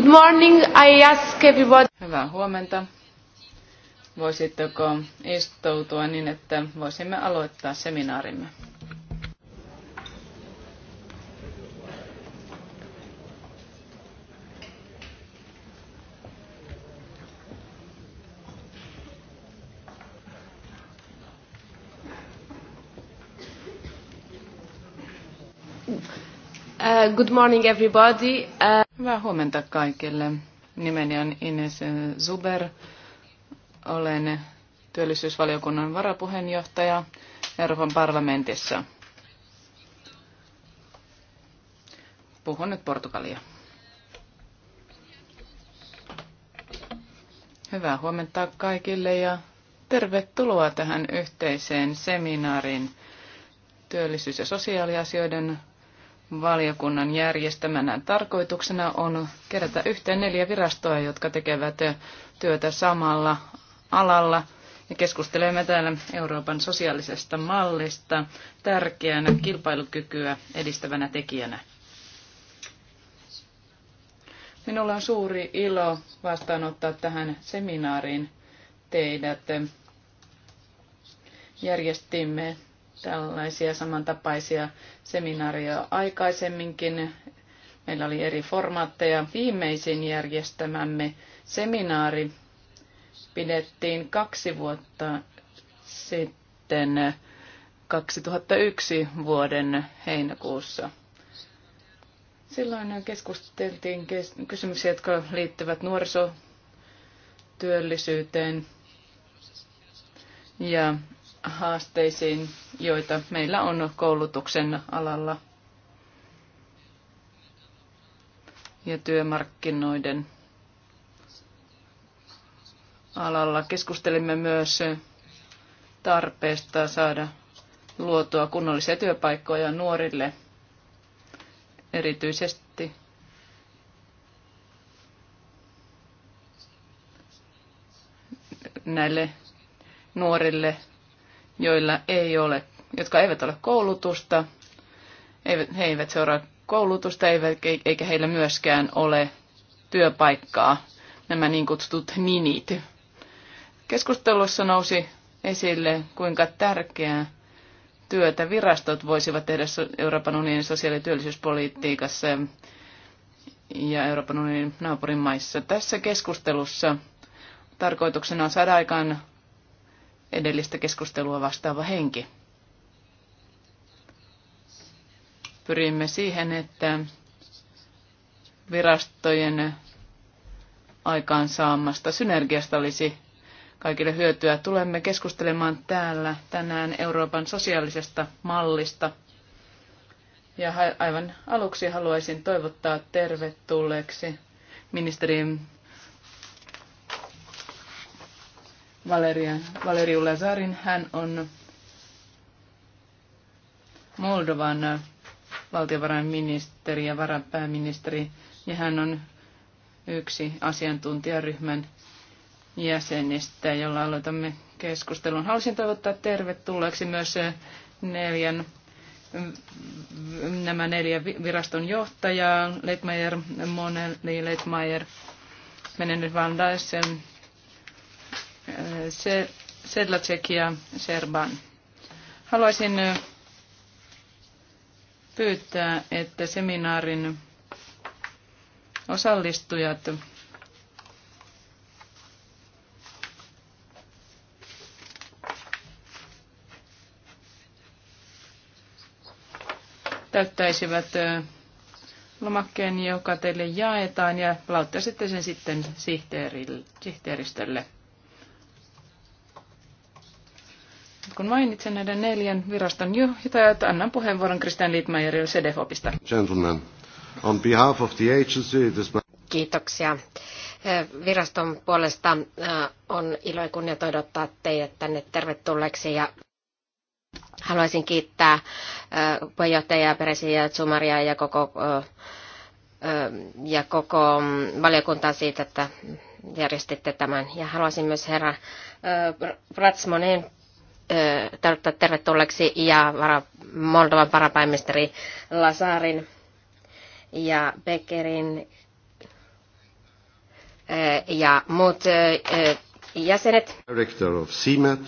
Good morning, I ask everybody. Hyvää huomenta. Voisitteko istoutua niin, että voisimme aloittaa seminaarimme? Uh, good morning everybody. Uh... Hyvää huomenta kaikille. Nimeni on Ines Zuber. Olen työllisyysvaliokunnan varapuheenjohtaja Euroopan parlamentissa. Puhun nyt Portugalia. Hyvää huomenta kaikille ja tervetuloa tähän yhteiseen seminaariin työllisyys- ja sosiaaliasioiden valiokunnan järjestämänä tarkoituksena on kerätä yhteen neljä virastoa, jotka tekevät työtä samalla alalla. Ja keskustelemme täällä Euroopan sosiaalisesta mallista tärkeänä kilpailukykyä edistävänä tekijänä. Minulla on suuri ilo vastaanottaa tähän seminaariin teidät. Järjestimme tällaisia samantapaisia seminaareja aikaisemminkin. Meillä oli eri formaatteja. Viimeisin järjestämämme seminaari pidettiin kaksi vuotta sitten 2001 vuoden heinäkuussa. Silloin keskusteltiin kysymyksiä, jotka liittyvät nuorisotyöllisyyteen ja haasteisiin, joita meillä on koulutuksen alalla ja työmarkkinoiden alalla. Keskustelimme myös tarpeesta saada luotua kunnollisia työpaikkoja nuorille erityisesti. näille nuorille joilla ei ole, jotka eivät ole koulutusta, eivät, he eivät seuraa koulutusta eikä heillä myöskään ole työpaikkaa, nämä niin kutsutut ninit. Keskustelussa nousi esille, kuinka tärkeää työtä virastot voisivat tehdä Euroopan unionin sosiaali- ja työllisyyspolitiikassa ja Euroopan unionin naapurimaissa. Tässä keskustelussa tarkoituksena on saada aikaan edellistä keskustelua vastaava henki. Pyrimme siihen, että virastojen aikaansaamasta synergiasta olisi kaikille hyötyä. Tulemme keskustelemaan täällä tänään Euroopan sosiaalisesta mallista. Ja aivan aluksi haluaisin toivottaa tervetulleeksi ministeri Valerian, Valeriu Lazarin. Hän on Moldovan valtiovarainministeri ja varapääministeri, ja hän on yksi asiantuntijaryhmän jäsenistä, jolla aloitamme keskustelun. Haluaisin toivottaa tervetulleeksi myös eh, neljän, mm, nämä neljä viraston johtajaa, Leitmeier, Moneli Leitmeier, Menendez Van Dyssen, eh, Sedlacekia Sedlacek ja Serban. Haluaisin pyytää, että seminaarin osallistujat täyttäisivät lomakkeen, joka teille jaetaan, ja lauttaisitte sen sitten sihteerille, sihteeristölle. kun mainitsen näiden neljän viraston johtajat, annan puheenvuoron Christian Liitmeyerille CDFOPista. Gentlemen, on behalf of the agency, Kiitoksia. Viraston puolesta on ilo ja kunnia toivottaa teidät tänne tervetulleeksi ja haluaisin kiittää puheenjohtajaa Peresiä ja Zumaria ja koko, ja koko valiokuntaa siitä, että järjestitte tämän. Ja haluaisin myös herra Ratsmonen toivottaa tervetulleeksi ja vara, Moldovan varapääministeri Lasarin ja Beckerin ja muut jäsenet. Director of CIMET,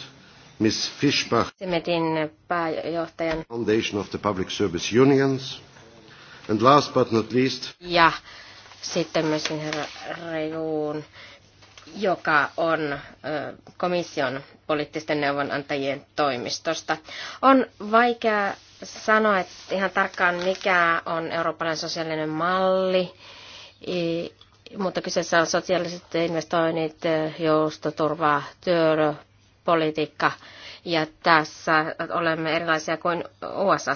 Ms. Fischbach, CIMETin pääjohtajan. Foundation of the Public Service Unions. And last but not least. Ja sitten myös herra Rejuun joka on komission poliittisten neuvonantajien toimistosta. On vaikea sanoa että ihan tarkkaan, mikä on eurooppalainen sosiaalinen malli, mutta kyseessä on sosiaaliset investoinnit, joustoturva, työpolitiikka, ja tässä olemme erilaisia kuin USA.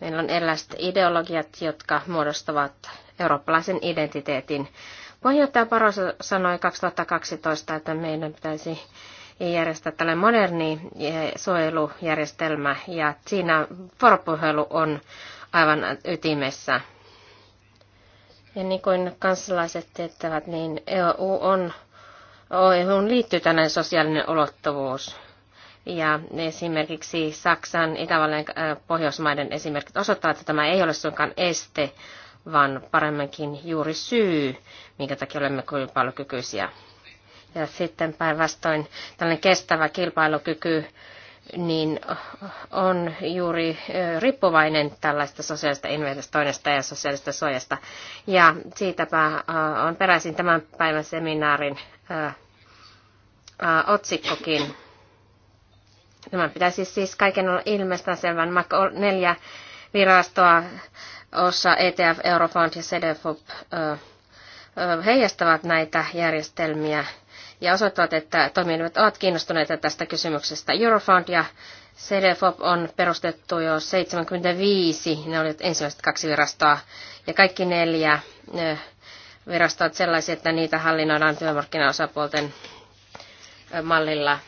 Meillä on erilaiset ideologiat, jotka muodostavat eurooppalaisen identiteetin Puheenjohtaja paros sanoi 2012, että meidän pitäisi järjestää tällainen moderni suojelujärjestelmä ja siinä vuoropuhelu on aivan ytimessä. Ja niin kuin kansalaiset tietävät, niin EU on, e on liittyy tällainen sosiaalinen ulottuvuus. Ja esimerkiksi Saksan, Itävallan, Pohjoismaiden esimerkit osoittavat, että tämä ei ole suinkaan este, vaan paremminkin juuri syy, minkä takia olemme kilpailukykyisiä. Ja sitten päinvastoin tällainen kestävä kilpailukyky niin on juuri riippuvainen tällaista sosiaalista investoinnista ja sosiaalista suojasta. Ja siitäpä on peräisin tämän päivän seminaarin otsikkokin. Tämän pitäisi siis kaiken olla ilmeistä selvän. Neljä virastoa osa ETF, Eurofund ja CDFOP heijastavat näitä järjestelmiä ja osoittavat, että toimijat ovat kiinnostuneita tästä kysymyksestä. Eurofund ja CDFOP on perustettu jo 75, ne olivat ensimmäiset kaksi virastoa, ja kaikki neljä virastoa ovat sellaisia, että niitä hallinnoidaan työmarkkinaosapuolten mallilla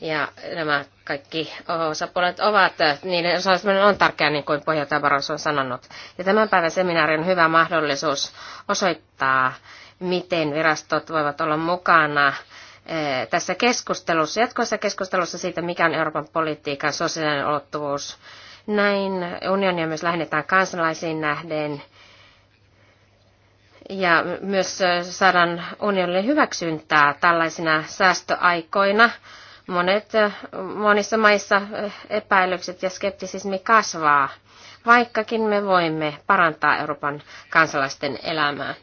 ja nämä kaikki osapuolet ovat, niiden osallistuminen on tärkeää, niin kuin puheenjohtaja Baros on sanonut. Ja tämän päivän seminaari on hyvä mahdollisuus osoittaa, miten virastot voivat olla mukana eh, tässä keskustelussa, jatkossa keskustelussa siitä, mikä on Euroopan politiikan sosiaalinen ulottuvuus. Näin unionia myös lähennetään kansalaisiin nähden ja myös saadaan unionille hyväksyntää tällaisina säästöaikoina Monet, äh, monissa maissa äh, epäilykset ja skeptisismi kasvaa, vaikkakin me voimme parantaa Euroopan kansalaisten elämää.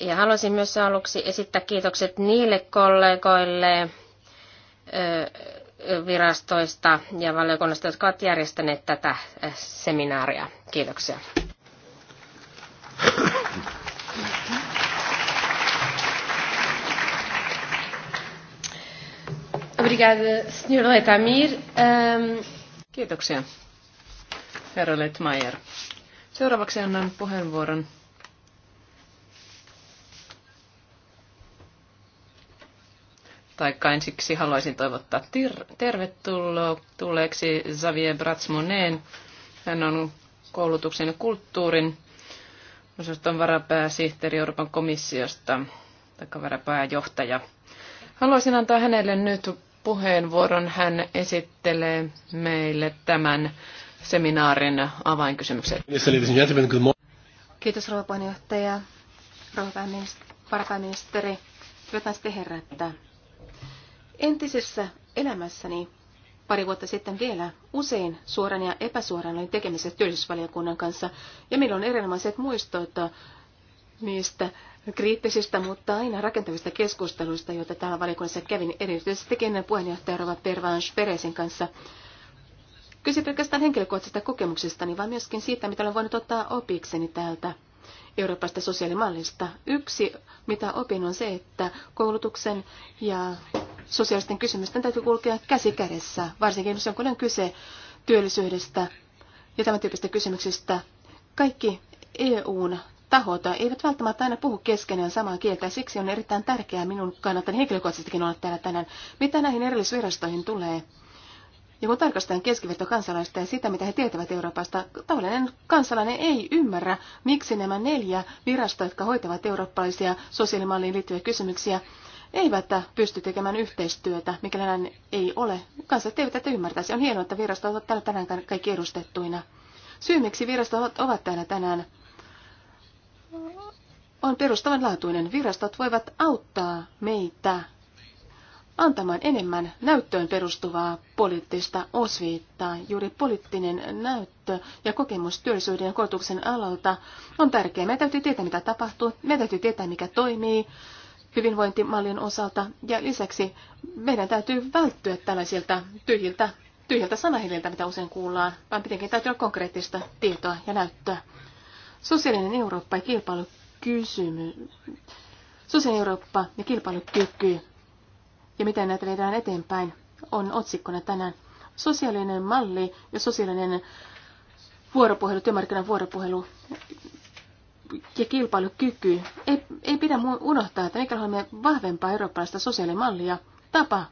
Ja haluaisin myös aluksi esittää kiitokset niille kollegoille äh, virastoista ja valiokunnasta, jotka ovat järjestäneet tätä seminaaria. Kiitoksia. obrigada, Sr. Letamir. Um... Kiitoksia, herra Letmaier. Seuraavaksi annan puheenvuoron taikka ensiksi haluaisin toivottaa tervetulleeksi Xavier Bratsmoneen. Hän on koulutuksen ja kulttuurin osaston varapääsihteeri Euroopan komissiosta, taikka varapääjohtaja. Haluaisin antaa hänelle nyt puheenvuoron. Hän esittelee meille tämän seminaarin avainkysymykset. Kiitos rouva puheenjohtaja, rouva varapääministeri, hyvät naiset ja herrat. Entisessä elämässäni pari vuotta sitten vielä usein suoran ja epäsuoran olin tekemisessä työllisyysvaliokunnan kanssa, ja meillä on erinomaiset muistoita niistä kriittisistä, mutta aina rakentavista keskusteluista, joita täällä valikoissa kävin erityisesti kenen puheenjohtaja Rova Pervans Peresin kanssa. Kysy pelkästään henkilökohtaisista niin vaan myöskin siitä, mitä olen voinut ottaa opikseni täältä Euroopasta sosiaalimallista. Yksi, mitä opin, on se, että koulutuksen ja sosiaalisten kysymysten täytyy kulkea käsi kädessä, varsinkin jos on kyse työllisyydestä ja tämän tyyppistä kysymyksistä. Kaikki EUn tahot eivät välttämättä aina puhu keskenään samaa kieltä, ja siksi on erittäin tärkeää minun kannattani henkilökohtaisestikin olla täällä tänään. Mitä näihin erillisvirastoihin tulee? Ja kun tarkastetaan keskivertokansalaista ja sitä, mitä he tietävät Euroopasta, tavallinen kansalainen ei ymmärrä, miksi nämä neljä virastoa, jotka hoitavat eurooppalaisia sosiaalimalliin liittyviä kysymyksiä, eivät pysty tekemään yhteistyötä, mikä näin ei ole. Kansat eivät tätä ymmärtäisi. On hienoa, että virastot ovat täällä tänään kaikki edustettuina. Syy, miksi virastot ovat täällä tänään, on perustavanlaatuinen. Virastot voivat auttaa meitä antamaan enemmän näyttöön perustuvaa poliittista osviittaa. Juuri poliittinen näyttö ja kokemus työllisyyden ja koulutuksen alalta on tärkeää. Meidän täytyy tietää, mitä tapahtuu, meidän täytyy tietää, mikä toimii hyvinvointimallin osalta, ja lisäksi meidän täytyy välttyä tällaisilta tyhjiltä, tyhjiltä sanahililtä, mitä usein kuullaan, vaan pitenkin täytyy olla konkreettista tietoa ja näyttöä. Sosiaalinen Eurooppa ja kilpailu kysymys. Sosiaali-Eurooppa ja kilpailukyky ja miten näitä vedetään eteenpäin on otsikkona tänään. Sosiaalinen malli ja sosiaalinen vuoropuhelu, työmarkkinan vuoropuhelu ja kilpailukyky. Ei, ei pidä unohtaa, että mikä me vahvempaa eurooppalaista sosiaalimallia, tapa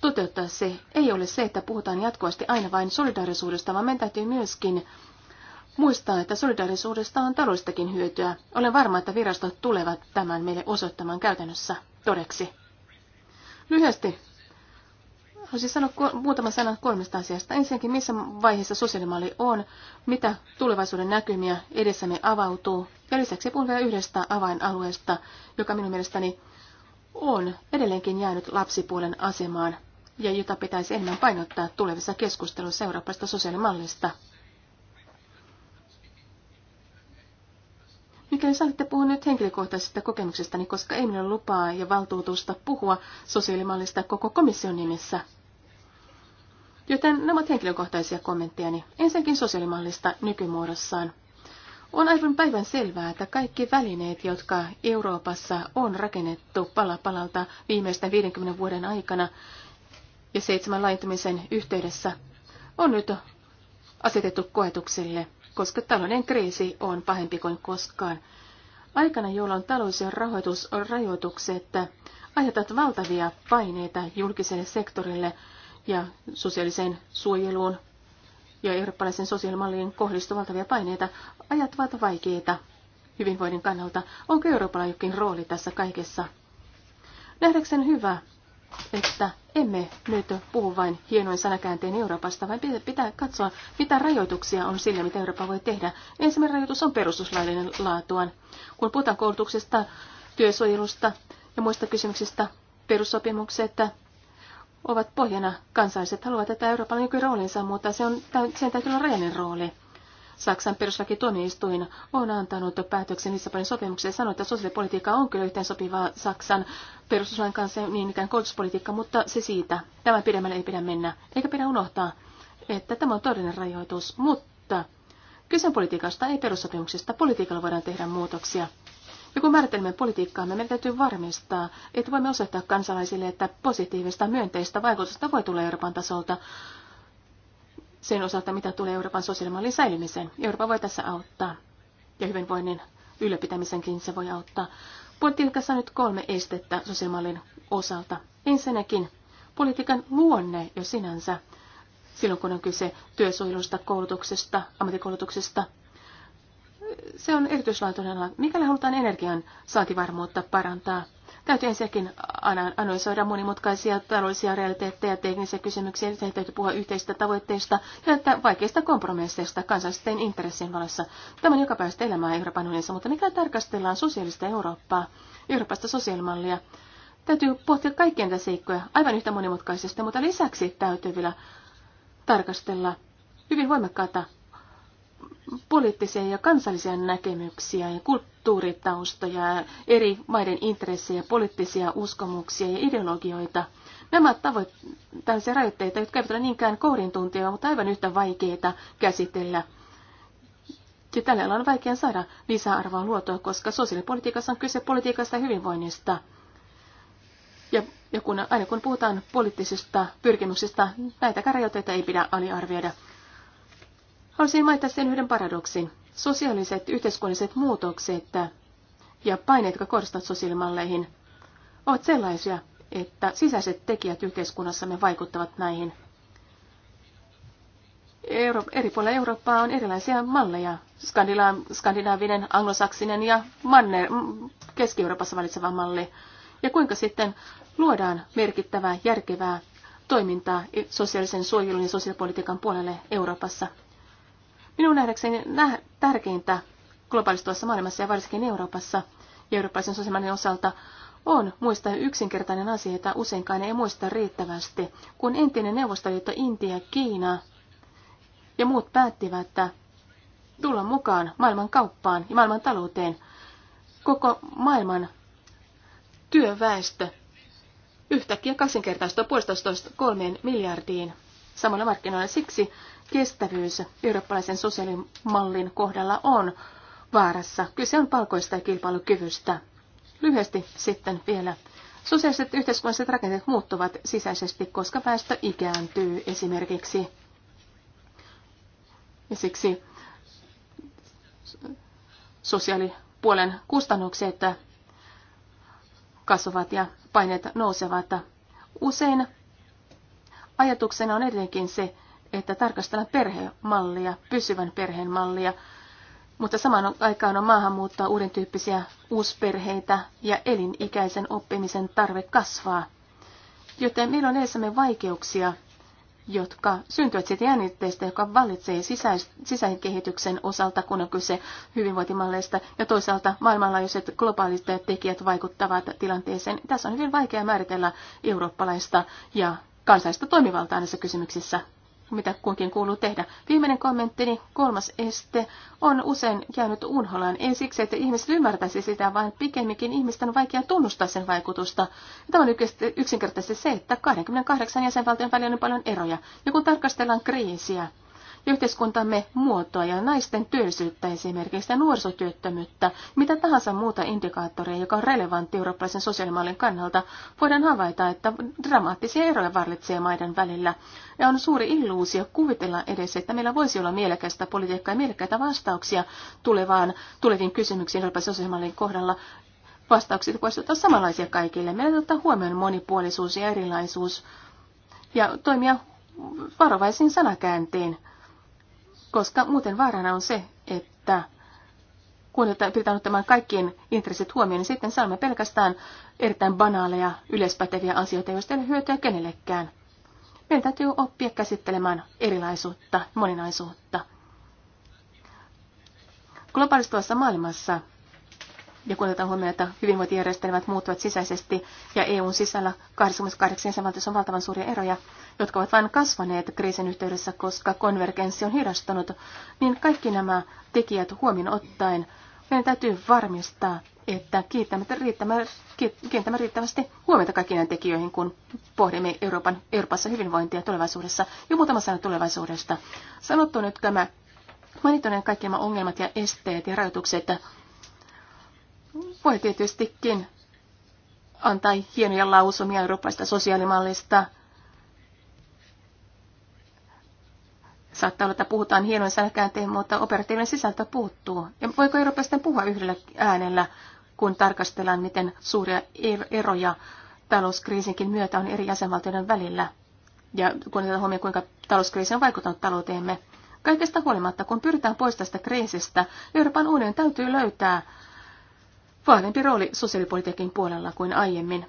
toteuttaa se ei ole se, että puhutaan jatkuvasti aina vain solidaarisuudesta, vaan meidän täytyy myöskin Muistaa, että solidaarisuudesta on taloustakin hyötyä. Olen varma, että virastot tulevat tämän meille osoittamaan käytännössä todeksi. Lyhyesti haluaisin sanoa muutaman sanan kolmesta asiasta. Ensinnäkin, missä vaiheessa sosiaalimalli on, mitä tulevaisuuden näkymiä edessämme avautuu. Ja lisäksi puhun vielä yhdestä avainalueesta, joka minun mielestäni on edelleenkin jäänyt lapsipuolen asemaan ja jota pitäisi enemmän painottaa tulevissa keskusteluissa Euroopasta sosiaalimallista. Mikäli saatte puhua nyt henkilökohtaisesta kokemuksestani, koska ei minulla lupaa ja valtuutusta puhua sosiaalimallista koko komission nimissä. Joten nämä ovat henkilökohtaisia kommenttejani. Ensinnäkin sosiaalimallista nykymuodossaan. On aivan päivän selvää, että kaikki välineet, jotka Euroopassa on rakennettu pala palalta viimeisten 50 vuoden aikana ja seitsemän laajentumisen yhteydessä, on nyt asetettu koetuksille koska talouden kriisi on pahempi kuin koskaan. Aikana, jolloin talous- ja rahoitus rajoitukset, aiheutat valtavia paineita julkiselle sektorille ja sosiaaliseen suojeluun ja eurooppalaisen sosiaalimalliin kohdistuu valtavia paineita, ajat ovat vaikeita hyvinvoinnin kannalta. Onko Euroopalla jokin rooli tässä kaikessa? Nähdäkseni hyvä että emme nyt puhu vain hienoin sanakäänteen Euroopasta, vaan pitää katsoa, mitä rajoituksia on sillä, mitä Eurooppa voi tehdä. Ensimmäinen rajoitus on perustuslaillinen laatuan. Kun puhutaan koulutuksesta, työsuojelusta ja muista kysymyksistä, perussopimukset ovat pohjana. Kansalaiset haluavat että Euroopan nyky niin roolinsa, mutta se on, sen täytyy olla rajallinen rooli. Saksan perustuslakituomioistuin on antanut päätöksen Lissabonin sopimukseen ja sanoi, että sosiaalipolitiikka on kyllä yhteen sopivaa Saksan perustuslain kanssa niin ikään koulutuspolitiikka, mutta se siitä. Tämän pidemmälle ei pidä mennä, eikä pidä unohtaa, että tämä on todellinen rajoitus, mutta kyse politiikasta, ei perussopimuksesta. Politiikalla voidaan tehdä muutoksia. Ja kun määrittelemme me meidän täytyy varmistaa, että voimme osoittaa kansalaisille, että positiivista myönteistä vaikutusta voi tulla Euroopan tasolta sen osalta, mitä tulee Euroopan sosiaalimallin säilymiseen. Eurooppa voi tässä auttaa ja hyvinvoinnin ylläpitämisenkin se voi auttaa. Politiikassa on nyt kolme estettä sosiaalimallin osalta. Ensinnäkin politiikan luonne jo sinänsä, silloin kun on kyse työsuojelusta, koulutuksesta, ammattikoulutuksesta. Se on erityislaatuinen ala. Mikäli halutaan energian saantivarmuutta parantaa, Täytyy ensinnäkin analysoida monimutkaisia taloudellisia realiteetteja ja teknisiä kysymyksiä. Sen täytyy puhua yhteisistä tavoitteista ja vaikeista kompromisseista kansallisten intressien valossa. Tämä on joka päivästä elämää Euroopan unionissa, mutta mikä tarkastellaan sosiaalista Eurooppaa, Euroopasta sosiaalimallia, täytyy pohtia kaikkien näitä seikkoja aivan yhtä monimutkaisesti, mutta lisäksi täytyy vielä tarkastella hyvin voimakkaata poliittisia ja kansallisia näkemyksiä ja kulttuuritaustoja, eri maiden intressejä, poliittisia uskomuksia ja ideologioita. Nämä ovat tällaisia rajoitteita, jotka eivät ole niinkään kourintuntia, mutta aivan yhtä vaikeita käsitellä. Ja tällä on vaikea saada lisäarvoa luotua, koska sosiaalipolitiikassa on kyse politiikasta ja hyvinvoinnista. Ja, ja kun, aina kun puhutaan poliittisista pyrkimyksistä, näitä rajoitteita ei pidä aliarvioida. Haluaisin mainita sen yhden paradoksin. Sosiaaliset yhteiskunnalliset muutokset ja paineet, jotka kohdistuvat sosiaalimalleihin, ovat sellaisia, että sisäiset tekijät yhteiskunnassamme vaikuttavat näihin. Euro- eri puolilla Eurooppaa on erilaisia malleja. Skandila- skandinaavinen, anglosaksinen ja manner, Keski-Euroopassa valitseva malli. Ja kuinka sitten luodaan merkittävää, järkevää toimintaa sosiaalisen suojelun ja sosiaalipolitiikan puolelle Euroopassa. Minun nähdäkseni näh- tärkeintä globaalistuvassa maailmassa ja varsinkin Euroopassa ja eurooppalaisen sosiaalinen osalta on muistaa yksinkertainen asia, jota useinkaan ei muista riittävästi, kun entinen neuvostoliitto Intia, Kiina ja muut päättivät, että tulla mukaan maailman kauppaan ja maailman talouteen. Koko maailman työväestö yhtäkkiä kaksinkertaistui puolestatoista kolmeen miljardiin samalla markkinoilla. Siksi kestävyys eurooppalaisen sosiaalimallin kohdalla on vaarassa. Kyse on palkoista ja kilpailukyvystä. Lyhyesti sitten vielä. Sosiaaliset yhteiskunnalliset rakenteet muuttuvat sisäisesti, koska väestö ikääntyy esimerkiksi. Ja siksi sosiaalipuolen kustannukset kasvavat ja paineet nousevat. Usein Ajatuksena on edelleenkin se, että tarkastellaan perhemallia, pysyvän perheen mallia, mutta samaan aikaan on maahanmuuttoa uuden tyyppisiä uusperheitä ja elinikäisen oppimisen tarve kasvaa. Joten meillä on edessämme vaikeuksia, jotka syntyvät siitä jännitteestä, joka vallitsee sisäisen kehityksen osalta, kun on kyse hyvinvointimalleista, ja toisaalta maailmanlaajuiset globaaliset tekijät vaikuttavat tilanteeseen. Tässä on hyvin vaikea määritellä eurooppalaista ja kansallista toimivaltaa näissä kysymyksissä, mitä kunkin kuuluu tehdä. Viimeinen kommenttini, kolmas este, on usein jäänyt unholaan. Ei siksi, että ihmiset ymmärtäisi sitä, vaan pikemminkin ihmisten on vaikea tunnustaa sen vaikutusta. Tämä on yksinkertaisesti se, että 28 jäsenvaltion välillä on paljon eroja. Ja kun tarkastellaan kriisiä, yhteiskuntamme muotoa ja naisten työllisyyttä esimerkiksi ja nuorisotyöttömyyttä, mitä tahansa muuta indikaattoria, joka on relevantti eurooppalaisen sosiaalimallin kannalta, voidaan havaita, että dramaattisia eroja vallitsee maiden välillä. Ja on suuri illuusio kuvitella edes, että meillä voisi olla mielekästä politiikkaa ja mielekkäitä vastauksia tulevaan, tuleviin kysymyksiin Euroopan sosiaalimallin kohdalla, vastaukset voisivat ottaa samanlaisia kaikille. Meidän ottaa huomioon monipuolisuus ja erilaisuus ja toimia varovaisin sanakääntein koska muuten vaarana on se, että kun pyritään ottamaan kaikkien intressit huomioon, niin sitten saamme pelkästään erittäin banaaleja, yleispäteviä asioita, joista ei ole hyötyä kenellekään. Meidän täytyy oppia käsittelemään erilaisuutta, moninaisuutta. Globaalistuvassa maailmassa ja kun otetaan huomioon, että hyvinvointijärjestelmät muuttuvat sisäisesti ja EUn sisällä 28 jäsenvaltiossa on valtavan suuria eroja, jotka ovat vain kasvaneet kriisin yhteydessä, koska konvergenssi on hidastunut, niin kaikki nämä tekijät huomioon ottaen meidän täytyy varmistaa, että kiinnitämme riittävästi huomiota kaikkiin näihin tekijöihin, kun pohdimme Euroopan, Euroopassa hyvinvointia tulevaisuudessa. Jo muutama sana tulevaisuudesta. Sanottu nyt tämä mainittuneen kaikki nämä ongelmat ja esteet ja rajoitukset, voi tietystikin antaa hienoja lausumia eurooppaista sosiaalimallista. Saattaa olla, että puhutaan hienoin sanakäänteen, mutta operatiivinen sisältö puuttuu. Ja voiko eurooppaisten puhua yhdellä äänellä, kun tarkastellaan, miten suuria er-, eroja talouskriisinkin myötä on eri jäsenvaltioiden välillä? Ja kun otetaan huomioon, kuinka talouskriisi on vaikuttanut talouteemme. Kaikesta huolimatta, kun pyritään pois tästä kriisistä, Euroopan unionin täytyy löytää vahvempi rooli sosiaalipolitiikin puolella kuin aiemmin.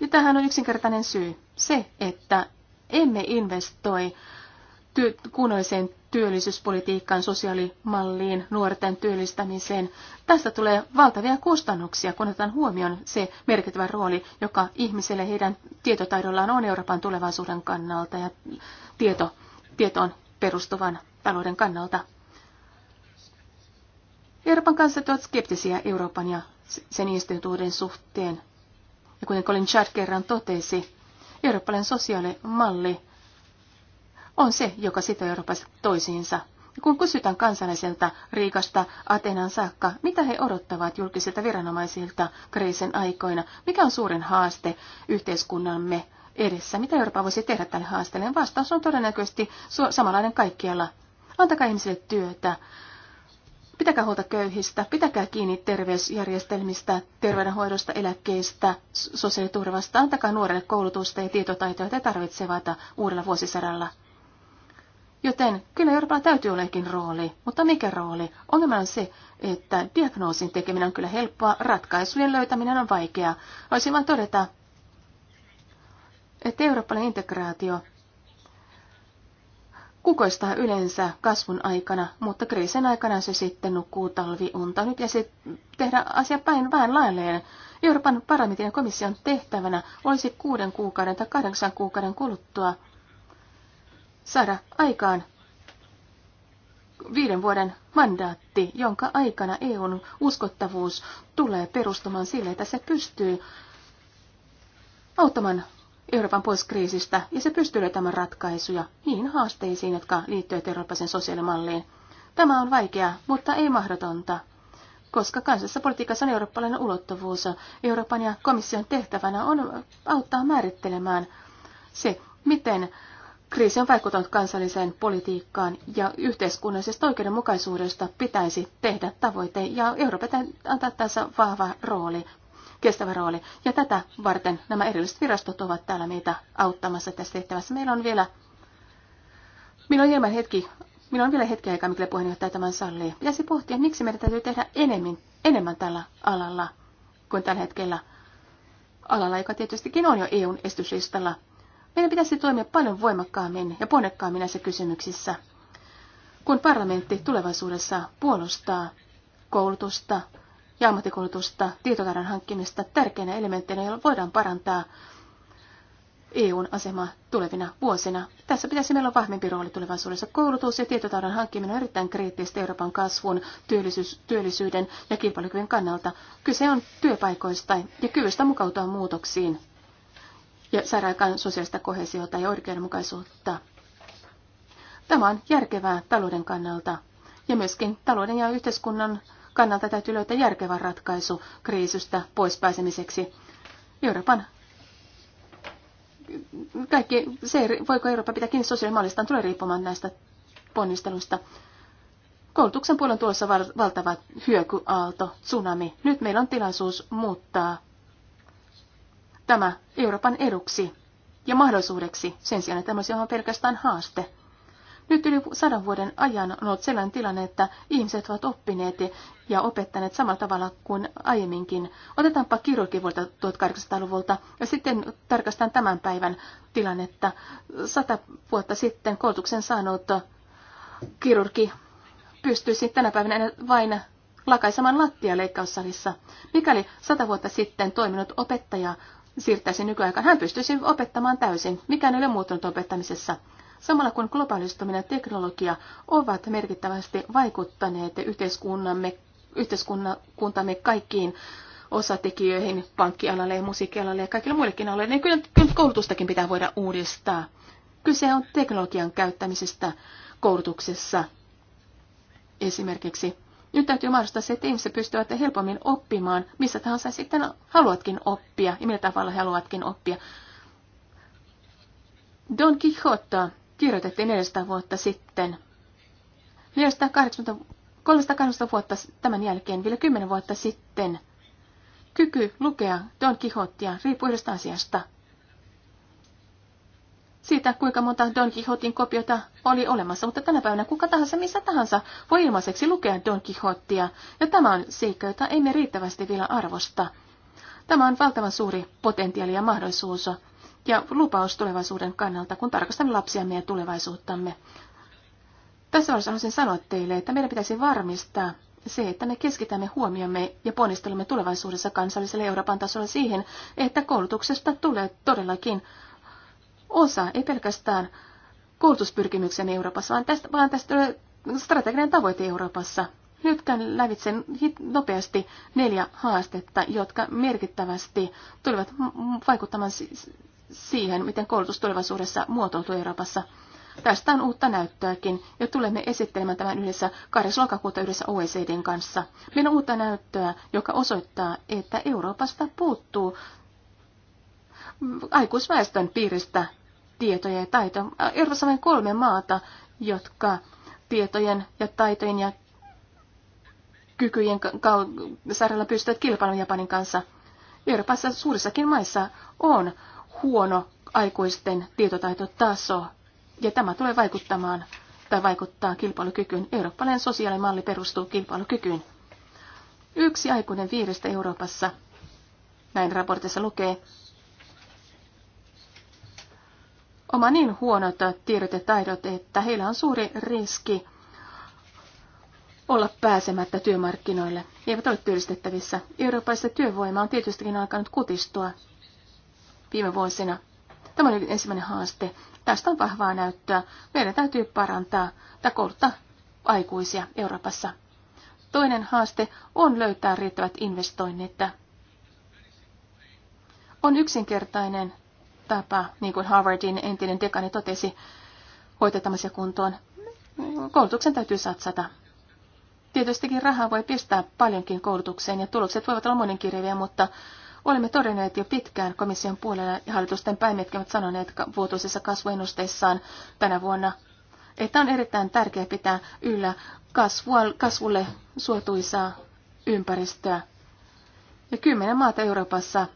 Ja tähän on yksinkertainen syy. Se, että emme investoi ty- kunnolliseen työllisyyspolitiikkaan, sosiaalimalliin, nuorten työllistämiseen. Tästä tulee valtavia kustannuksia, kun otetaan huomioon se merkittävä rooli, joka ihmiselle heidän tietotaidollaan on Euroopan tulevaisuuden kannalta ja tieto, tietoon perustuvan talouden kannalta. Euroopan kansat ovat skeptisiä Euroopan ja sen instituuden suhteen. Ja kuten Colin Chad kerran totesi, eurooppalainen sosiaalimalli on se, joka sitoo Euroopasta toisiinsa. Ja kun kysytään kansalaisilta Riikasta Atenan saakka, mitä he odottavat julkisilta viranomaisilta kriisin aikoina, mikä on suurin haaste yhteiskunnamme edessä, mitä Eurooppa voisi tehdä tälle haasteelle, vastaus on todennäköisesti samanlainen kaikkialla. Antakaa ihmisille työtä, Pitäkää huolta köyhistä, pitäkää kiinni terveysjärjestelmistä, terveydenhoidosta, eläkkeistä, sosiaaliturvasta. Antakaa nuorelle koulutusta ja tietotaitoja, joita tarvitsevat uudella vuosisadalla. Joten kyllä Euroopalla täytyy olekin rooli, mutta mikä rooli? Ongelma on se, että diagnoosin tekeminen on kyllä helppoa, ratkaisujen löytäminen on vaikeaa. Voisin vain todeta, että eurooppalainen integraatio kukoistaa yleensä kasvun aikana, mutta kriisin aikana se sitten nukkuu talviunta. Nyt ja se tehdä asia päin vähän lailleen. Euroopan parlamentin komission tehtävänä olisi kuuden kuukauden tai kahdeksan kuukauden kuluttua saada aikaan viiden vuoden mandaatti, jonka aikana EUn uskottavuus tulee perustumaan sille, että se pystyy auttamaan Euroopan pois kriisistä ja se pystyy löytämään ratkaisuja niihin haasteisiin, jotka liittyvät eurooppalaisen sosiaalimalliin. Tämä on vaikeaa, mutta ei mahdotonta, koska kansallisessa politiikassa on eurooppalainen ulottuvuus. Euroopan ja komission tehtävänä on auttaa määrittelemään se, miten kriisi on vaikuttanut kansalliseen politiikkaan ja yhteiskunnallisesta oikeudenmukaisuudesta pitäisi tehdä tavoite ja Euroopan antaa tässä vahva rooli kestävä rooli. Ja tätä varten nämä erilliset virastot ovat täällä meitä auttamassa tässä tehtävässä. Meillä on vielä, minulla on ilman hetki, minulla on vielä hetki aikaa, mikä puheenjohtaja tämän sallii. Pitäisi pohtia, miksi meidän täytyy tehdä enemmän, enemmän tällä alalla kuin tällä hetkellä alalla, joka tietystikin on jo EUn estyslistalla. Meidän pitäisi toimia paljon voimakkaammin ja ponnekkaammin näissä kysymyksissä. Kun parlamentti tulevaisuudessa puolustaa koulutusta, ja ammattikoulutusta, tietotaidon hankkimista tärkeinä elementteinä, joilla voidaan parantaa EUn asemaa tulevina vuosina. Tässä pitäisi meillä olla vahvempi rooli tulevaisuudessa. Koulutus ja tietotaidon hankkiminen on erittäin kriittistä Euroopan kasvun, työllisyys, työllisyyden ja kilpailukyvyn kannalta. Kyse on työpaikoista ja kyvystä mukautua muutoksiin ja saada aikaan sosiaalista kohesiota ja oikeudenmukaisuutta. Tämä on järkevää talouden kannalta ja myöskin talouden ja yhteiskunnan kannalta täytyy löytää järkevä ratkaisu kriisistä pois pääsemiseksi. Euroopan kaikki, se voiko Eurooppa pitää kiinni sosiaalimallistaan, tulee riippumaan näistä ponnisteluista. Koulutuksen puolella on tulossa val- valtava hyökyaalto, tsunami. Nyt meillä on tilaisuus muuttaa tämä Euroopan eduksi ja mahdollisuudeksi sen sijaan, että tämmöisiä on pelkästään haaste. Nyt yli sadan vuoden ajan on ollut sellainen tilanne, että ihmiset ovat oppineet ja opettaneet samalla tavalla kuin aiemminkin. Otetaanpa kirurgi vuodelta 1800-luvulta ja sitten tarkastan tämän päivän tilannetta. Sata vuotta sitten koulutuksen saanut kirurgi pystyisi tänä päivänä vain lakaisemaan lattia leikkaussalissa. Mikäli sata vuotta sitten toiminut opettaja siirtäisi nykyaikaan, hän pystyisi opettamaan täysin. Mikään ei ole muuttunut opettamisessa samalla kun globaalistuminen ja teknologia ovat merkittävästi vaikuttaneet yhteiskunnamme, yhteiskuntamme kaikkiin osatekijöihin, pankkialalle ja musiikkialalle ja kaikille muillekin aloille, niin kyllä koulutustakin pitää voida uudistaa. Kyse on teknologian käyttämisestä koulutuksessa esimerkiksi. Nyt täytyy mahdollistaa se, että ihmiset pystyvät helpommin oppimaan, missä tahansa sitten haluatkin oppia ja millä tavalla haluatkin oppia. Don Quixote kirjoitettiin 400 vuotta sitten. 380 vuotta tämän jälkeen, vielä 10 vuotta sitten, kyky lukea Don Quixotea riippuu yhdestä asiasta. Siitä, kuinka monta Don Quixotin kopiota oli olemassa, mutta tänä päivänä kuka tahansa, missä tahansa, voi ilmaiseksi lukea Don Quixotea, ja tämä on seikka, jota emme riittävästi vielä arvosta. Tämä on valtavan suuri potentiaali ja mahdollisuus, ja lupaus tulevaisuuden kannalta, kun tarkastamme lapsiamme ja tulevaisuuttamme. Tässä vaiheessa haluaisin sanoa teille, että meidän pitäisi varmistaa se, että me keskitämme huomiomme ja ponnistelemme tulevaisuudessa kansallisella Euroopan tasolla siihen, että koulutuksesta tulee todellakin osa, ei pelkästään koulutuspyrkimyksen Euroopassa, vaan tästä, vaan tästä tulee strateginen tavoite Euroopassa. Nyt käyn lävitse nopeasti neljä haastetta, jotka merkittävästi tulevat vaikuttamaan siihen, miten koulutus tulevaisuudessa muotoutuu Euroopassa. Tästä on uutta näyttöäkin ja tulemme esittelemään tämän yhdessä 8. lokakuuta yhdessä OECDn kanssa. Meillä on uutta näyttöä, joka osoittaa, että Euroopasta puuttuu aikuisväestön piiristä tietoja ja taitoja. Euroopassa on kolme maata, jotka tietojen ja taitojen ja kykyjen saarella pystyvät kilpailemaan Japanin kanssa. Euroopassa suurissakin maissa on huono aikuisten tietotaitotaso. Ja tämä tulee vaikuttamaan tai vaikuttaa kilpailukykyyn. Eurooppalainen sosiaalimalli perustuu kilpailukykyyn. Yksi aikuinen viidestä Euroopassa, näin raportissa lukee, oma niin huonot tiedot ja taidot, että heillä on suuri riski olla pääsemättä työmarkkinoille. He eivät ole työllistettävissä. Euroopassa työvoima on tietystikin alkanut kutistua viime vuosina. Tämä oli ensimmäinen haaste. Tästä on vahvaa näyttöä. Meidän täytyy parantaa tai kouluttaa aikuisia Euroopassa. Toinen haaste on löytää riittävät investoinnit. On yksinkertainen tapa, niin kuin Harvardin entinen dekani totesi, hoitaa tämmöisiä kuntoon. Koulutuksen täytyy satsata. Tietystikin rahaa voi pistää paljonkin koulutukseen ja tulokset voivat olla monenkirjavia, mutta Olemme todenneet jo pitkään komission puolella ja hallitusten päämietkä ovat sanoneet vuotuisissa kasvuennusteissaan tänä vuonna, että on erittäin tärkeää pitää yllä kasvua, kasvulle suotuisaa ympäristöä. Ja kymmenen maata Euroopassa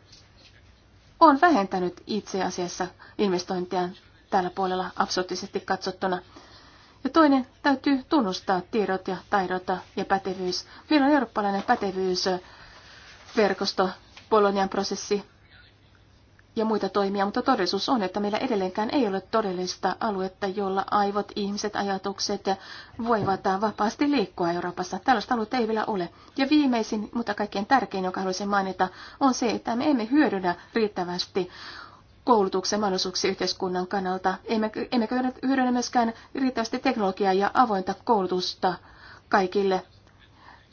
on vähentänyt itse asiassa investointia tällä puolella absoluuttisesti katsottuna. Ja toinen täytyy tunnustaa tiedot ja taidot ja pätevyys. Meillä on eurooppalainen pätevyysverkosto, Bolognan prosessi ja muita toimia, mutta todellisuus on, että meillä edelleenkään ei ole todellista aluetta, jolla aivot, ihmiset, ajatukset voivat vapaasti liikkua Euroopassa. Tällaista aluetta ei vielä ole. Ja viimeisin, mutta kaikkein tärkein, joka haluaisin mainita, on se, että me emme hyödynnä riittävästi koulutuksen mahdollisuuksia yhteiskunnan kannalta. Emmekä hyödynnä myöskään riittävästi teknologiaa ja avointa koulutusta kaikille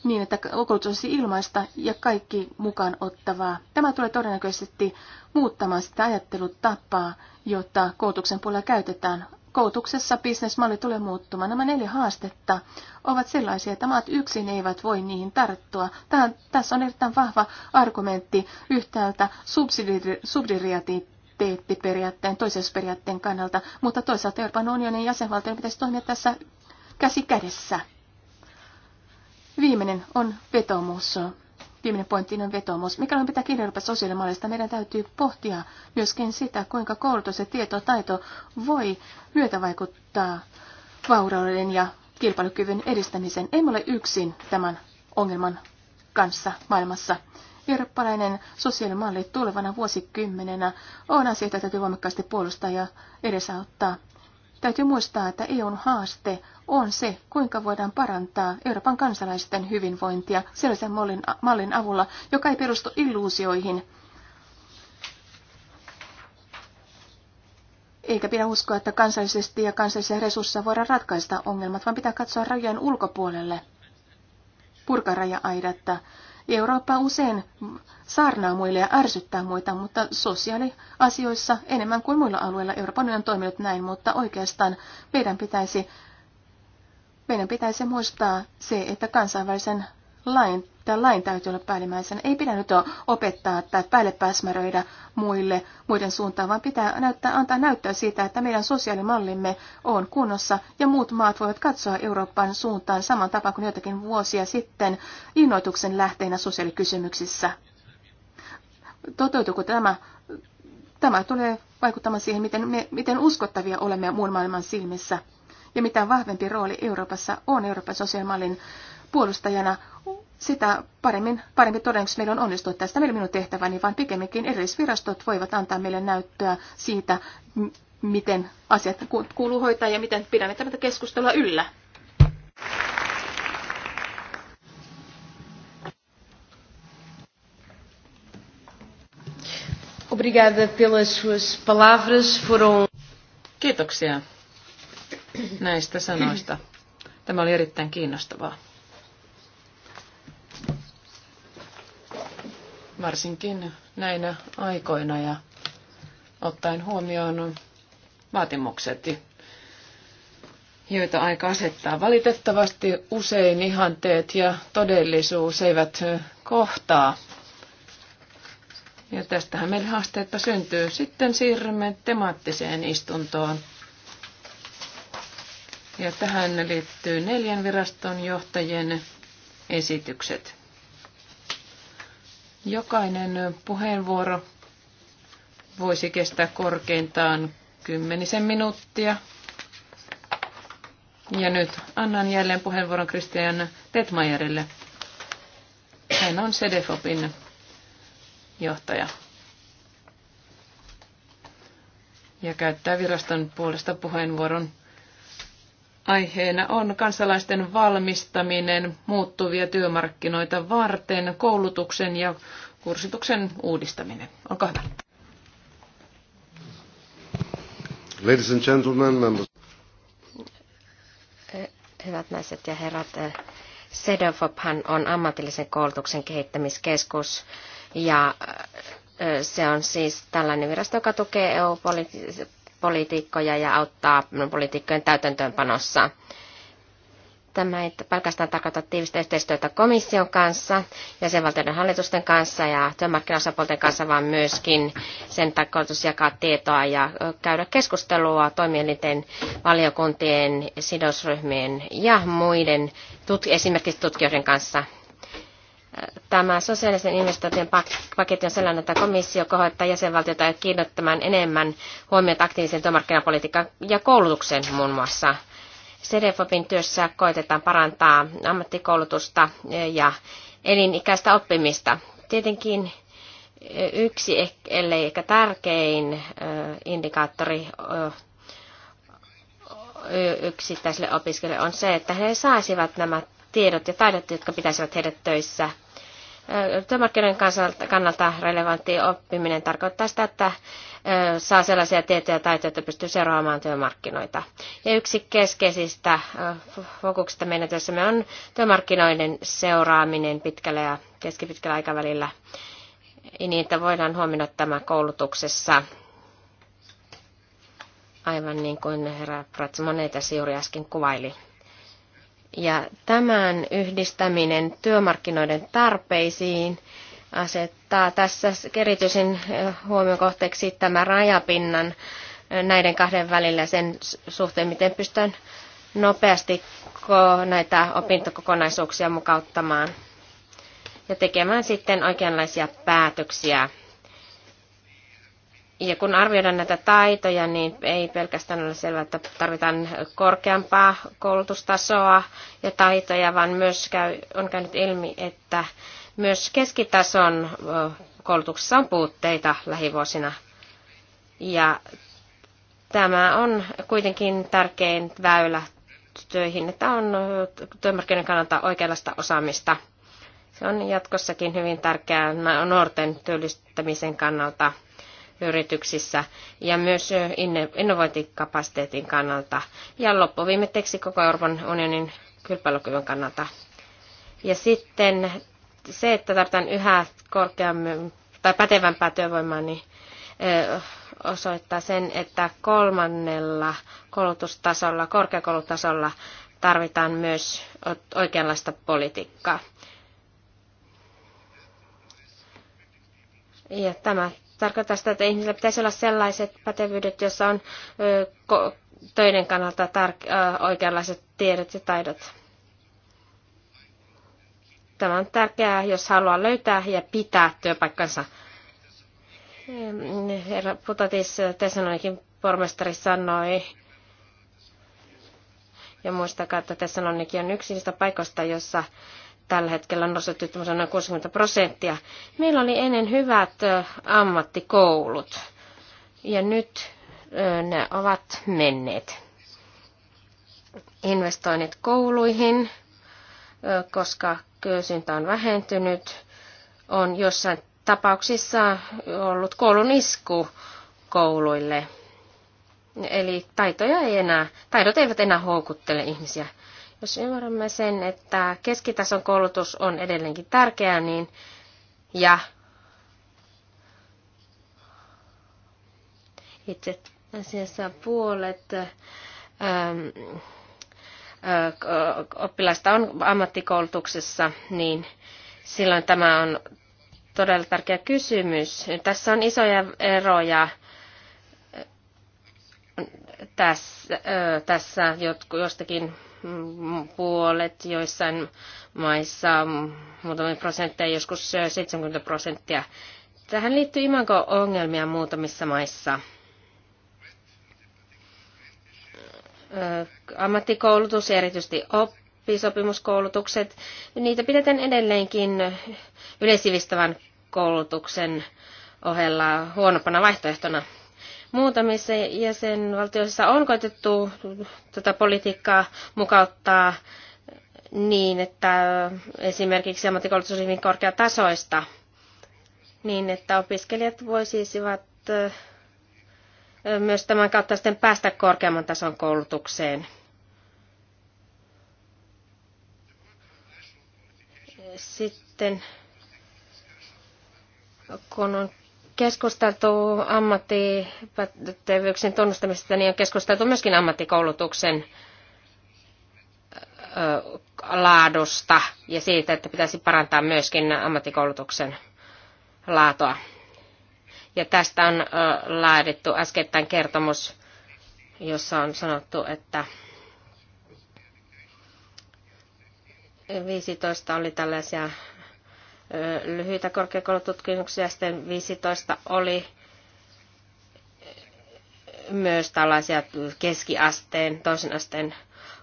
niin, että koulutus olisi ilmaista ja kaikki mukaan ottavaa. Tämä tulee todennäköisesti muuttamaan sitä ajattelutapaa, jota koulutuksen puolella käytetään. Koulutuksessa bisnesmalli tulee muuttumaan. Nämä neljä haastetta ovat sellaisia, että maat yksin eivät voi niihin tarttua. Tähän, tässä on erittäin vahva argumentti yhtäältä toisessa periaatteen kannalta, mutta toisaalta Euroopan unionin jäsenvaltioiden pitäisi toimia tässä käsi kädessä Viimeinen on vetomus. Viimeinen pointti on vetomus. Mikä on pitää kirjoittaa sosiaalimallista, meidän täytyy pohtia myöskin sitä, kuinka koulutus ja tietotaito voi myötävaikuttaa vaurauden ja kilpailukyvyn edistämiseen. Emme ole yksin tämän ongelman kanssa maailmassa. Eurooppalainen sosiaalimalli tulevana vuosikymmenenä on asia, jota täytyy voimakkaasti puolustaa ja edesauttaa. Täytyy muistaa, että EUn haaste on se, kuinka voidaan parantaa Euroopan kansalaisten hyvinvointia sellaisen mallin, mallin avulla, joka ei perustu illuusioihin. Eikä pidä uskoa, että kansallisesti ja kansallisia resursseja voidaan ratkaista ongelmat, vaan pitää katsoa rajojen ulkopuolelle. Purkaraja-aidatta. Eurooppa usein saarnaa muille ja ärsyttää muita, mutta sosiaaliasioissa enemmän kuin muilla alueilla Euroopan on toiminut näin, mutta oikeastaan meidän pitäisi meidän pitäisi muistaa se, että kansainvälisen lain, tai lain täytyy olla päällimmäisenä. Ei pidä nyt opettaa tai päälle pääsmäröidä muille, muiden suuntaan, vaan pitää näyttää, antaa näyttöä siitä, että meidän sosiaalimallimme on kunnossa ja muut maat voivat katsoa Euroopan suuntaan saman tapaan kuin joitakin vuosia sitten innoituksen lähteinä sosiaalikysymyksissä. Toteutuuko tämä? Tämä tulee vaikuttamaan siihen, miten, me, miten uskottavia olemme muun maailman silmissä ja mitä vahvempi rooli Euroopassa on Euroopan sosiaalimallin puolustajana, sitä paremmin, parempi todennäköisesti meillä on onnistua tästä. Meillä minun tehtäväni, vaan pikemminkin erillisvirastot voivat antaa meille näyttöä siitä, miten asiat kuuluu hoitaa ja miten pidämme tätä keskustelua yllä. Obrigada pelas suas palavras. Foram... Kiitoksia näistä sanoista. Tämä oli erittäin kiinnostavaa. Varsinkin näinä aikoina ja ottaen huomioon vaatimukset, joita aika asettaa. Valitettavasti usein ihanteet ja todellisuus eivät kohtaa. Ja tästähän meillä haasteetta syntyy. Sitten siirrymme temaattiseen istuntoon. Ja tähän liittyy neljän viraston johtajien esitykset. Jokainen puheenvuoro voisi kestää korkeintaan kymmenisen minuuttia. Ja nyt annan jälleen puheenvuoron Christian Tetmajerille. Hän on Sedefopin johtaja. Ja käyttää viraston puolesta puheenvuoron Aiheena on kansalaisten valmistaminen muuttuvia työmarkkinoita varten, koulutuksen ja kurssituksen uudistaminen. Olkaa hyvä. Ladies and gentlemen, members. Hyvät naiset ja herrat, eh, Sedefophan on ammatillisen koulutuksen kehittämiskeskus ja eh, se on siis tällainen virasto, joka tukee EU-politiikkaa poliitikkoja ja auttaa poliitikkojen täytäntöönpanossa. Tämä ei pelkästään tarkoita tiivistä yhteistyötä komission kanssa, jäsenvaltioiden hallitusten kanssa ja työmarkkinaosapuolten kanssa, vaan myöskin sen tarkoitus jakaa tietoa ja käydä keskustelua toimielinten, valiokuntien, sidosryhmien ja muiden tut- esimerkiksi tutkijoiden kanssa tämä sosiaalisten investointien paketti on sellainen, että komissio kohottaa jäsenvaltiota kiinnittämään enemmän huomiota aktiiviseen työmarkkinapolitiikkaan ja koulutukseen muun muassa. CDFOPin työssä koitetaan parantaa ammattikoulutusta ja elinikäistä oppimista. Tietenkin eh, yksi, e- ellei ehkä tärkein eh, indikaattori eh, yksittäisille opiskelijoille on se, että he saisivat nämä tiedot ja taidot, jotka pitäisivät heidät töissä. Työmarkkinoiden kannalta relevantti oppiminen tarkoittaa sitä, että saa sellaisia tietoja ja taitoja, että pystyy seuraamaan työmarkkinoita. Ja yksi keskeisistä fokuksista meidän työssämme on työmarkkinoiden seuraaminen pitkällä ja keskipitkällä aikavälillä, niin että voidaan huomioida tämä koulutuksessa. Aivan niin kuin herra tässä juuri äsken kuvaili. Ja tämän yhdistäminen työmarkkinoiden tarpeisiin asettaa tässä erityisen eh, huomion kohteeksi tämä rajapinnan eh, näiden kahden välillä sen suhteen, miten pystytään nopeasti näitä opintokokonaisuuksia mukauttamaan ja tekemään sitten oikeanlaisia päätöksiä ja kun arvioidaan näitä taitoja, niin ei pelkästään ole selvää, että tarvitaan korkeampaa koulutustasoa ja taitoja, vaan myös käy, on käynyt ilmi, että myös keskitason koulutuksessa on puutteita lähivuosina. Ja tämä on kuitenkin tärkein väylä töihin, että on työmarkkinoiden kannalta oikeanlaista osaamista. Se on jatkossakin hyvin tärkeää nuorten työllistämisen kannalta yrityksissä ja myös innovointikapasiteetin kannalta ja loppuviimetteeksi koko Euroopan unionin kilpailukyvyn kannalta. Ja sitten se, että tarvitaan yhä korkeammin tai pätevämpää työvoimaa, niin osoittaa sen, että kolmannella koulutustasolla, korkeakoulutasolla tarvitaan myös oikeanlaista politiikkaa. Ja tämä tarkoittaa sitä, että ihmisillä pitäisi olla sellaiset pätevyydet, joissa on töiden kannalta tar- oikeanlaiset tiedot ja taidot. Tämä on tärkeää, jos haluaa löytää ja pitää työpaikkansa. Herra Putatis Tessalonikin pormestari sanoi, ja muistakaa, että Tessaloniki on yksi niistä paikoista, jossa tällä hetkellä nostettu noin 60 prosenttia. Meillä oli ennen hyvät ammattikoulut ja nyt ne ovat menneet. Investoinnit kouluihin, koska kysyntä on vähentynyt, on jossain tapauksissa ollut koulun isku kouluille. Eli taitoja ei enää, taidot eivät enää houkuttele ihmisiä jos ymmärrämme sen, että keskitason koulutus on edelleenkin tärkeää, niin ja itse asiassa puolet ähm, äh, oppilaista on ammattikoulutuksessa, niin silloin tämä on todella tärkeä kysymys. Tässä on isoja eroja äh, tässä, äh, tässä jostakin puolet joissain maissa, muutamia prosentteja, joskus 70 prosenttia. Tähän liittyy imago-ongelmia muutamissa maissa. Ammattikoulutus ja erityisesti oppisopimuskoulutukset, niitä pidetään edelleenkin yleissivistävän koulutuksen ohella huonompana vaihtoehtona Muutamissa jäsenvaltioissa on koitettu tätä politiikkaa mukauttaa niin, että esimerkiksi ammattikoulutus on hyvin korkeatasoista, niin että opiskelijat voisivat myös tämän kautta sitten päästä korkeamman tason koulutukseen. Sitten kun on keskusteltu ammattipätevyyksien tunnustamisesta, niin on keskusteltu myöskin ammattikoulutuksen laadusta ja siitä, että pitäisi parantaa myöskin ammattikoulutuksen laatua. Ja tästä on laadittu äskettäin kertomus, jossa on sanottu, että 15 oli tällaisia lyhyitä korkeakoulututkimuksia, sitten 15 oli myös tällaisia keskiasteen, toisen asteen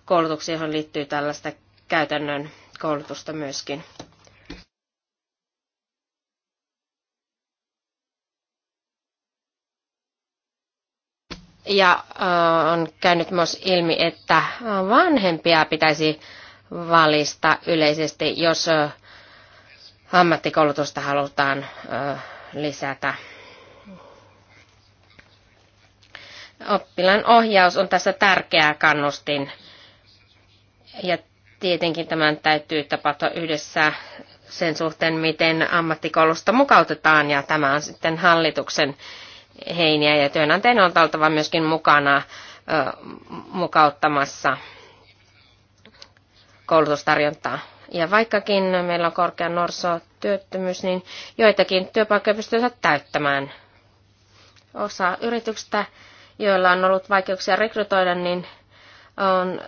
koulutuksia, johon liittyy tällaista käytännön koulutusta myöskin. Ja on käynyt myös ilmi, että vanhempia pitäisi valista yleisesti, jos ammattikoulutusta halutaan lisätä. Oppilaan ohjaus on tässä tärkeää kannustin. Ja tietenkin tämän täytyy tapahtua yhdessä sen suhteen, miten ammattikoulusta mukautetaan, ja tämä on sitten hallituksen heiniä, ja työnantajan on oltava myöskin mukana ö, mukauttamassa koulutustarjontaa. Ja vaikkakin meillä on korkea nuorisotyöttömyys, niin joitakin työpaikkoja pystytään täyttämään. Osa yrityksistä, joilla on ollut vaikeuksia rekrytoida, niin on,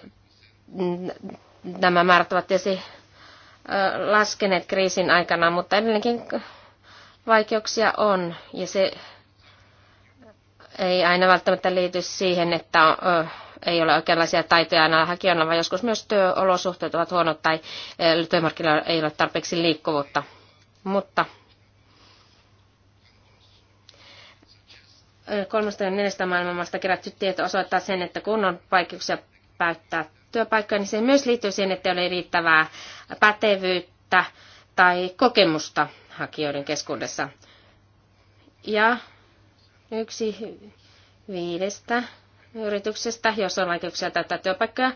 nämä määrät ovat tietysti laskeneet kriisin aikana, mutta edelleenkin vaikeuksia on. Ja se ei aina välttämättä liity siihen, että ei ole oikeanlaisia taitoja aina hakijoilla, vaan joskus myös työolosuhteet ovat huonot tai eh, työmarkkinoilla ei ole tarpeeksi liikkuvuutta. Mutta eh, kolmesta neljästä maailmanmaasta kerätty tieto osoittaa sen, että kun on vaikeuksia päättää työpaikkoja, niin se myös liittyy siihen, että ei ole riittävää pätevyyttä tai kokemusta hakijoiden keskuudessa. Ja yksi viidestä yrityksestä, jos on vaikeuksia täyttää työpaikkaa,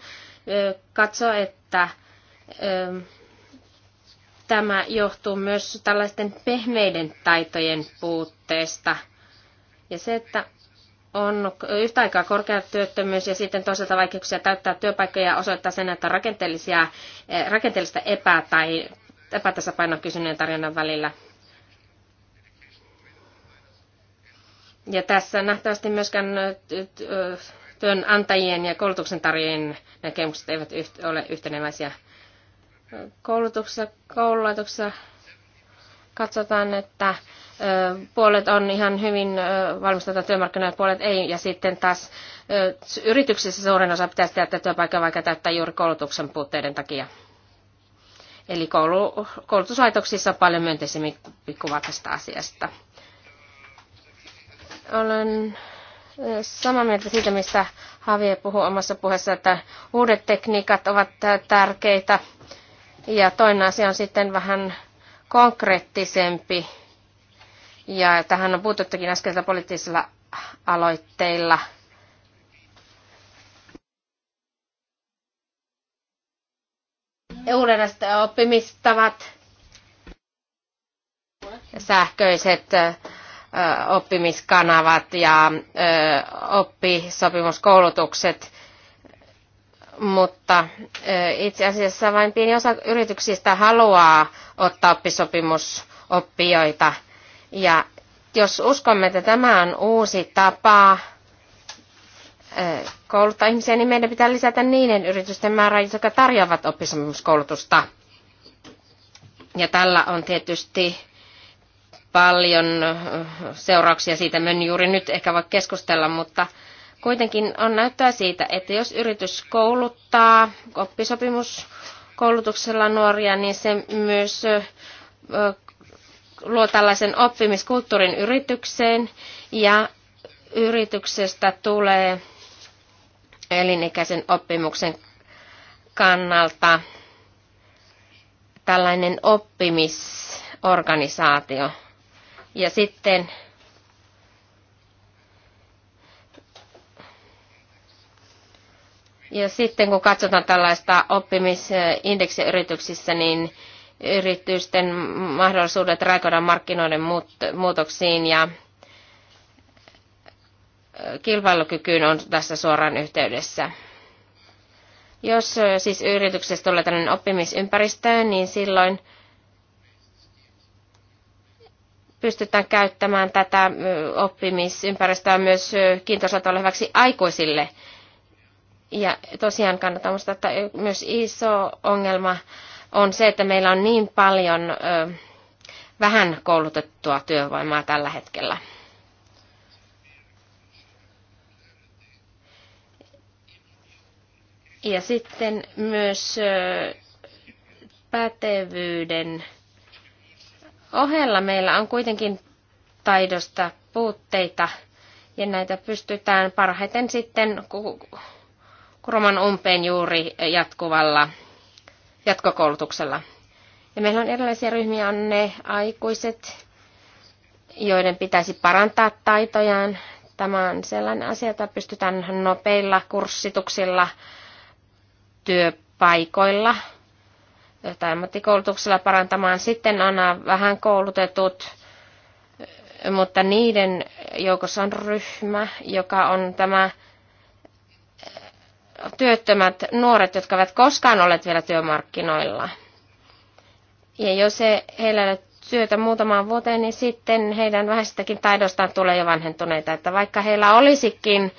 katsoa, että tämä johtuu myös tällaisten pehmeiden taitojen puutteesta. Ja se, että on yhtä aikaa korkea työttömyys ja sitten toisaalta vaikeuksia täyttää työpaikkoja ja osoittaa sen, että rakenteellisia, rakenteellista epä- tai epätasapainoa kysynnän tarjonnan välillä. Ja tässä nähtävästi myöskään työnantajien ja koulutuksen tarjoajien näkemykset eivät ole yhteneväisiä. Koulutuksessa, koululaitoksessa katsotaan, että puolet on ihan hyvin valmisteltu työmarkkinoilla, puolet ei. Ja sitten taas yrityksissä suurin osa pitäisi tehdä työpaikkaa vaikka täyttää juuri koulutuksen puutteiden takia. Eli koulu, koulutuslaitoksissa on paljon myönteisemmin kuva tästä asiasta. Olen samaa mieltä siitä, mistä Havie puhui omassa puheessa, että uudet tekniikat ovat tärkeitä. Ja toinen asia on sitten vähän konkreettisempi. Ja tähän on puututtukin äskeltä poliittisilla aloitteilla. Uudet oppimistavat, sähköiset oppimiskanavat ja oppisopimuskoulutukset, mutta itse asiassa vain pieni osa yrityksistä haluaa ottaa oppisopimusoppijoita. Ja jos uskomme, että tämä on uusi tapa kouluttaa ihmisiä, niin meidän pitää lisätä niiden yritysten määrää, jotka tarjoavat oppisopimuskoulutusta. Ja tällä on tietysti paljon seurauksia siitä. Me juuri nyt ehkä voi keskustella, mutta kuitenkin on näyttää siitä, että jos yritys kouluttaa oppisopimuskoulutuksella nuoria, niin se myös luo tällaisen oppimiskulttuurin yritykseen ja yrityksestä tulee elinikäisen oppimuksen kannalta tällainen oppimisorganisaatio – ja sitten Ja sitten kun katsotaan tällaista yrityksissä, niin yritysten mahdollisuudet reagoida markkinoiden muutoksiin ja kilpailukykyyn on tässä suoraan yhteydessä. Jos siis yrityksestä tulee tällainen oppimisympäristö, niin silloin pystytään käyttämään tätä oppimisympäristöä myös kiintoisella hyväksi aikuisille. Ja tosiaan kannattaa muistaa, että myös iso ongelma on se, että meillä on niin paljon vähän koulutettua työvoimaa tällä hetkellä. Ja sitten myös pätevyyden ohella meillä on kuitenkin taidosta puutteita ja näitä pystytään parhaiten sitten kuroman umpeen juuri jatkuvalla jatkokoulutuksella. Ja meillä on erilaisia ryhmiä, on ne aikuiset, joiden pitäisi parantaa taitojaan. Tämä on sellainen asia, jota pystytään nopeilla kurssituksilla työpaikoilla tai ammattikoulutuksella parantamaan. Sitten on vähän koulutetut, mutta niiden joukossa on ryhmä, joka on tämä työttömät nuoret, jotka eivät koskaan olleet vielä työmarkkinoilla. Ja jos he, heillä ei ole työtä muutamaan vuoteen, niin sitten heidän vähäistäkin taidostaan tulee jo vanhentuneita. Että vaikka heillä olisikin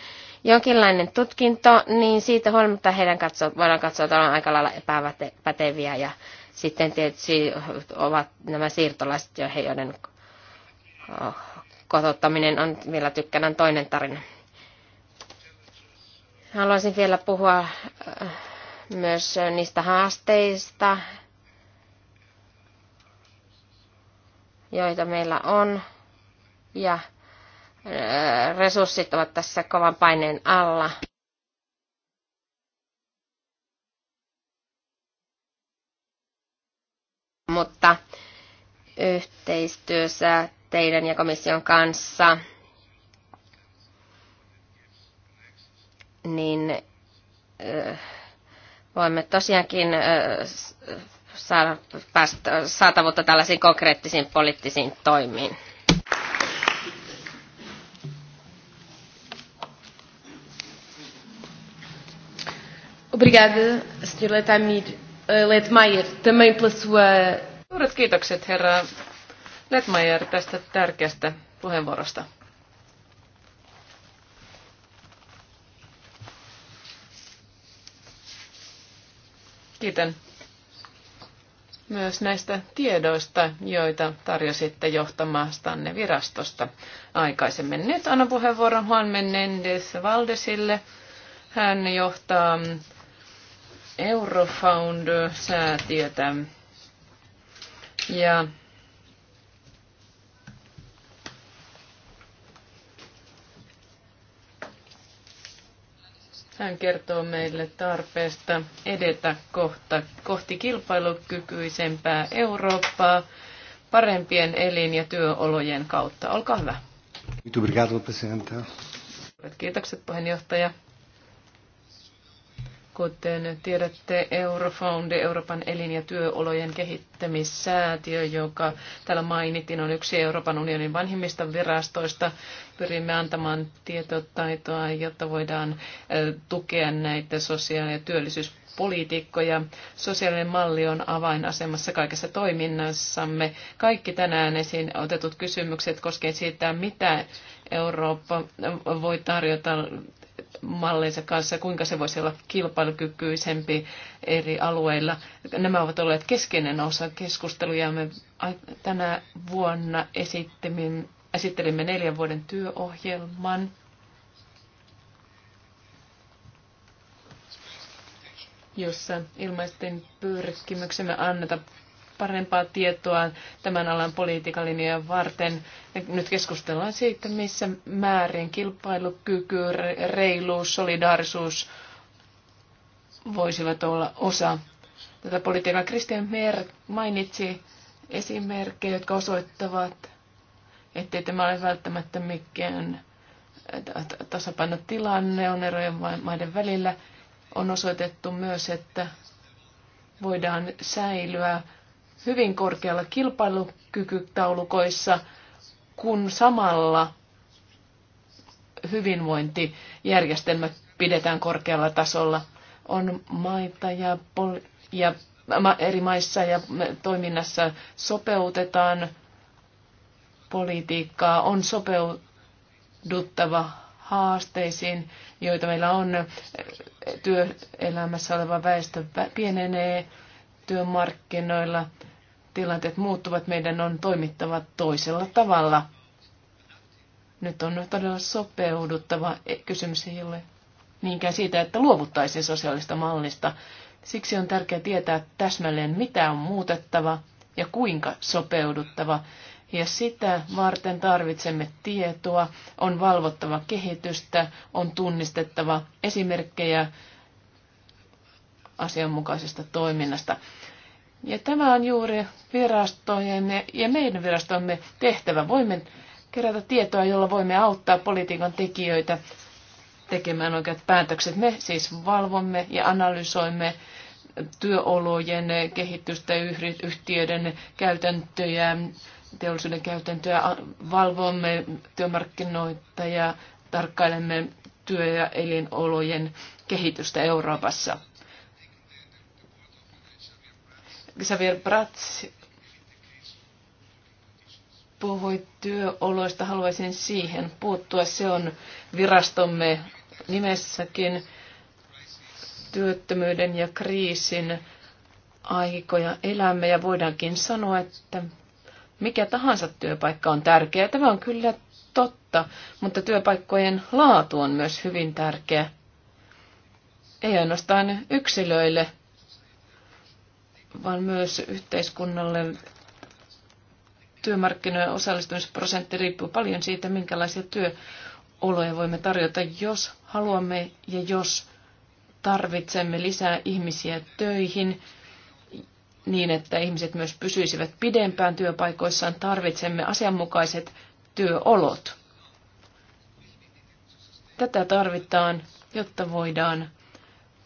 jonkinlainen tutkinto, niin siitä huolimatta heidän katso, voidaan katsoa, että on aika lailla epäpäteviä ja sitten tietysti ovat nämä siirtolaiset, joiden oh, kotouttaminen on vielä tykkänän toinen tarina. Haluaisin vielä puhua äh, myös niistä haasteista, joita meillä on. Ja resurssit ovat tässä kovan paineen alla. Mutta yhteistyössä teidän ja komission kanssa, niin voimme tosiaankin saada saatavuutta tällaisiin konkreettisiin poliittisiin toimiin. Obrigada, Sr. Letamir eh, Letmaier, também pela sua... Suuret kiitokset, herra Letmaier, tästä tärkeästä puheenvuorosta. Kiitän myös näistä tiedoista, joita tarjositte johtamastanne virastosta aikaisemmin. Nyt annan puheenvuoron Juan Menendez Valdesille. Hän johtaa Eurofound-säätiötä. Ja Hän kertoo meille tarpeesta edetä kohta, kohti kilpailukykyisempää Eurooppaa parempien elin- ja työolojen kautta. Olkaa hyvä. Kiitokset puheenjohtaja. Kuten tiedätte, Eurofound, Euroopan elin- ja työolojen kehittämissäätiö, joka täällä mainittiin, on yksi Euroopan unionin vanhimmista virastoista. Pyrimme antamaan tietotaitoa, jotta voidaan tukea näitä sosiaali- ja poliitikkoja. Sosiaalinen malli on avainasemassa kaikessa toiminnassamme. Kaikki tänään esiin otetut kysymykset koskevat siitä, mitä Eurooppa voi tarjota mallinsa kanssa, kuinka se voisi olla kilpailukykyisempi eri alueilla. Nämä ovat olleet keskeinen osa keskusteluja. Me tänä vuonna esittelimme neljän vuoden työohjelman. jossa ilmaisten pyrkimyksemme anneta parempaa tietoa tämän alan politiikan varten. Nyt keskustellaan siitä, missä määrin kilpailukyky, reiluus, solidaarisuus voisivat olla osa tätä politiikkaa. Christian Mer mainitsi esimerkkejä, jotka osoittavat, ettei tämä ole välttämättä mikään tasapainotilanne on erojen maiden välillä. On osoitettu myös, että voidaan säilyä hyvin korkealla kilpailukykytaulukoissa, kun samalla hyvinvointijärjestelmä pidetään korkealla tasolla. On maita ja, pol- ja eri maissa ja toiminnassa sopeutetaan politiikkaa, on sopeuduttava haasteisiin, joita meillä on. Työelämässä oleva väestö pienenee työmarkkinoilla, tilanteet muuttuvat, meidän on toimittava toisella tavalla. Nyt on todella sopeuduttava. E, kysymys ei ole niinkään siitä, että luovuttaisiin sosiaalista mallista. Siksi on tärkeää tietää täsmälleen, mitä on muutettava ja kuinka sopeuduttava. Ja sitä varten tarvitsemme tietoa, on valvottava kehitystä, on tunnistettava esimerkkejä asianmukaisesta toiminnasta. Ja tämä on juuri virastojen ja meidän virastomme tehtävä. Voimme kerätä tietoa, jolla voimme auttaa politiikan tekijöitä tekemään oikeat päätökset. Me siis valvomme ja analysoimme työolojen kehitystä, yhtiöiden käytäntöjä, teollisuuden käytäntöjä, valvomme työmarkkinoita ja tarkkailemme työ- ja elinolojen kehitystä Euroopassa. Xavier Bratz puhui työoloista, haluaisin siihen puuttua. Se on virastomme nimessäkin työttömyyden ja kriisin aikoja elämme ja voidaankin sanoa, että mikä tahansa työpaikka on tärkeä. Tämä on kyllä totta, mutta työpaikkojen laatu on myös hyvin tärkeä. Ei ainoastaan yksilöille, vaan myös yhteiskunnalle. Työmarkkinoiden osallistumisprosentti riippuu paljon siitä, minkälaisia työoloja voimme tarjota, jos haluamme ja jos tarvitsemme lisää ihmisiä töihin niin, että ihmiset myös pysyisivät pidempään työpaikoissaan, tarvitsemme asianmukaiset työolot. Tätä tarvitaan, jotta voidaan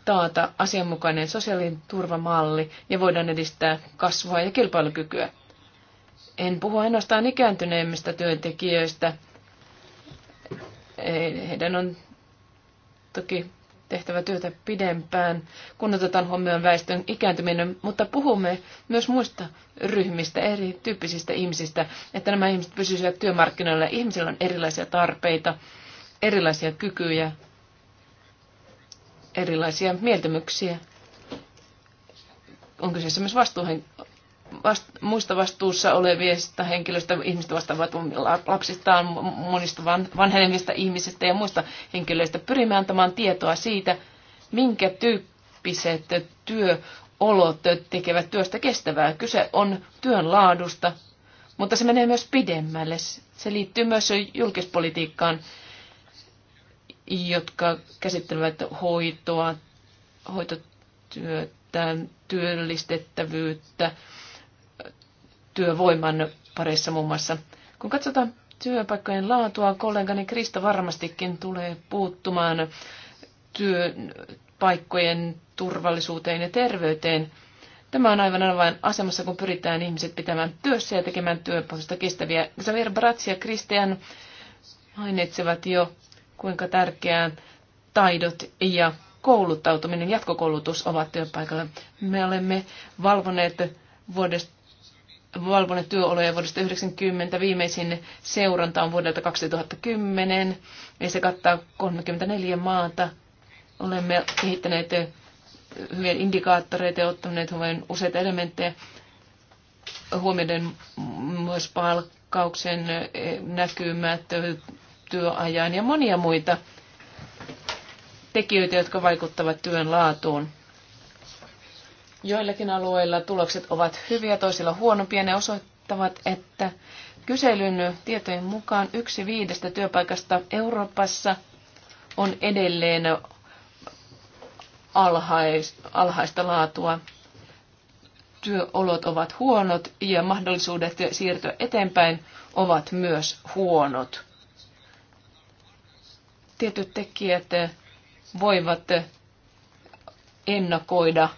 taata asianmukainen sosiaaliturvamalli ja voidaan edistää kasvua ja kilpailukykyä. En puhu ainoastaan ikääntyneemmistä työntekijöistä. Heidän on toki tehtävä työtä pidempään, kun otetaan huomioon väestön ikääntyminen, mutta puhumme myös muista ryhmistä, erityyppisistä ihmisistä, että nämä ihmiset pysyisivät työmarkkinoilla. Ihmisillä on erilaisia tarpeita, erilaisia kykyjä, erilaisia mieltymyksiä. On kyseessä myös vastuuhen, vast, muista vastuussa olevista henkilöistä, ihmistä vastaavat lapsistaan, monista van, vanhenevista ihmisistä ja muista henkilöistä. Pyrimme antamaan tietoa siitä, minkä tyyppiset työolot tekevät työstä kestävää. Kyse on työn laadusta, mutta se menee myös pidemmälle. Se liittyy myös julkispolitiikkaan jotka käsittelevät hoitoa, hoitotyötä, työllistettävyyttä, työvoiman parissa muun muassa. Kun katsotaan työpaikkojen laatua, kollegani Krista varmastikin tulee puuttumaan työpaikkojen turvallisuuteen ja terveyteen. Tämä on aivan avain asemassa, kun pyritään ihmiset pitämään työssä ja tekemään työpohjasta kestäviä. Xavier Bratz ja Christian mainitsevat jo kuinka tärkeää taidot ja kouluttautuminen, jatkokoulutus ovat työpaikalla. Me olemme valvoneet, vuodesta, valvoneet työoloja vuodesta 90. Viimeisin seuranta on vuodelta 2010 ja se kattaa 34 maata. Olemme kehittäneet hyviä indikaattoreita ja ottaneet huomioon useita elementtejä huomioiden myös palkkauksen e, näkymät, työajan ja monia muita tekijöitä, jotka vaikuttavat työn laatuun. Joillakin alueilla tulokset ovat hyviä, toisilla huonompia. Ne osoittavat, että kyselyn tietojen mukaan yksi viidestä työpaikasta Euroopassa on edelleen alhais, alhaista laatua. Työolot ovat huonot ja mahdollisuudet siirtyä eteenpäin ovat myös huonot tietyt tekijät voivat ennakoida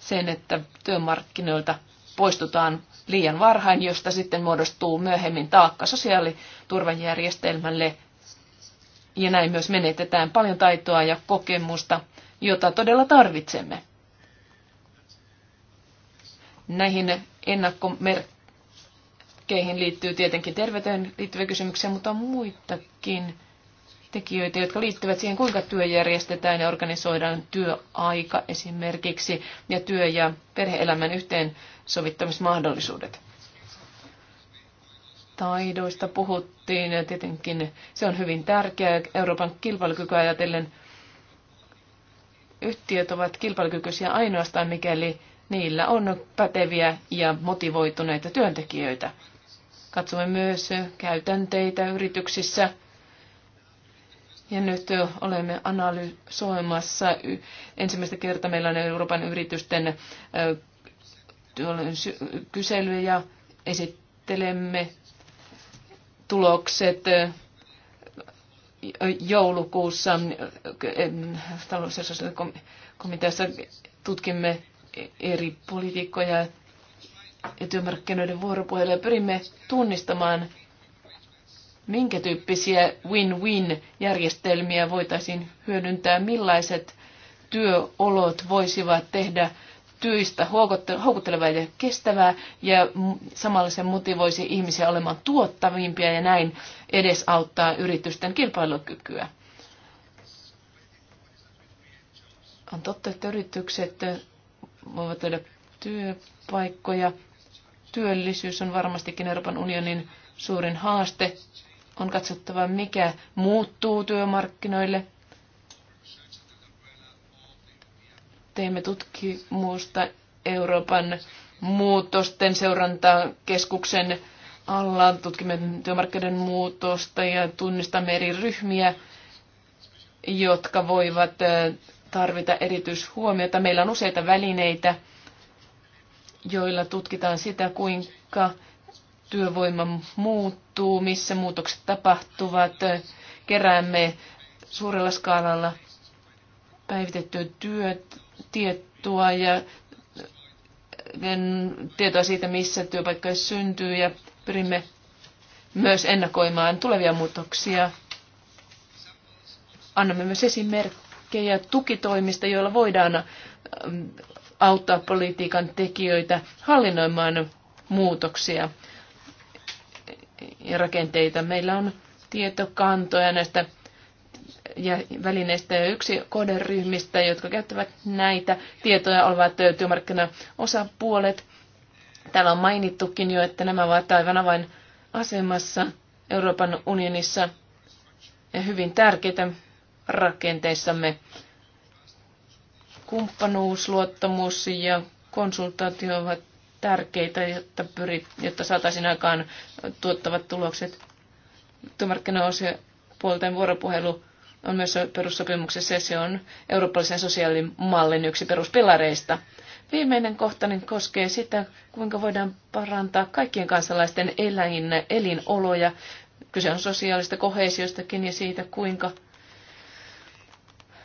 sen, että työmarkkinoilta poistutaan liian varhain, josta sitten muodostuu myöhemmin taakka sosiaaliturvajärjestelmälle. Ja näin myös menetetään paljon taitoa ja kokemusta, jota todella tarvitsemme. Näihin ennakkomerkkeihin liittyy tietenkin terveyteen liittyviä kysymyksiä, mutta on muitakin tekijöitä, jotka liittyvät siihen, kuinka työ järjestetään ja organisoidaan työaika esimerkiksi ja työ- ja perhe-elämän yhteensovittamismahdollisuudet. Taidoista puhuttiin ja tietenkin se on hyvin tärkeää Euroopan kilpailukykyä ajatellen. Yhtiöt ovat kilpailukykyisiä ainoastaan, mikäli niillä on päteviä ja motivoituneita työntekijöitä. Katsomme myös käytänteitä yrityksissä – ja nyt olemme analysoimassa ensimmäistä kertaa meillä on Euroopan yritysten kyselyjä ja esittelemme tulokset joulukuussa talous- ja komiteassa tutkimme eri politiikkoja ja työmarkkinoiden vuoropuhelua ja pyrimme tunnistamaan minkä tyyppisiä win-win-järjestelmiä voitaisiin hyödyntää, millaiset työolot voisivat tehdä työstä houkuttelevaa ja kestävää ja samalla se motivoisi ihmisiä olemaan tuottavimpia ja näin edesauttaa yritysten kilpailukykyä. On totta, että yritykset voivat tehdä työpaikkoja. Työllisyys on varmastikin Euroopan unionin suurin haaste. On katsottava, mikä muuttuu työmarkkinoille. Teemme tutkimusta Euroopan muutosten seurantakeskuksen alla. Tutkimme työmarkkinoiden muutosta ja tunnistamme eri ryhmiä, jotka voivat tarvita erityishuomiota. Meillä on useita välineitä, joilla tutkitaan sitä, kuinka työvoima muuttuu, missä muutokset tapahtuvat. Keräämme suurella skaalalla päivitettyä työtietoa ja tietoa siitä, missä työpaikkoja syntyy ja pyrimme myös ennakoimaan tulevia muutoksia. Annamme myös esimerkkejä tukitoimista, joilla voidaan auttaa politiikan tekijöitä hallinnoimaan muutoksia ja rakenteita. Meillä on tietokantoja näistä ja välineistä ja yksi kohderyhmistä, jotka käyttävät näitä tietoja, ovat työmarkkinaosapuolet. Täällä on mainittukin jo, että nämä ovat aivan avain asemassa Euroopan unionissa ja hyvin tärkeitä rakenteissamme. Kumppanuus, luottamus ja konsultaatio ovat tärkeitä, jotta, pyrit, jotta saataisiin aikaan tuottavat tulokset. Työmarkkinaosapuolten vuoropuhelu on myös perussopimuksessa ja se on eurooppalaisen sosiaalimallin yksi peruspilareista. Viimeinen kohtani niin koskee sitä, kuinka voidaan parantaa kaikkien kansalaisten eläin, elinoloja. Kyse on sosiaalista kohesiostakin ja siitä, kuinka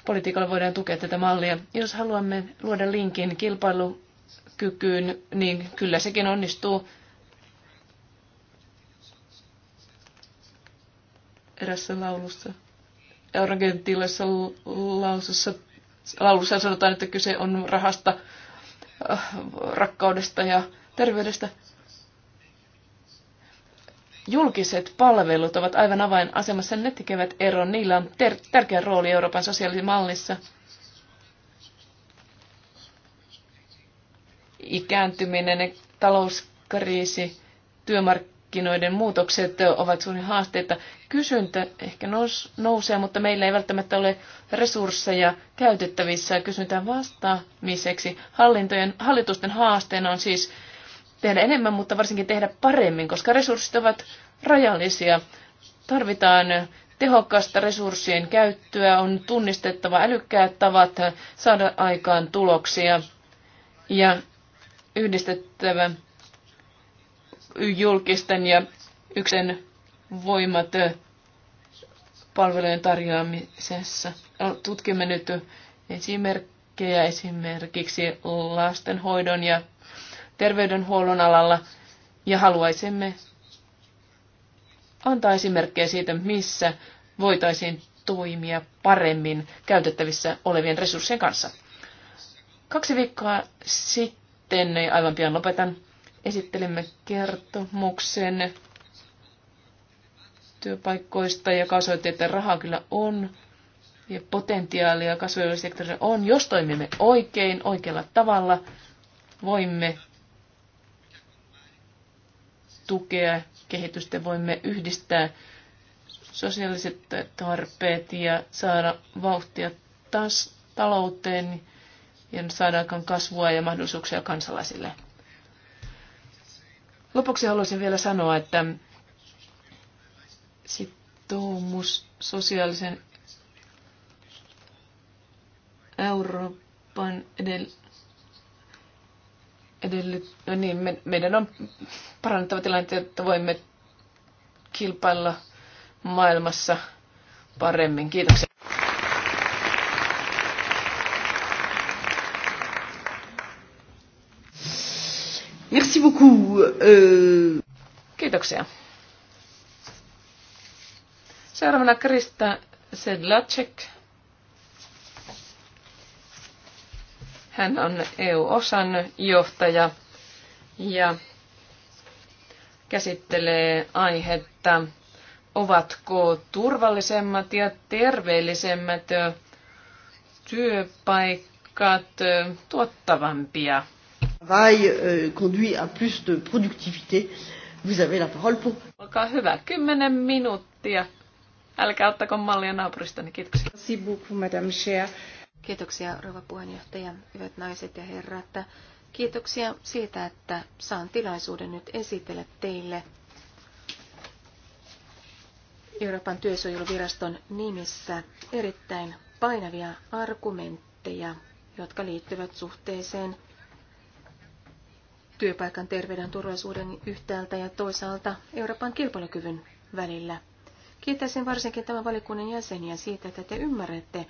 politiikalla voidaan tukea tätä mallia. Jos haluamme luoda linkin kilpailu kykyyn, niin kyllä sekin onnistuu. Erässä laulussa, argentilassa laulussa, laulussa sanotaan, että kyse on rahasta, äh, rakkaudesta ja terveydestä. Julkiset palvelut ovat aivan avainasemassa. Ne tekevät eron. Niillä on ter- tärkeä rooli Euroopan sosiaalimallissa. mallissa ikääntyminen, talouskriisi, työmarkkinoiden muutokset ovat suuri haasteita. Kysyntä ehkä nous, nousee, mutta meillä ei välttämättä ole resursseja käytettävissä kysyntään vastaamiseksi. Hallintojen, hallitusten haasteena on siis tehdä enemmän, mutta varsinkin tehdä paremmin, koska resurssit ovat rajallisia. Tarvitaan tehokasta resurssien käyttöä, on tunnistettava älykkäät tavat saada aikaan tuloksia ja yhdistettävä julkisten ja yksen voimat palvelujen tarjoamisessa. Tutkimme nyt esimerkkejä esimerkiksi lastenhoidon ja terveydenhuollon alalla ja haluaisimme antaa esimerkkejä siitä, missä voitaisiin toimia paremmin käytettävissä olevien resurssien kanssa. Kaksi viikkoa sitten sitten, niin aivan pian lopetan, esittelemme kertomuksen työpaikkoista, joka osoitti, että rahaa kyllä on ja potentiaalia sektorilla on. Jos toimimme oikein, oikealla tavalla, voimme tukea kehitystä, voimme yhdistää sosiaaliset tarpeet ja saada vauhtia taas talouteen ja saadaankaan kasvua ja mahdollisuuksia kansalaisille. Lopuksi haluaisin vielä sanoa, että sitoumus sosiaalisen Euroopan edellä edellyt, no niin, me, meidän on parannettava tilanteet, että voimme kilpailla maailmassa paremmin. Kiitoksia. Merci beaucoup. Euh... Kiitoksia. Seuraavana Krista Sedlacek. Hän on EU-osan johtaja ja käsittelee aihetta, ovatko turvallisemmat ja terveellisemmät työpaikat tuottavampia – Travail euh, conduit à plus de productivité. Vous avez la parole pour... Merci beaucoup, Madame minuuttia. Kiitoksia. Kiitoksia rouva puheenjohtaja, hyvät naiset ja herrat. Kiitoksia siitä, että saan tilaisuuden nyt esitellä teille Euroopan työsuojeluviraston nimissä erittäin painavia argumentteja, jotka liittyvät suhteeseen työpaikan terveyden turvallisuuden yhtäältä ja toisaalta Euroopan kilpailukyvyn välillä. Kiitäisin varsinkin tämän valikunnan jäseniä siitä, että te ymmärrätte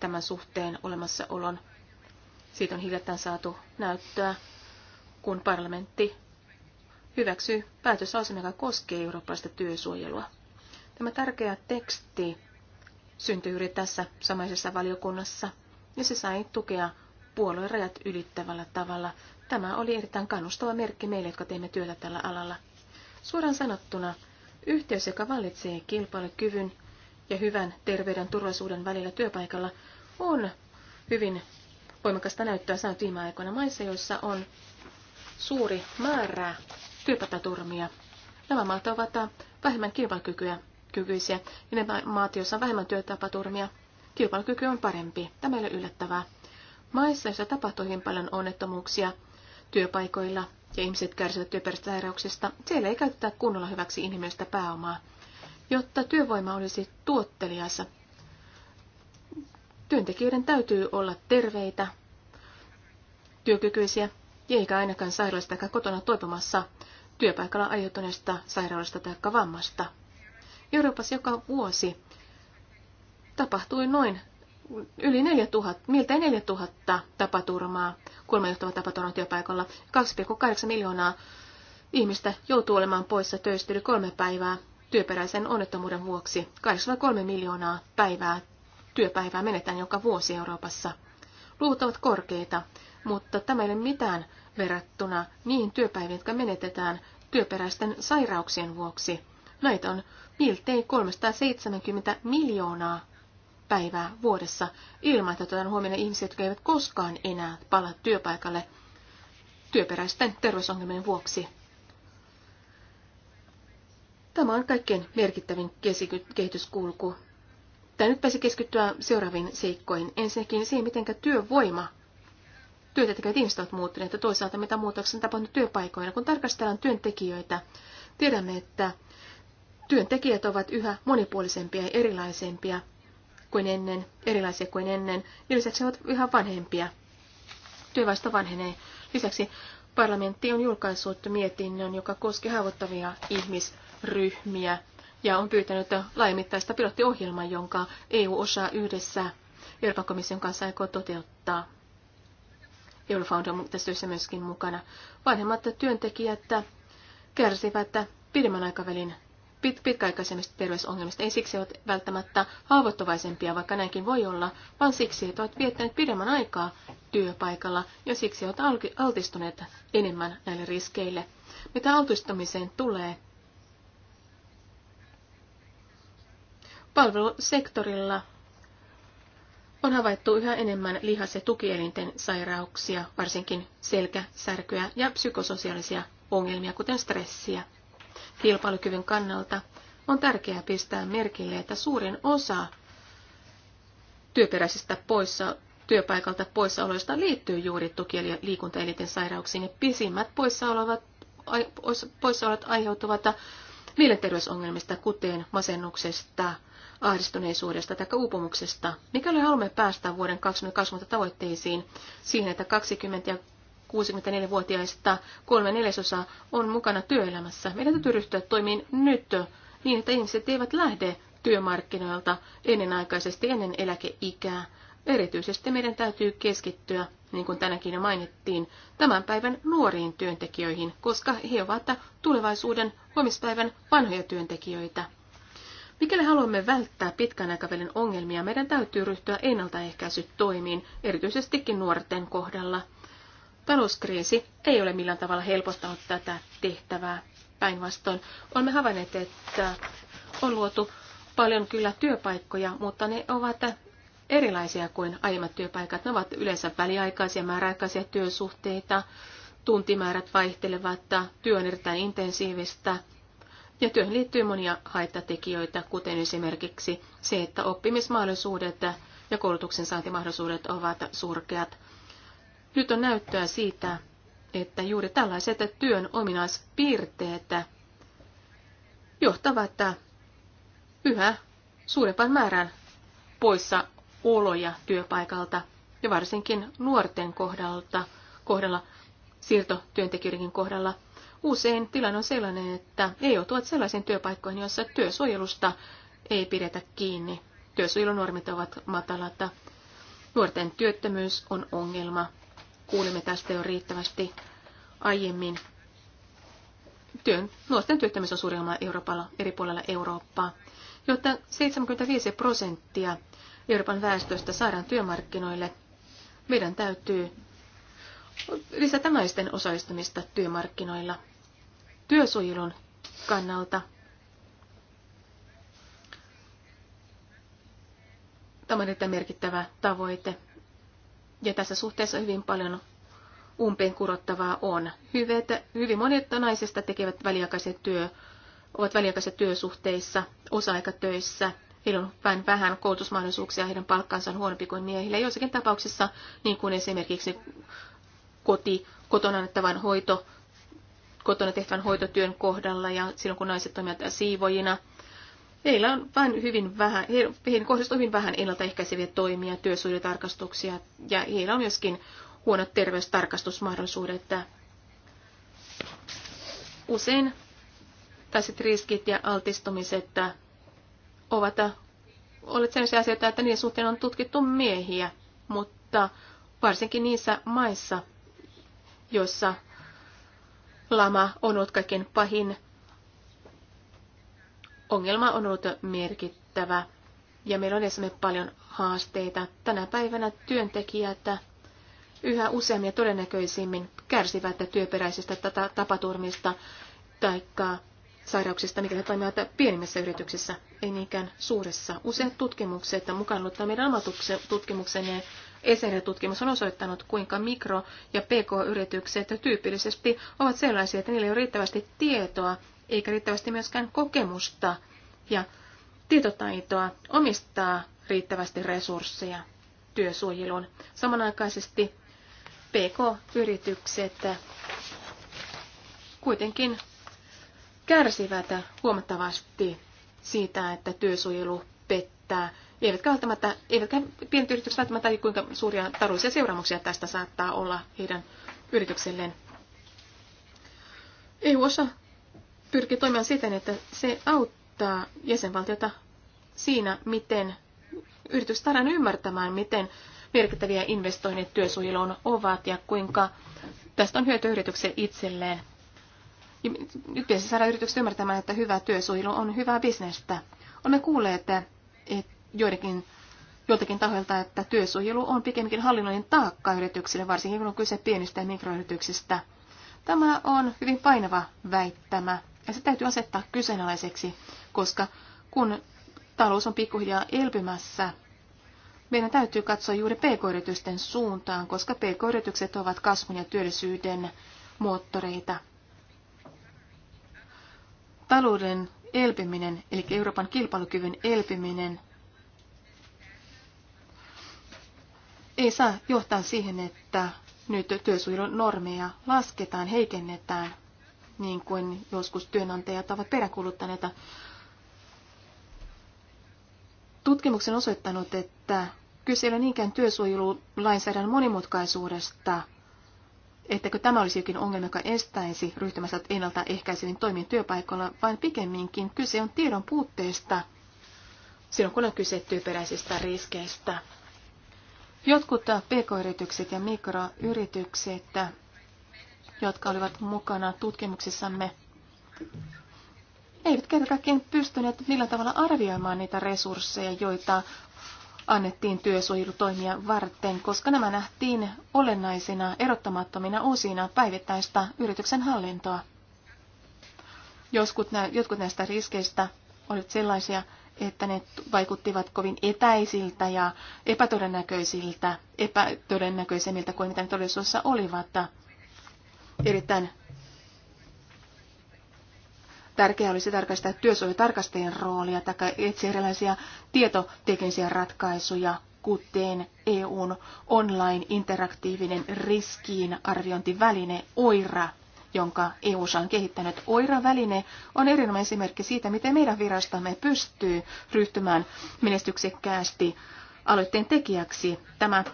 tämän suhteen olemassaolon. Siitä on hiljattain saatu näyttöä, kun parlamentti hyväksyy päätösasema, joka koskee eurooppalaista työsuojelua. Tämä tärkeä teksti syntyi juuri tässä samaisessa valiokunnassa, ja se sai tukea puolueen rajat ylittävällä tavalla. Tämä oli erittäin kannustava merkki meille, jotka teemme työtä tällä alalla. Suoraan sanottuna, yhteys, joka vallitsee kilpailukyvyn ja hyvän terveyden turvallisuuden välillä työpaikalla, on hyvin voimakasta näyttöä saanut viime aikoina maissa, joissa on suuri määrä työpätaturmia. Nämä maat ovat vähemmän kilpailukykyä kykyisiä, ja ne maat, joissa on vähemmän työtapaturmia, kilpailukyky on parempi. Tämä ei ole yllättävää. Maissa, joissa tapahtuu hyvin paljon onnettomuuksia, työpaikoilla ja ihmiset kärsivät työperäisestä Siellä ei käytetä kunnolla hyväksi inhimillistä pääomaa. Jotta työvoima olisi tuottelijassa. työntekijöiden täytyy olla terveitä, työkykyisiä, eikä ainakaan sairaalasta tai kotona toipumassa työpaikalla aiheutuneesta sairaalasta tai vammasta. Euroopassa joka vuosi tapahtui noin yli 4000, miltä 4000 tapaturmaa, kuolemanjohtava tapaturma työpaikalla. 2,8 miljoonaa ihmistä joutuu olemaan poissa töistä yli kolme päivää työperäisen onnettomuuden vuoksi. 83 miljoonaa päivää työpäivää menetään joka vuosi Euroopassa. Luvut ovat korkeita, mutta tämä ei ole mitään verrattuna niihin työpäiviin, jotka menetetään työperäisten sairauksien vuoksi. Näitä on miltei 370 miljoonaa päivää vuodessa ilman, että otetaan huomioon ihmisiä, jotka eivät koskaan enää palaa työpaikalle työperäisten terveysongelmien vuoksi. Tämä on kaikkein merkittävin kehityskulku. Tämä nyt pääsi keskittyä seuraaviin seikkoihin. Ensinnäkin siihen, miten työvoima, työtä tekevät ihmiset ovat muuttuneet ja toisaalta mitä muutoksia on tapahtunut työpaikoina. Kun tarkastellaan työntekijöitä, tiedämme, että työntekijät ovat yhä monipuolisempia ja erilaisempia kuin ennen, erilaisia kuin ennen, ja lisäksi ovat yhä vanhempia. Työväestö vanhenee. Lisäksi parlamentti on julkaissut mietinnön, joka koskee haavoittavia ihmisryhmiä, ja on pyytänyt laajamittaista pilottiohjelmaa, jonka EU osaa yhdessä Euroopan komission kanssa aikoo toteuttaa. Eurofound on tässä työssä myöskin mukana. Vanhemmat työntekijät kärsivät pidemmän aikavälin pit, pitkäaikaisemmista terveysongelmista. Ei siksi ovat välttämättä haavoittuvaisempia, vaikka näinkin voi olla, vaan siksi, että olet viettänyt pidemmän aikaa työpaikalla ja siksi olet altistuneet enemmän näille riskeille. Mitä altistumiseen tulee? Palvelusektorilla on havaittu yhä enemmän lihas- ja tukielinten sairauksia, varsinkin selkä, särkyä ja psykososiaalisia ongelmia, kuten stressiä kilpailukyvyn kannalta, on tärkeää pistää merkille, että suurin osa työperäisistä poissa, työpaikalta poissaoloista liittyy juuri tuki- ja liikuntaelinten sairauksiin, ja pisimmät poissaolot, poissaolot aiheutuvat mielenterveysongelmista, kuten masennuksesta, ahdistuneisuudesta tai uupumuksesta. Mikäli haluamme päästä vuoden 2020 tavoitteisiin siihen, että 20 ja 64-vuotiaista kolme neljäsosaa on mukana työelämässä. Meidän täytyy ryhtyä toimiin nyt niin, että ihmiset eivät lähde työmarkkinoilta ennenaikaisesti ennen eläkeikää. Erityisesti meidän täytyy keskittyä, niin kuin tänäkin jo mainittiin, tämän päivän nuoriin työntekijöihin, koska he ovat tulevaisuuden huomispäivän vanhoja työntekijöitä. Mikäli haluamme välttää pitkän aikavälin ongelmia, meidän täytyy ryhtyä ennaltaehkäisytoimiin, erityisestikin nuorten kohdalla – Talouskriisi ei ole millään tavalla helpottanut tätä tehtävää. Päinvastoin olemme havainneet, että on luotu paljon kyllä työpaikkoja, mutta ne ovat erilaisia kuin aiemmat työpaikat. Ne ovat yleensä väliaikaisia, määräaikaisia työsuhteita, tuntimäärät vaihtelevat, työ on erittäin intensiivistä ja työhön liittyy monia haittatekijöitä, kuten esimerkiksi se, että oppimismahdollisuudet ja koulutuksen saantimahdollisuudet ovat surkeat. Nyt on näyttöä siitä, että juuri tällaiset työn ominaispiirteet johtavat yhä suurempaan määrään poissa oloja työpaikalta ja varsinkin nuorten kohdalta, kohdalla, siirtotyöntekijöidenkin kohdalla. Usein tilanne on sellainen, että ei joutuvat sellaisiin työpaikkoihin, joissa työsuojelusta ei pidetä kiinni. Työsuojelunormit ovat matalata. Nuorten työttömyys on ongelma. Kuulimme tästä jo riittävästi aiemmin. Työn, nuorten työttömyys on Euroopalla, eri puolella Eurooppaa, jotta 75 prosenttia Euroopan väestöstä saadaan työmarkkinoille. Meidän täytyy lisätä naisten osallistumista työmarkkinoilla työsuojelun kannalta. Tämä on erittäin merkittävä tavoite. Ja tässä suhteessa hyvin paljon umpeen kurottavaa on. Hyvät, hyvin monet naisista tekevät väliaikaiset työ, ovat väliaikaisissa työsuhteissa, osa-aikatöissä. Heillä on vähän, vähän koulutusmahdollisuuksia, heidän palkkansa on huonompi kuin miehillä. Joissakin tapauksissa, niin kuin esimerkiksi koti, kotona annettavan hoito, kotona tehtävän hoitotyön kohdalla ja silloin kun naiset toimivat siivojina – Heillä on vain hyvin vähän, heihin kohdistuu hyvin vähän ennaltaehkäiseviä toimia, työsuojelutarkastuksia ja heillä on myöskin huonot terveystarkastusmahdollisuudet. Usein tässä riskit ja altistumiset ovat olleet sellaisia asioita, että niiden suhteen on tutkittu miehiä, mutta varsinkin niissä maissa, joissa lama on ollut kaikkein pahin ongelma on ollut merkittävä ja meillä on esimerkiksi paljon haasteita. Tänä päivänä työntekijät yhä useammin ja todennäköisimmin kärsivät työperäisistä tapaturmista tai sairauksista, mikä he toimivat pienemmissä yrityksissä, ei niinkään suuressa. Useat tutkimukset, mukaan ollut meidän ammatutkimuksen ja ESR-tutkimus on osoittanut, kuinka mikro- ja pk-yritykset tyypillisesti ovat sellaisia, että niillä ei ole riittävästi tietoa eikä riittävästi myöskään kokemusta ja tietotaitoa omistaa riittävästi resursseja työsuojeluun. Samanaikaisesti PK-yritykset kuitenkin kärsivät huomattavasti siitä, että työsuojelu pettää. Eivätkä, välttämättä, eivätkä pienet yritykset välttämättä kuinka suuria taloudellisia seuraamuksia tästä saattaa olla heidän yritykselleen. eu ssa pyrki toimimaan siten, että se auttaa jäsenvaltiota siinä, miten yritys saadaan ymmärtämään, miten merkittäviä investoinnit työsuojeluun ovat ja kuinka tästä on hyötyä yrityksen itselleen. pitäisi saada yritykset ymmärtämään, että hyvä työsuojelu on hyvää bisnestä. Olemme kuulleet että joidenkin joltakin tahoilta, että työsuojelu on pikemminkin hallinnollinen taakka yrityksille, varsinkin kun on kyse pienistä ja mikroyrityksistä. Tämä on hyvin painava väittämä. Ja se täytyy asettaa kyseenalaiseksi, koska kun talous on pikkuhiljaa elpymässä, meidän täytyy katsoa juuri pk-yritysten suuntaan, koska pk-yritykset ovat kasvun ja työllisyyden moottoreita. Talouden elpyminen, eli Euroopan kilpailukyvyn elpyminen, ei saa johtaa siihen, että nyt työsuojelun normeja lasketaan, heikennetään – niin kuin joskus työnantajat ovat peräkuluttaneita. Tutkimuksen osoittanut, että kyse ei ole niinkään työsuojelulainsäädännön monimutkaisuudesta, ettäkö tämä olisi jokin ongelma, joka estäisi ryhtymässä ennaltaehkäiseviin toimiin työpaikoilla, vaan pikemminkin kyse on tiedon puutteesta silloin, kun on kyse työperäisistä riskeistä. Jotkut pk-yritykset ja mikroyritykset jotka olivat mukana tutkimuksissamme, eivät kerta kaikkiaan pystyneet millä tavalla arvioimaan niitä resursseja, joita annettiin työsuojelutoimia varten, koska nämä nähtiin olennaisina erottamattomina osina päivittäistä yrityksen hallintoa. Joskut nä- jotkut näistä riskeistä olivat sellaisia, että ne vaikuttivat kovin etäisiltä ja epätodennäköisiltä, epätodennäköisemmiltä kuin mitä ne todellisuudessa olivat erittäin Tärkeää olisi tarkastaa työsuojelutarkastajien roolia tai etsiä erilaisia tietoteknisiä ratkaisuja, kuten EUn online interaktiivinen riskiin arviointiväline OIRA, jonka EU on kehittänyt. OIRA-väline on erinomainen esimerkki siitä, miten meidän virastamme pystyy ryhtymään menestyksekkäästi aloitteen tekijäksi. Tämä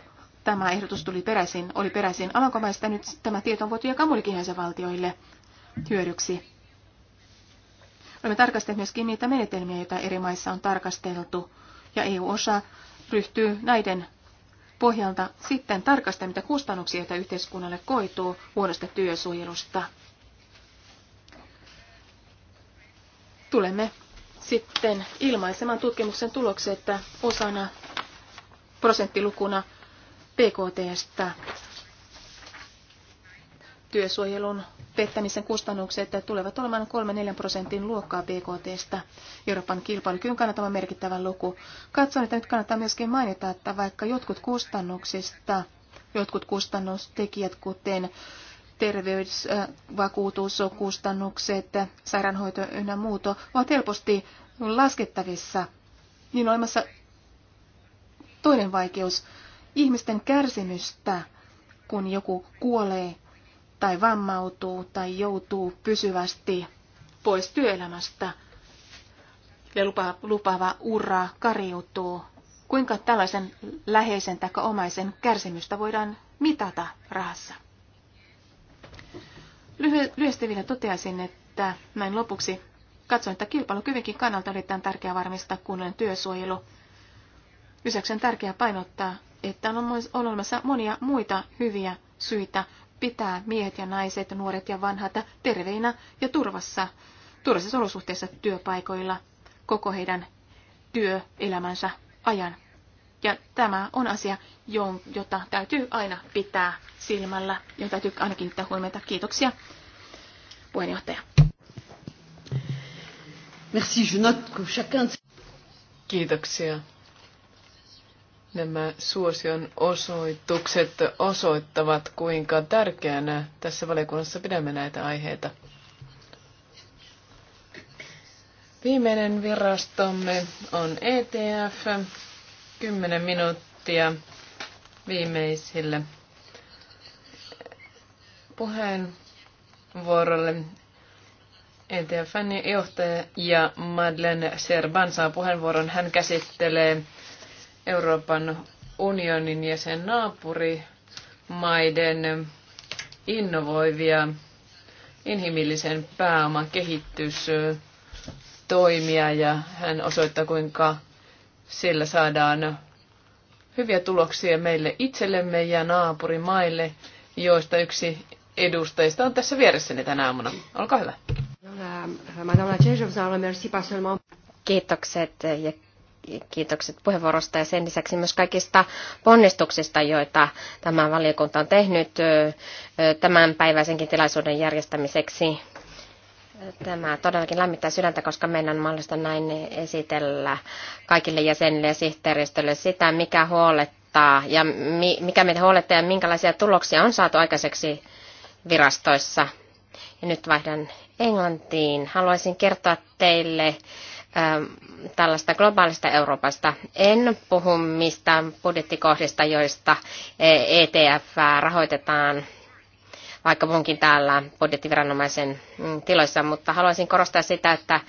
tämä ehdotus tuli peräisin, oli peräisin Alankomaista. Nyt tämä tieto on voitu jakaa muillekin jäsenvaltioille hyödyksi. Olemme tarkastelleet myöskin niitä menetelmiä, joita eri maissa on tarkasteltu, ja EU-osa ryhtyy näiden pohjalta sitten tarkastamaan, mitä kustannuksia, joita yhteiskunnalle koituu huonosta työsuojelusta. Tulemme sitten ilmaisemaan tutkimuksen tulokset, osana prosenttilukuna PKTstä työsuojelun pettämisen kustannukset tulevat olemaan 3-4 prosentin luokkaa BKTstä. Euroopan kilpailukyvyn kannattava merkittävä luku. Katson, että nyt kannattaa myöskin mainita, että vaikka jotkut kustannuksista, jotkut kustannustekijät, kuten terveysvakuutuskustannukset, sairaanhoito ynnä muuto, ovat helposti laskettavissa, niin on olemassa toinen vaikeus, ihmisten kärsimystä, kun joku kuolee tai vammautuu tai joutuu pysyvästi pois työelämästä. Ja lupaava, lupaava ura kariutuu. Kuinka tällaisen läheisen tai omaisen kärsimystä voidaan mitata rahassa? Lyhyesti vielä toteaisin, että näin lopuksi katsoin että kilpailukyvinkin kannalta on erittäin tärkeää varmistaa kunnon työsuojelu. Lisäksi on tärkeää painottaa että on olemassa monia muita hyviä syitä pitää miehet ja naiset, nuoret ja vanhat terveinä ja turvassa, turvallisissa olosuhteissa työpaikoilla koko heidän työelämänsä ajan. Ja tämä on asia, jota täytyy aina pitää silmällä, jota täytyy ainakin kiinnittää huomiota. Kiitoksia, puheenjohtaja. Merci, je note que chacun... Kiitoksia. Nämä suosion osoitukset osoittavat, kuinka tärkeänä tässä valiokunnassa pidämme näitä aiheita. Viimeinen virastomme on ETF. 10 minuuttia viimeisille puheenvuorolle. ETFn johtaja Madlen Madeleine Serban saa puheenvuoron. Hän käsittelee Euroopan unionin ja sen naapurimaiden innovoivia inhimillisen pääoman kehitystoimia ja hän osoittaa, kuinka sillä saadaan hyviä tuloksia meille itsellemme ja naapurimaille, joista yksi edustajista on tässä vieressäni tänä aamuna. Olkaa hyvä. Kiitokset ja kiitokset puheenvuorosta ja sen lisäksi myös kaikista ponnistuksista, joita tämä valiokunta on tehnyt tämän päiväisenkin tilaisuuden järjestämiseksi. Tämä todellakin lämmittää sydäntä, koska meidän on mahdollista näin esitellä kaikille jäsenille ja sihteeristölle sitä, mikä huolettaa ja mikä meitä huolettaa ja minkälaisia tuloksia on saatu aikaiseksi virastoissa. Ja nyt vaihdan Englantiin. Haluaisin kertoa teille Ähm, tällaista globaalista Euroopasta. En puhu mistään budjettikohdista, joista ETF e rahoitetaan, vaikka puhunkin täällä budjettiviranomaisen mm, tiloissa, mutta haluaisin korostaa sitä, että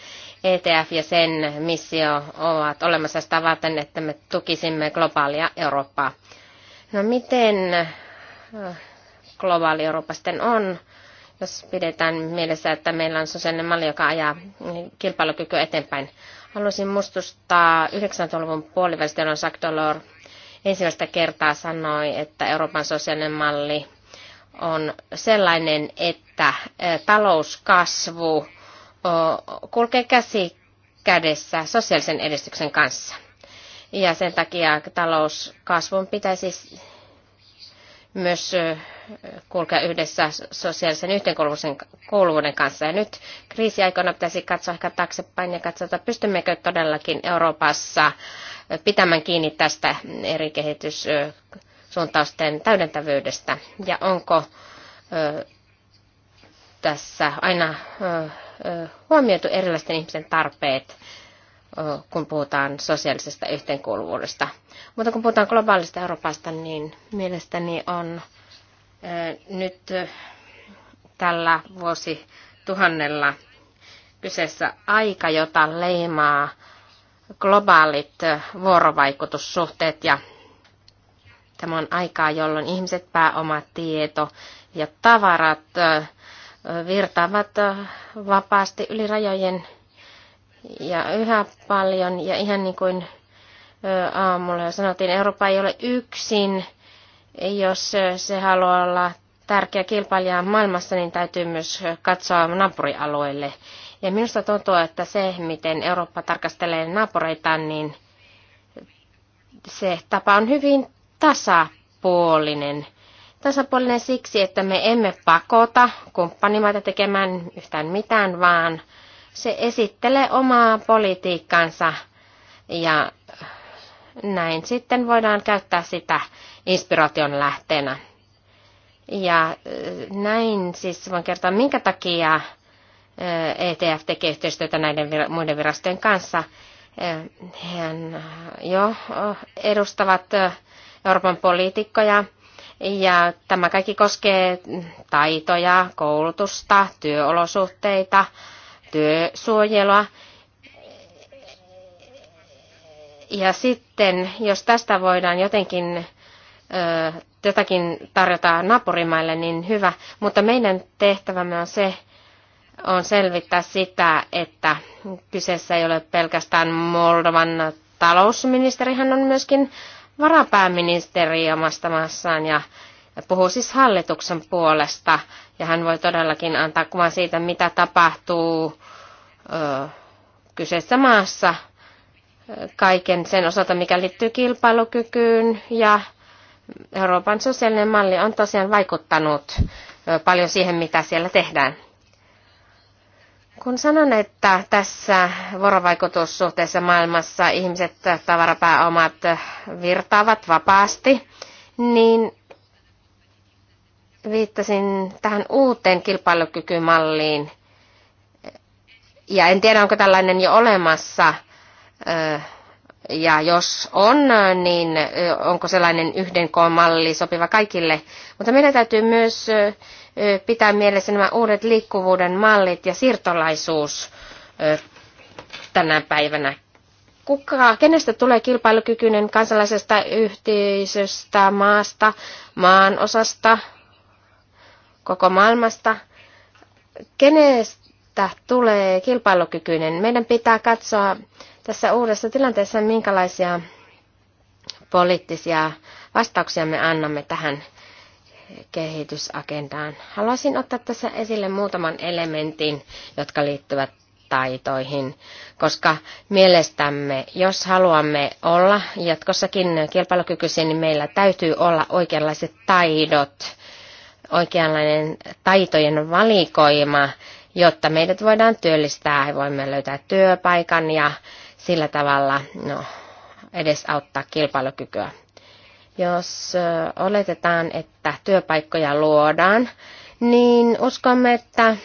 ETF ja sen missio ovat olemassa sitä varten, että me tukisimme globaalia Eurooppaa. No miten äh, globaali Eurooppa sitten on? jos pidetään mielessä, että meillä on sosiaalinen malli, joka ajaa niin kilpailukykyä eteenpäin. Haluaisin muistuttaa 90-luvun puolivälistä, jolloin Jacques Delors ensimmäistä kertaa sanoi, että Euroopan sosiaalinen malli on sellainen, että eh, talouskasvu kulkee käsi kädessä sosiaalisen edistyksen kanssa. Ja sen takia talouskasvun pitäisi myös kulkea yhdessä sosiaalisen yhteenkuuluvuuden kanssa. Ja nyt kriisiaikana pitäisi katsoa ehkä taaksepäin ja katsoa, että pystymmekö todellakin Euroopassa pitämään kiinni tästä eri kehityssuuntausten täydentävyydestä. Ja onko tässä aina huomioitu erilaisten ihmisten tarpeet kun puhutaan sosiaalisesta yhteenkuuluvuudesta. Mutta kun puhutaan globaalista Euroopasta, niin mielestäni on nyt tällä vuosituhannella kyseessä aika, jota leimaa globaalit vuorovaikutussuhteet ja tämä on aikaa, jolloin ihmiset, pääoma, tieto ja tavarat virtaavat vapaasti yli rajojen ja yhä paljon. Ja ihan niin kuin aamulla jo sanottiin, Eurooppa ei ole yksin. Jos se haluaa olla tärkeä kilpailija maailmassa, niin täytyy myös katsoa naapurialueille. Ja minusta tuntuu, että se, miten Eurooppa tarkastelee naapureita, niin se tapa on hyvin tasapuolinen. Tasapuolinen siksi, että me emme pakota kumppanimaita tekemään yhtään mitään, vaan se esittelee omaa politiikkansa ja näin sitten voidaan käyttää sitä inspiraation lähteenä. Ja äh, näin siis voin kertoa, minkä takia äh, ETF tekee yhteistyötä näiden muiden virastojen kanssa. Äh, He jo edustavat Euroopan poliitikkoja ja tämä kaikki koskee taitoja, koulutusta, työolosuhteita, työsuojelua. Ja sitten, jos tästä voidaan jotenkin ö, jotakin tarjota naapurimaille, niin hyvä. Mutta meidän tehtävämme on se, on selvittää sitä, että kyseessä ei ole pelkästään Moldovan talousministeri, hän on myöskin varapääministeri omasta maassaan ja puhuu siis hallituksen puolesta ja hän voi todellakin antaa kuvan siitä, mitä tapahtuu ö, kyseessä maassa kaiken sen osalta, mikä liittyy kilpailukykyyn ja Euroopan sosiaalinen malli on tosiaan vaikuttanut paljon siihen, mitä siellä tehdään. Kun sanon, että tässä vuorovaikutussuhteessa maailmassa ihmiset, tavarapääomat virtaavat vapaasti, niin viittasin tähän uuteen kilpailukykymalliin. Ja en tiedä, onko tällainen jo olemassa. Ja jos on, niin onko sellainen yhden koon malli sopiva kaikille. Mutta meidän täytyy myös pitää mielessä nämä uudet liikkuvuuden mallit ja siirtolaisuus tänä päivänä. Kuka, kenestä tulee kilpailukykyinen kansalaisesta yhteisöstä, maasta, maan osasta, koko maailmasta. Kenestä tulee kilpailukykyinen? Meidän pitää katsoa tässä uudessa tilanteessa, minkälaisia poliittisia vastauksia me annamme tähän kehitysagendaan. Haluaisin ottaa tässä esille muutaman elementin, jotka liittyvät taitoihin, koska mielestämme, jos haluamme olla jatkossakin kilpailukykyisiä, niin meillä täytyy olla oikeanlaiset taidot oikeanlainen taitojen valikoima, jotta meidät voidaan työllistää ja voimme löytää työpaikan ja sillä tavalla no, edesauttaa kilpailukykyä. Jos oletetaan, että työpaikkoja luodaan, niin uskomme, että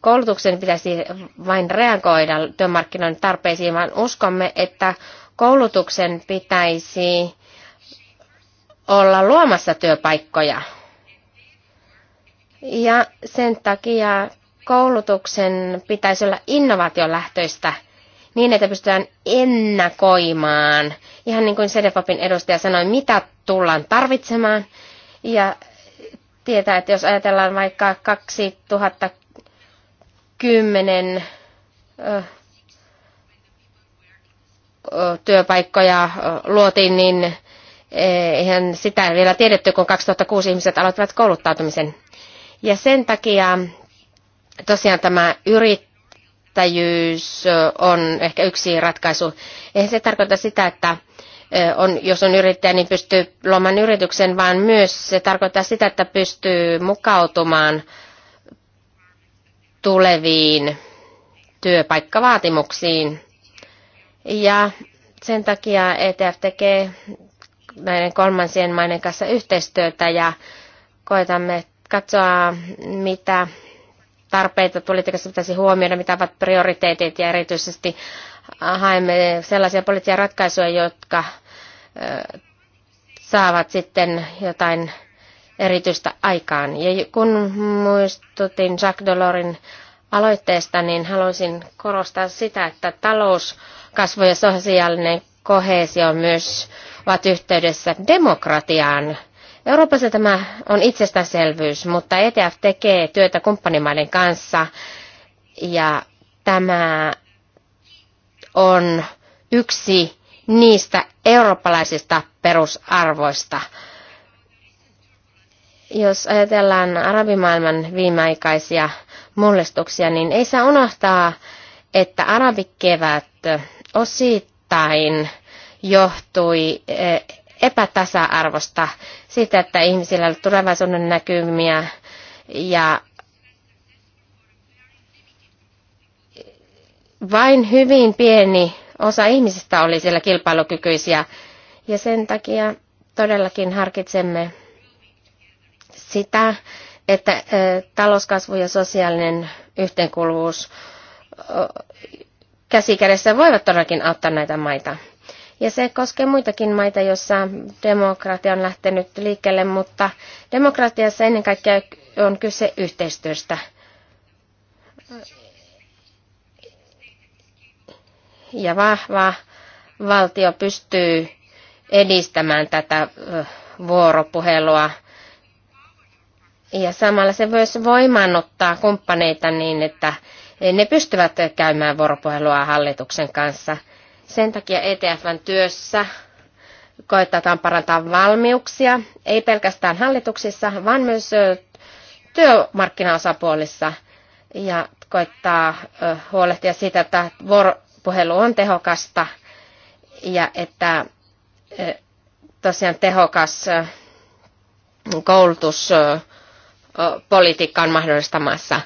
koulutuksen pitäisi vain reagoida työmarkkinoiden tarpeisiin, vaan uskomme, että koulutuksen pitäisi olla luomassa työpaikkoja. Ja sen takia koulutuksen pitäisi olla innovaatiolähtöistä niin, että pystytään ennakoimaan, ihan niin kuin Sedefopin edustaja sanoi, mitä tullaan tarvitsemaan. Ja tietää, että jos ajatellaan vaikka 2010 työpaikkoja luotiin, niin Eihän sitä vielä tiedetty, kun 2006 ihmiset aloittivat kouluttautumisen. Ja sen takia tosiaan tämä yrittäjyys on ehkä yksi ratkaisu. Eihän se tarkoita sitä, että on, jos on yrittäjä, niin pystyy luomaan yrityksen, vaan myös se tarkoittaa sitä, että pystyy mukautumaan tuleviin työpaikkavaatimuksiin. Ja sen takia ETF tekee näiden kolmansien maiden kanssa yhteistyötä ja koetamme katsoa, mitä tarpeita politiikassa pitäisi huomioida, mitä ovat prioriteetit ja erityisesti haemme sellaisia poliittisia ratkaisuja, jotka saavat sitten jotain erityistä aikaan. Ja kun muistutin Jacques Delorin aloitteesta, niin haluaisin korostaa sitä, että talouskasvu ja sosiaalinen kohesio myös ovat yhteydessä demokratiaan. Euroopassa tämä on itsestäänselvyys, mutta ETF tekee työtä kumppanimaiden kanssa ja tämä on yksi niistä eurooppalaisista perusarvoista. Jos ajatellaan arabimaailman viimeaikaisia mullistuksia, niin ei saa unohtaa, että arabikevät osittain – johtui eh, epätasa-arvosta, siitä, että ihmisillä oli tulevaisuuden näkymiä ja vain hyvin pieni osa ihmisistä oli siellä kilpailukykyisiä. Ja sen takia todellakin harkitsemme sitä, että eh, talouskasvu ja sosiaalinen yhteenkuuluvuus eh, käsikädessä voivat todellakin auttaa näitä maita. Ja se koskee muitakin maita, joissa demokratia on lähtenyt liikkeelle, mutta demokratiassa ennen kaikkea on kyse yhteistyöstä. Ja vahva valtio pystyy edistämään tätä vuoropuhelua. Ja samalla se myös voimaannuttaa kumppaneita niin, että ne pystyvät käymään vuoropuhelua hallituksen kanssa – sen takia ETFn työssä koetetaan parantaa valmiuksia, ei pelkästään hallituksissa, vaan myös työmarkkinaosapuolissa ja koittaa huolehtia siitä, että vuoropuhelu on tehokasta ja että tosiaan tehokas koulutuspolitiikka on mahdollistamassa.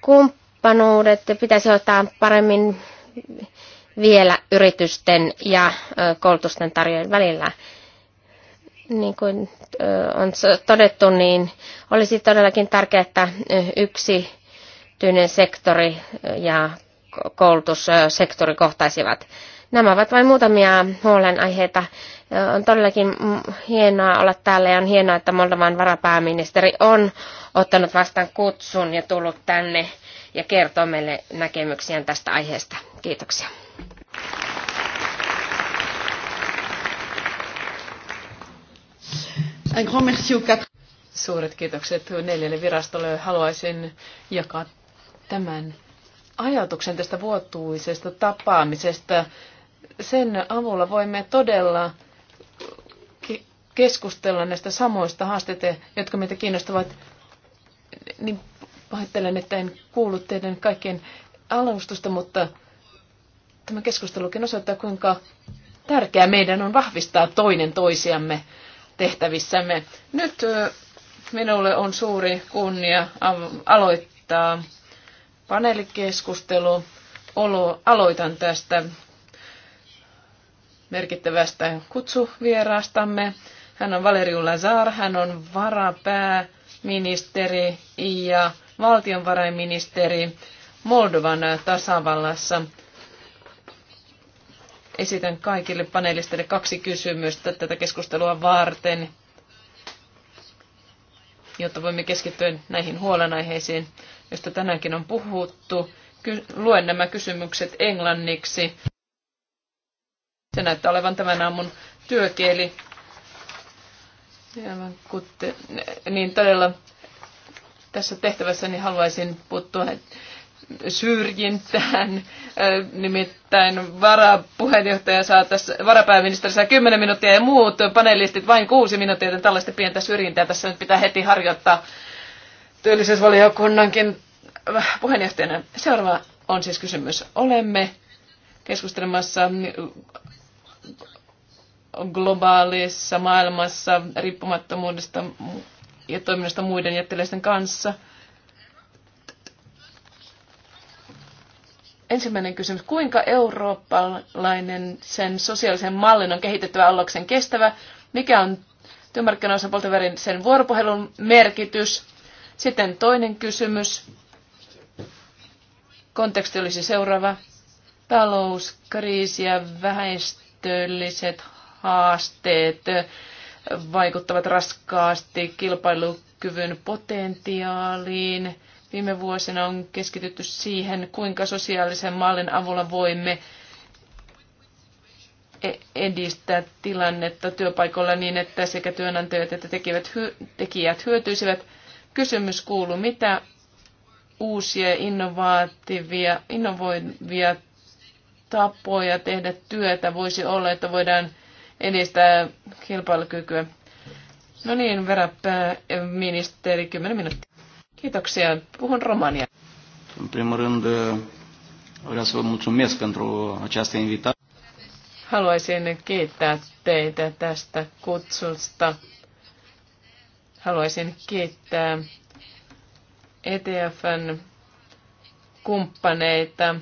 Kumppanuudet pitäisi ottaa paremmin vielä yritysten ja koulutusten tarjoajien välillä. Niin kuin on todettu, niin olisi todellakin tärkeää, että yksi tyyden sektori ja koulutussektori kohtaisivat. Nämä ovat vain muutamia huolenaiheita. On todellakin hienoa olla täällä ja on hienoa, että Moldovan varapääministeri on ottanut vastaan kutsun ja tullut tänne ja kertoo meille näkemyksiään tästä aiheesta. Kiitoksia. Suuret kiitokset neljälle virastolle. Haluaisin jakaa tämän ajatuksen tästä vuotuisesta tapaamisesta. Sen avulla voimme todella keskustella näistä samoista haasteista, jotka meitä kiinnostavat. Niin pahoittelen, että en kuullut teidän kaikkien alustusta, mutta Tämä keskustelukin osoittaa, kuinka tärkeää meidän on vahvistaa toinen toisiamme tehtävissämme. Nyt minulle on suuri kunnia aloittaa paneelikeskustelu. Aloitan tästä merkittävästä kutsuvieraastamme. Hän on Valeriu Lazar, hän on varapääministeri ja valtionvarainministeri Moldovan tasavallassa. Esitän kaikille panelisteille kaksi kysymystä tätä keskustelua varten, jotta voimme keskittyä näihin huolenaiheisiin, joista tänäänkin on puhuttu. luen nämä kysymykset englanniksi. Se näyttää olevan tämän aamun työkieli. Aivan kuten, niin todella tässä tehtävässä niin haluaisin puuttua syrjintään. Nimittäin varapuheenjohtaja saa tässä, varapääministeri saa 10 minuuttia ja muut panelistit vain 6 minuuttia, joten tällaista pientä syrjintää tässä nyt pitää heti harjoittaa työllisyysvaliokunnankin äh, puheenjohtajana. Seuraava on siis kysymys. Olemme keskustelemassa globaalissa maailmassa riippumattomuudesta ja toiminnasta muiden jättiläisten kanssa – ensimmäinen kysymys. Kuinka eurooppalainen sen sosiaalisen mallin on kehitettävä ollakseen kestävä? Mikä on työmarkkinaosapuolten sen vuoropuhelun merkitys? Sitten toinen kysymys. Konteksti olisi seuraava. Talouskriisi ja vähäistölliset haasteet vaikuttavat raskaasti kilpailukyvyn potentiaaliin Viime vuosina on keskitytty siihen, kuinka sosiaalisen mallin avulla voimme e- edistää tilannetta työpaikoilla niin, että sekä työnantajat että tekijät hyötyisivät. Kysymys kuuluu, mitä uusia innovaativia, innovoivia tapoja tehdä työtä voisi olla, että voidaan edistää kilpailukykyä. No niin, verran pääministeri, 10 minuuttia. Kiitoksia. Puhun romania. În primul rând, eh, vreau să vă mulțumesc pentru această invitație. Haluaisin kiittää teitä tästä kutsusta. Haluaisin kiittää ETFn kumppaneita.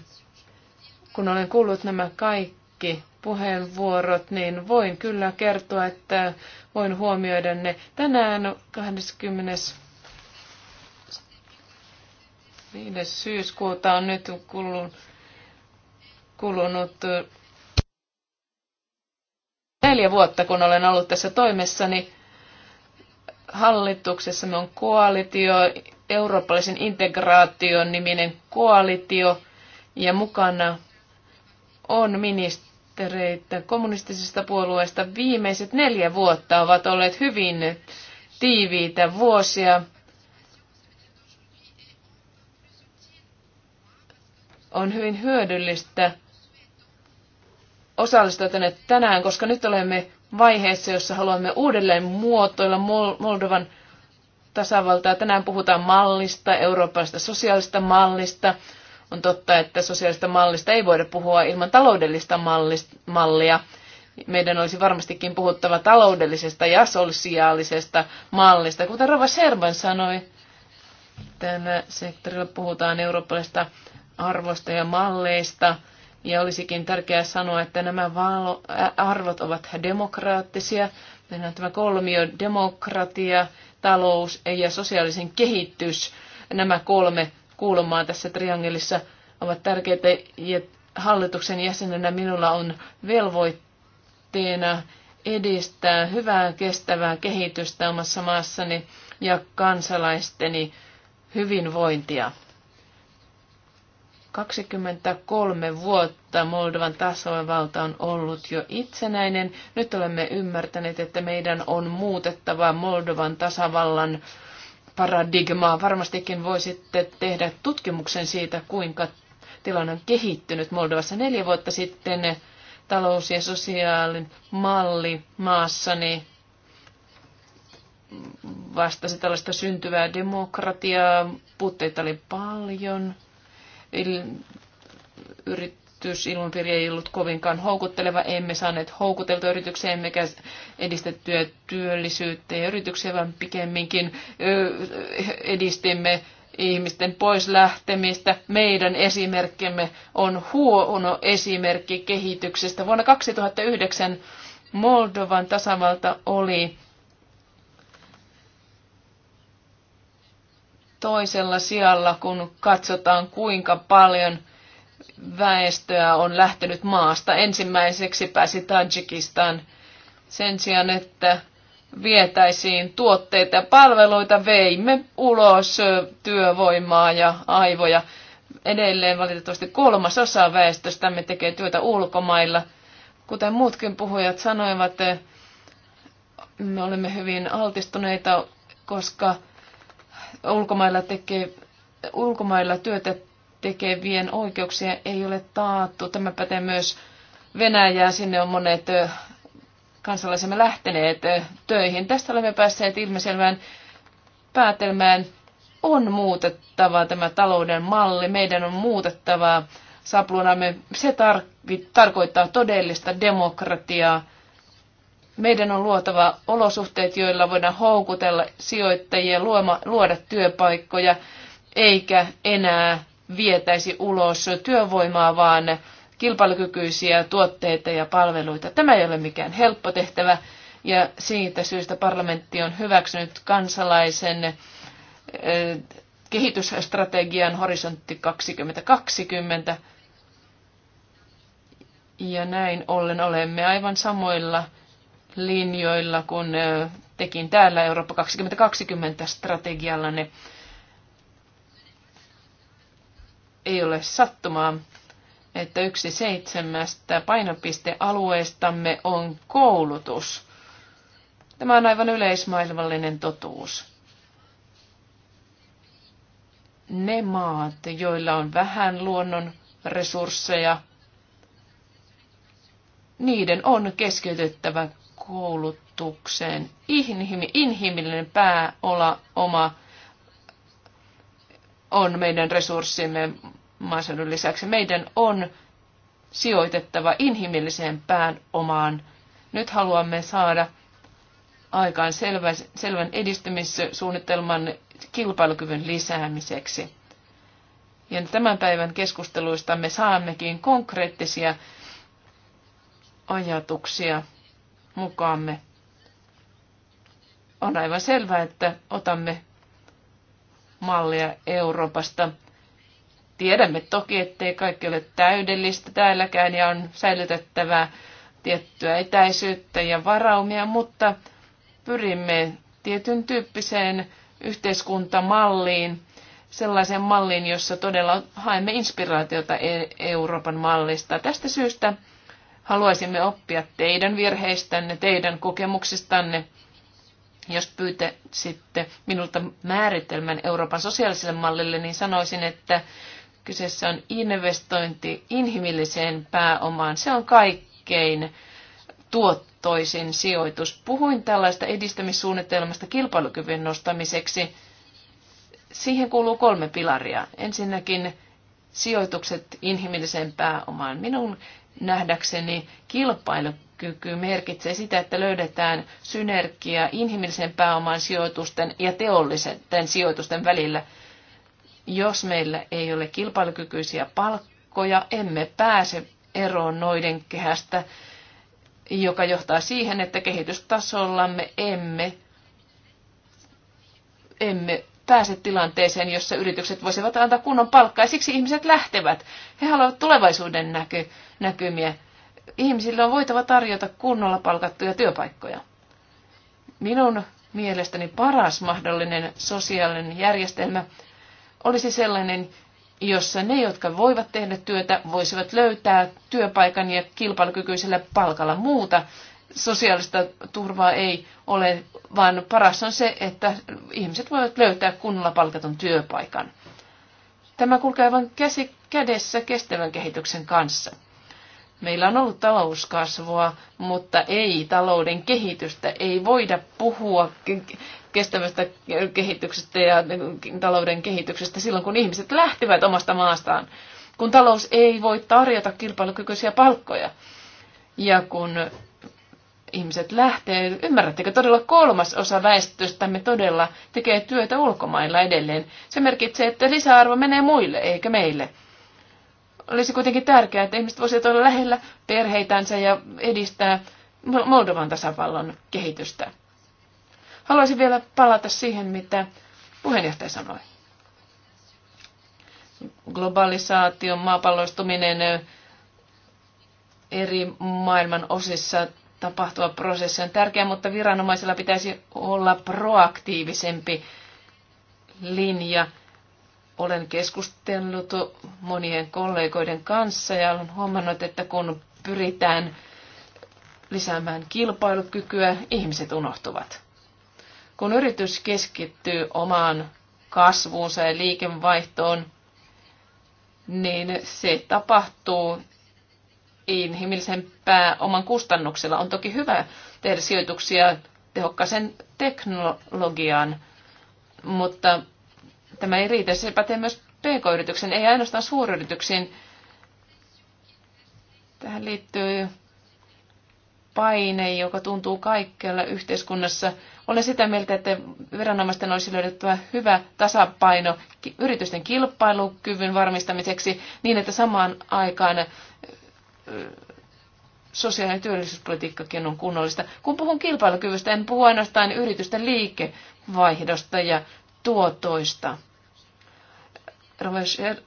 Kun olen kuullut nämä kaikki puheenvuorot, niin voin kyllä kertoa, että voin huomioida ne tänään 20. 5. syyskuuta on nyt kulunut äh, neljä vuotta, kun olen ollut tässä toimessani. Niin hallituksessamme on koalitio, eurooppalaisen integraation niminen koalitio, ja mukana on ministereitä kommunistisesta puolueesta. Viimeiset neljä vuotta ovat olleet hyvin tiiviitä vuosia on hyvin hyödyllistä osallistua tänne tänään, koska nyt olemme vaiheessa, jossa haluamme uudelleen muotoilla Moldovan tasavaltaa. Tänään puhutaan mallista, eurooppalaisesta sosiaalista mallista. On totta, että sosiaalista mallista ei voida puhua ilman taloudellista mallia. Meidän olisi varmastikin puhuttava taloudellisesta ja sosiaalisesta mallista. Kuten Rova Serban sanoi, tällä sektorilla puhutaan eurooppalaisesta arvoista ja malleista. Ja olisikin tärkeää sanoa, että nämä valo, arvot ovat demokraattisia. Meillä on tämä kolmio, demokratia, talous ja sosiaalisen kehitys. Nämä kolme kulmaa tässä triangelissa ovat tärkeitä. Ja hallituksen jäsenenä minulla on velvoitteena edistää hyvää kestävää kehitystä omassa maassani ja kansalaisteni hyvinvointia. 23 vuotta Moldovan tasavalta on ollut jo itsenäinen. Nyt olemme ymmärtäneet, että meidän on muutettava Moldovan tasavallan paradigmaa. Varmastikin voisitte tehdä tutkimuksen siitä, kuinka tilanne on kehittynyt Moldovassa. Neljä vuotta sitten talous- ja sosiaalin malli maassani vastasi tällaista syntyvää demokratiaa. Puutteita oli paljon yritys ilmapiiri ei ollut kovinkaan houkutteleva. Emme saaneet houkuteltu yritykseen, emmekä edistettyä työllisyyttä ja yrityksiä, vaan pikemminkin edistimme ihmisten pois lähtemistä. Meidän esimerkkimme on huono esimerkki kehityksestä. Vuonna 2009 Moldovan tasavalta oli toisella sijalla, kun katsotaan kuinka paljon väestöä on lähtenyt maasta. Ensimmäiseksi pääsi Tajikistan sen sijaan, että vietäisiin tuotteita ja palveluita, veimme ulos työvoimaa ja aivoja. Edelleen valitettavasti kolmas osa väestöstämme tekee työtä ulkomailla. Kuten muutkin puhujat sanoivat, me olemme hyvin altistuneita, koska ulkomailla, tekee, ulkomailla työtä tekevien oikeuksia ei ole taattu. Tämä pätee myös Venäjää. Sinne on monet kansalaisemme lähteneet töihin. Tästä olemme päässeet ilmiselvään päätelmään. On muutettava tämä talouden malli. Meidän on muutettava sapluunamme. Se tar- tarkoittaa todellista demokratiaa meidän on luotava olosuhteet, joilla voidaan houkutella sijoittajia, luoma, luoda työpaikkoja, eikä enää vietäisi ulos työvoimaa, vaan kilpailukykyisiä tuotteita ja palveluita. Tämä ei ole mikään helppo tehtävä, ja siitä syystä parlamentti on hyväksynyt kansalaisen kehitysstrategian horisontti 2020. Ja näin ollen olemme aivan samoilla – linjoilla, kun tekin täällä Eurooppa 2020 strategialla ne Ei ole sattumaa, että yksi seitsemästä painopistealueestamme on koulutus. Tämä on aivan yleismaailmallinen totuus. Ne maat, joilla on vähän luonnon resursseja, niiden on keskeytettävä koulutukseen. Inhimillinen pääola oma on meidän resurssimme maaseudun lisäksi. Meidän on sijoitettava inhimilliseen pään omaan. Nyt haluamme saada aikaan selvä, selvän edistymissuunnitelman kilpailukyvyn lisäämiseksi. Ja tämän päivän keskusteluista me saammekin konkreettisia ajatuksia mukaamme. On aivan selvää, että otamme mallia Euroopasta. Tiedämme toki, ettei kaikki ole täydellistä täälläkään ja on säilytettävää tiettyä etäisyyttä ja varaumia, mutta pyrimme tietyn tyyppiseen yhteiskuntamalliin, sellaiseen malliin, jossa todella haemme inspiraatiota e- Euroopan mallista. Tästä syystä Haluaisimme oppia teidän virheistänne, teidän kokemuksistanne. Jos pyytäisitte minulta määritelmän Euroopan sosiaaliselle mallille, niin sanoisin, että kyseessä on investointi inhimilliseen pääomaan. Se on kaikkein tuottoisin sijoitus. Puhuin tällaista edistämissuunnitelmasta kilpailukyvyn nostamiseksi. Siihen kuuluu kolme pilaria. Ensinnäkin sijoitukset inhimilliseen pääomaan. Minun nähdäkseni kilpailukyky merkitsee sitä, että löydetään synergia inhimillisen pääoman sijoitusten ja teollisten sijoitusten välillä. Jos meillä ei ole kilpailukykyisiä palkkoja, emme pääse eroon noiden kehästä, joka johtaa siihen, että kehitystasollamme emme, emme pääse tilanteeseen, jossa yritykset voisivat antaa kunnon palkkaa. Ja siksi ihmiset lähtevät. He haluavat tulevaisuuden näky, näkymiä. Ihmisille on voitava tarjota kunnolla palkattuja työpaikkoja. Minun mielestäni paras mahdollinen sosiaalinen järjestelmä olisi sellainen, jossa ne, jotka voivat tehdä työtä, voisivat löytää työpaikan ja kilpailukykyisellä palkalla muuta sosiaalista turvaa ei ole, vaan paras on se, että ihmiset voivat löytää kunnolla palkaton työpaikan. Tämä kulkee aivan käsi kädessä kestävän kehityksen kanssa. Meillä on ollut talouskasvua, mutta ei talouden kehitystä. Ei voida puhua kestävästä kehityksestä ja talouden kehityksestä silloin, kun ihmiset lähtevät omasta maastaan, kun talous ei voi tarjota kilpailukykyisiä palkkoja. Ja kun ihmiset lähtee. Ymmärrättekö, todella kolmas osa väestöstämme todella tekee työtä ulkomailla edelleen. Se merkitsee, että lisäarvo menee muille eikä meille. Olisi kuitenkin tärkeää, että ihmiset voisivat olla lähellä perheitänsä ja edistää Moldovan tasavallon kehitystä. Haluaisin vielä palata siihen, mitä puheenjohtaja sanoi. Globalisaation maapalloistuminen eri maailman osissa tapahtua prosessi on tärkeä, mutta viranomaisilla pitäisi olla proaktiivisempi linja. Olen keskustellut monien kollegoiden kanssa ja olen huomannut, että kun pyritään lisäämään kilpailukykyä, ihmiset unohtuvat. Kun yritys keskittyy omaan kasvuunsa ja liikevaihtoon, niin se tapahtuu inhimillisen pääoman kustannuksella. On toki hyvä tehdä sijoituksia tehokkaaseen teknologiaan, mutta tämä ei riitä. Se pätee myös pk-yrityksen, ei ainoastaan suuryrityksiin. Tähän liittyy paine, joka tuntuu kaikkialla yhteiskunnassa. Olen sitä mieltä, että viranomaisten olisi löydettävä hyvä tasapaino yritysten kilpailukyvyn varmistamiseksi niin, että samaan aikaan sosiaali- ja työllisyyspolitiikkakin on kunnollista. Kun puhun kilpailukyvystä, en puhu ainoastaan yritysten liikevaihdosta ja tuotoista.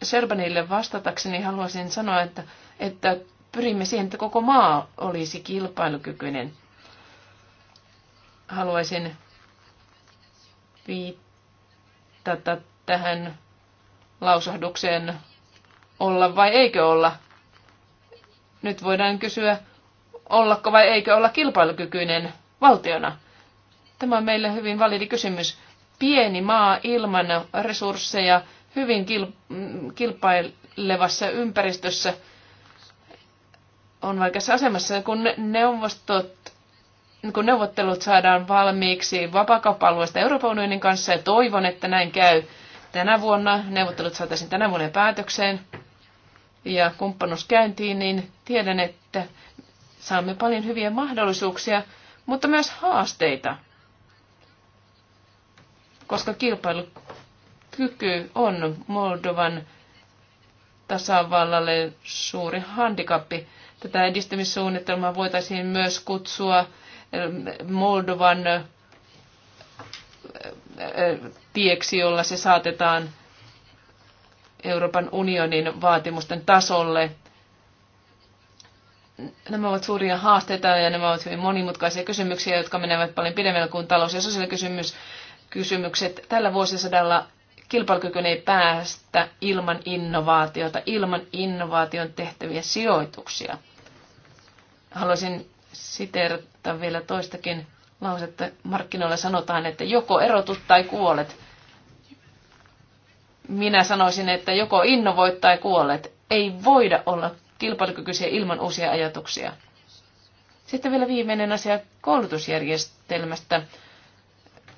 Serbanille vastatakseni haluaisin sanoa, että, että pyrimme siihen, että koko maa olisi kilpailukykyinen. Haluaisin viittata tähän lausahdukseen olla vai eikö olla. Nyt voidaan kysyä, ollako vai eikö olla kilpailukykyinen valtiona. Tämä on meille hyvin validi kysymys. Pieni maa ilman resursseja, hyvin kilpailevassa ympäristössä on vaikeassa asemassa, kun neuvostot kun neuvottelut saadaan valmiiksi vapakauppa-alueesta Euroopan unionin kanssa ja toivon, että näin käy tänä vuonna. Neuvottelut saataisiin tänä vuonna päätökseen ja kumppanuus käyntiin, niin tiedän, että saamme paljon hyviä mahdollisuuksia, mutta myös haasteita, koska kilpailukyky on Moldovan tasavallalle suuri handikappi. Tätä edistämissuunnitelmaa voitaisiin myös kutsua ähm, Moldovan äh, äh, äh, tieksi, jolla se saatetaan Euroopan unionin vaatimusten tasolle. Nämä ovat suuria haasteita ja nämä ovat hyvin monimutkaisia kysymyksiä, jotka menevät paljon pidemmälle kuin talous- ja sosiaalikysymykset. Tällä vuosisadalla kilpailukykyyn ei päästä ilman innovaatiota, ilman innovaation tehtäviä sijoituksia. Haluaisin siteerata vielä toistakin lausetta. Markkinoilla sanotaan, että joko erotut tai kuolet minä sanoisin, että joko innovoit tai kuolet. Ei voida olla kilpailukykyisiä ilman uusia ajatuksia. Sitten vielä viimeinen asia koulutusjärjestelmästä.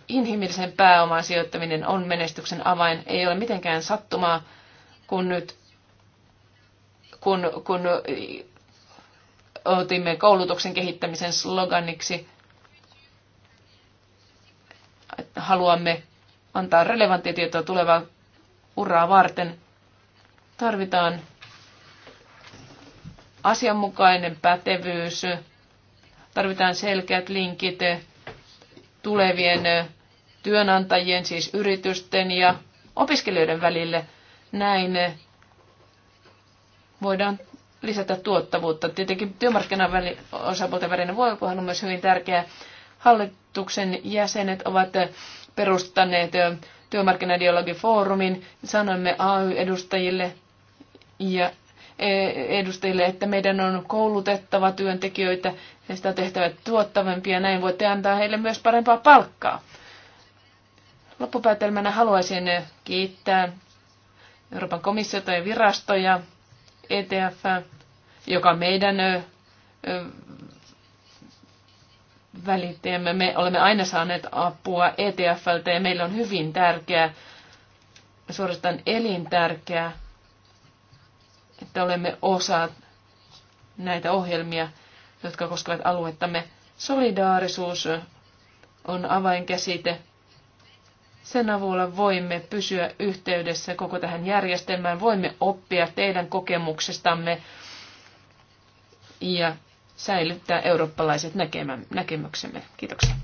Inhimillisen pääoman sijoittaminen on menestyksen avain. Ei ole mitenkään sattumaa, kun nyt kun, kun otimme koulutuksen kehittämisen sloganiksi. Haluamme antaa relevanttia tietoa tulevaa uraa varten. Tarvitaan asianmukainen pätevyys, tarvitaan selkeät linkit tulevien työnantajien, siis yritysten ja opiskelijoiden välille. Näin voidaan lisätä tuottavuutta. Tietenkin osapuolten välinen vuoropuhelu on myös hyvin tärkeä. Hallituksen jäsenet ovat perustaneet työmarkkinadialogifoorumin. Sanoimme AY-edustajille ja e, edustajille, että meidän on koulutettava työntekijöitä ja sitä tehtävät tuottavampia. Näin voitte antaa heille myös parempaa palkkaa. Loppupäätelmänä haluaisin kiittää Euroopan komissiota ja virastoja, ETF, joka on meidän välittäjämme. Me olemme aina saaneet apua ETFltä ja meillä on hyvin tärkeää, suorastaan elintärkeää, että olemme osa näitä ohjelmia, jotka koskevat aluettamme. Solidaarisuus on avainkäsite. Sen avulla voimme pysyä yhteydessä koko tähän järjestelmään, voimme oppia teidän kokemuksestamme ja säilyttää eurooppalaiset näkemä, näkemyksemme. Kiitoksia.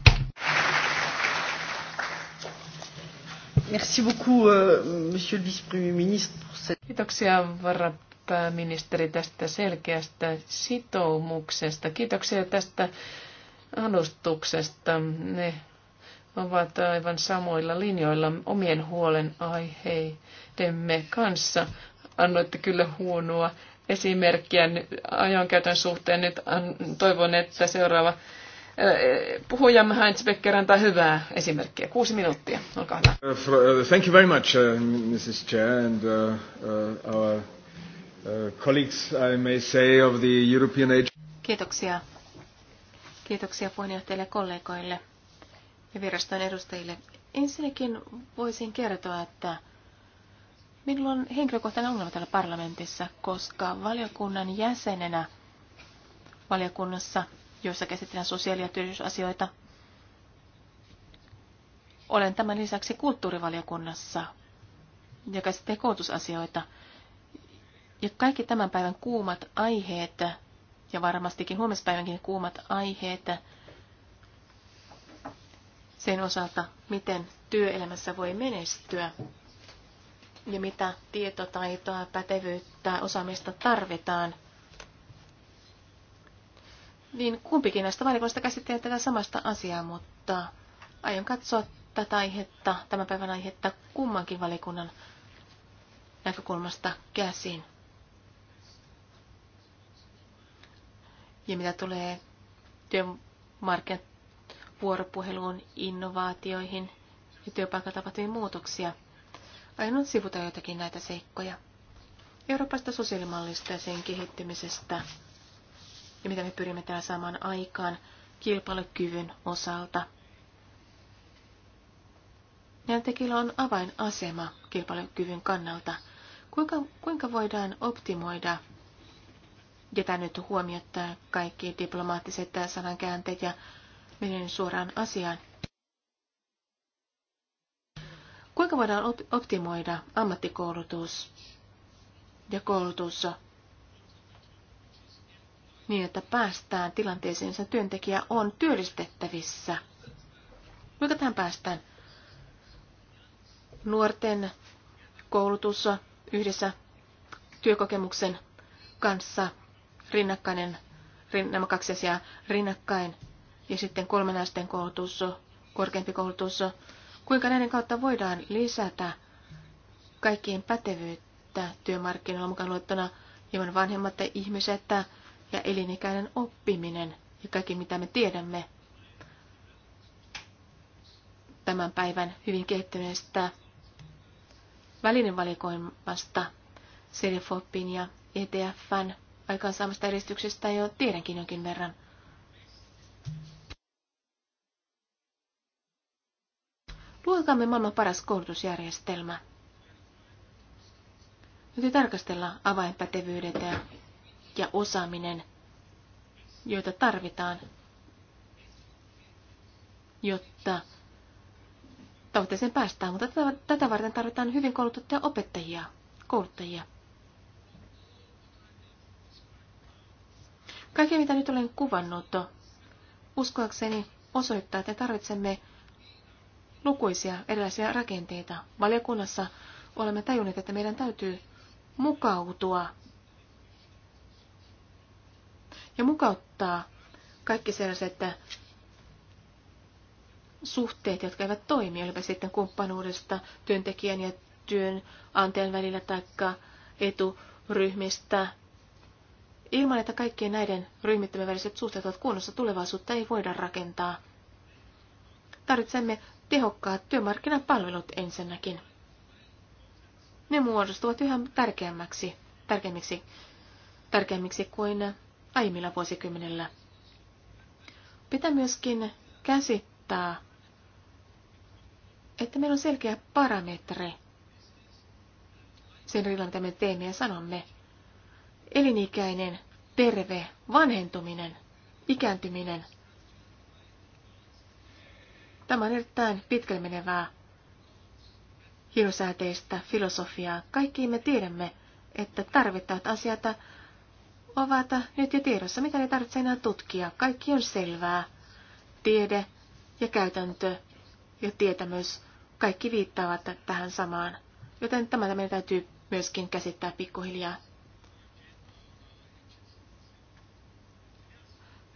Merci beaucoup, euh, monsieur le vice-premier ministre. Kiitoksia varapääministeri tästä selkeästä sitoumuksesta. Kiitoksia tästä alustuksesta. Ne ovat aivan samoilla linjoilla omien huolen aiheidemme kanssa. Annoitte kyllä huonoa esimerkkiä ajankäytön suhteen. Nyt toivon, että seuraava puhuja Heinz-Becker antaa hyvää esimerkkiä. Kuusi minuuttia, olkaa hyvä. Uh, uh, thank you very much, uh, Mrs. Chair, and our colleagues, I may say, of the European Age. Kiitoksia. Kiitoksia puheenjohtajille kollegoille ja viraston edustajille. Ensinnäkin voisin kertoa, että Minulla on henkilökohtainen ongelma täällä parlamentissa, koska valiokunnan jäsenenä valiokunnassa, jossa käsitellään sosiaali- ja työllisyysasioita, olen tämän lisäksi kulttuurivaliokunnassa, ja käsittelee koulutusasioita. Ja kaikki tämän päivän kuumat aiheet, ja varmastikin huomispäivänkin kuumat aiheet, sen osalta, miten työelämässä voi menestyä, ja mitä tietotaitoa, pätevyyttä, osaamista tarvitaan, niin kumpikin näistä valikoista käsittelee tätä samasta asiaa, mutta aion katsoa tätä aihetta, tämän päivän aihetta kummankin valikunnan näkökulmasta käsin. Ja mitä tulee työmarkkinat vuoropuheluun, innovaatioihin ja työpaikan tapahtuviin muutoksia – Aion sivuta jotakin näitä seikkoja. Euroopasta sosiaalimallista ja sen kehittymisestä ja mitä me pyrimme täällä saamaan aikaan kilpailukyvyn osalta. Näillä tekijöillä on avainasema kilpailukyvyn kannalta. Kuinka, kuinka voidaan optimoida jätä nyt huomiota kaikki diplomaattiset sanankäänteet ja menen suoraan asiaan. Kuinka voidaan optimoida ammattikoulutus ja koulutus niin, että päästään tilanteeseen, jossa työntekijä on työllistettävissä? Kuinka tähän päästään? Nuorten koulutus yhdessä työkokemuksen kanssa rinnakkainen, nämä kaksi asiaa rinnakkain ja sitten kolmenaisten koulutus, korkeampi koulutus Kuinka näiden kautta voidaan lisätä kaikkien pätevyyttä työmarkkinoilla mukaan luettuna hieman vanhemmat ihmiset ja elinikäinen oppiminen ja kaikki mitä me tiedämme tämän päivän hyvin kehittyneestä välinevalikoimasta, Serifopin ja ETFn aikaansaamasta edistyksestä jo tiedänkin jonkin verran – Luokamme maailman paras koulutusjärjestelmä. Nyt tarkastella avainpätevyydet ja osaaminen, joita tarvitaan, jotta tavoitteeseen päästään, mutta tätä varten tarvitaan hyvin koulutettuja opettajia, kouluttajia. Kaikki, mitä nyt olen kuvannut, uskoakseni osoittaa, että tarvitsemme lukuisia erilaisia rakenteita. Valiokunnassa olemme tajunneet, että meidän täytyy mukautua ja mukauttaa kaikki sellaiset suhteet, jotka eivät toimi, olipa sitten kumppanuudesta työntekijän ja työnantajan välillä tai eturyhmistä. Ilman, että kaikkien näiden ryhmittymien väliset suhteet ovat kunnossa, tulevaisuutta ei voida rakentaa. Tarvitsemme tehokkaat työmarkkinapalvelut ensinnäkin. Ne muodostuvat yhä tärkeämmäksi, tärkeämmiksi, tärkeämmiksi kuin aiemmilla vuosikymmenillä. Pitää myöskin käsittää, että meillä on selkeä parametri sen rilla, mitä me teemme ja sanomme. Elinikäinen, terve, vanhentuminen, ikääntyminen – Tämä on erittäin pitkälle menevää hienosääteistä filosofiaa. Kaikki me tiedämme, että tarvittavat asiat ovat nyt jo tiedossa, mitä ne tarvitsee enää tutkia. Kaikki on selvää. Tiede ja käytäntö ja tietämys, kaikki viittaavat tähän samaan. Joten tämä meidän täytyy myöskin käsittää pikkuhiljaa.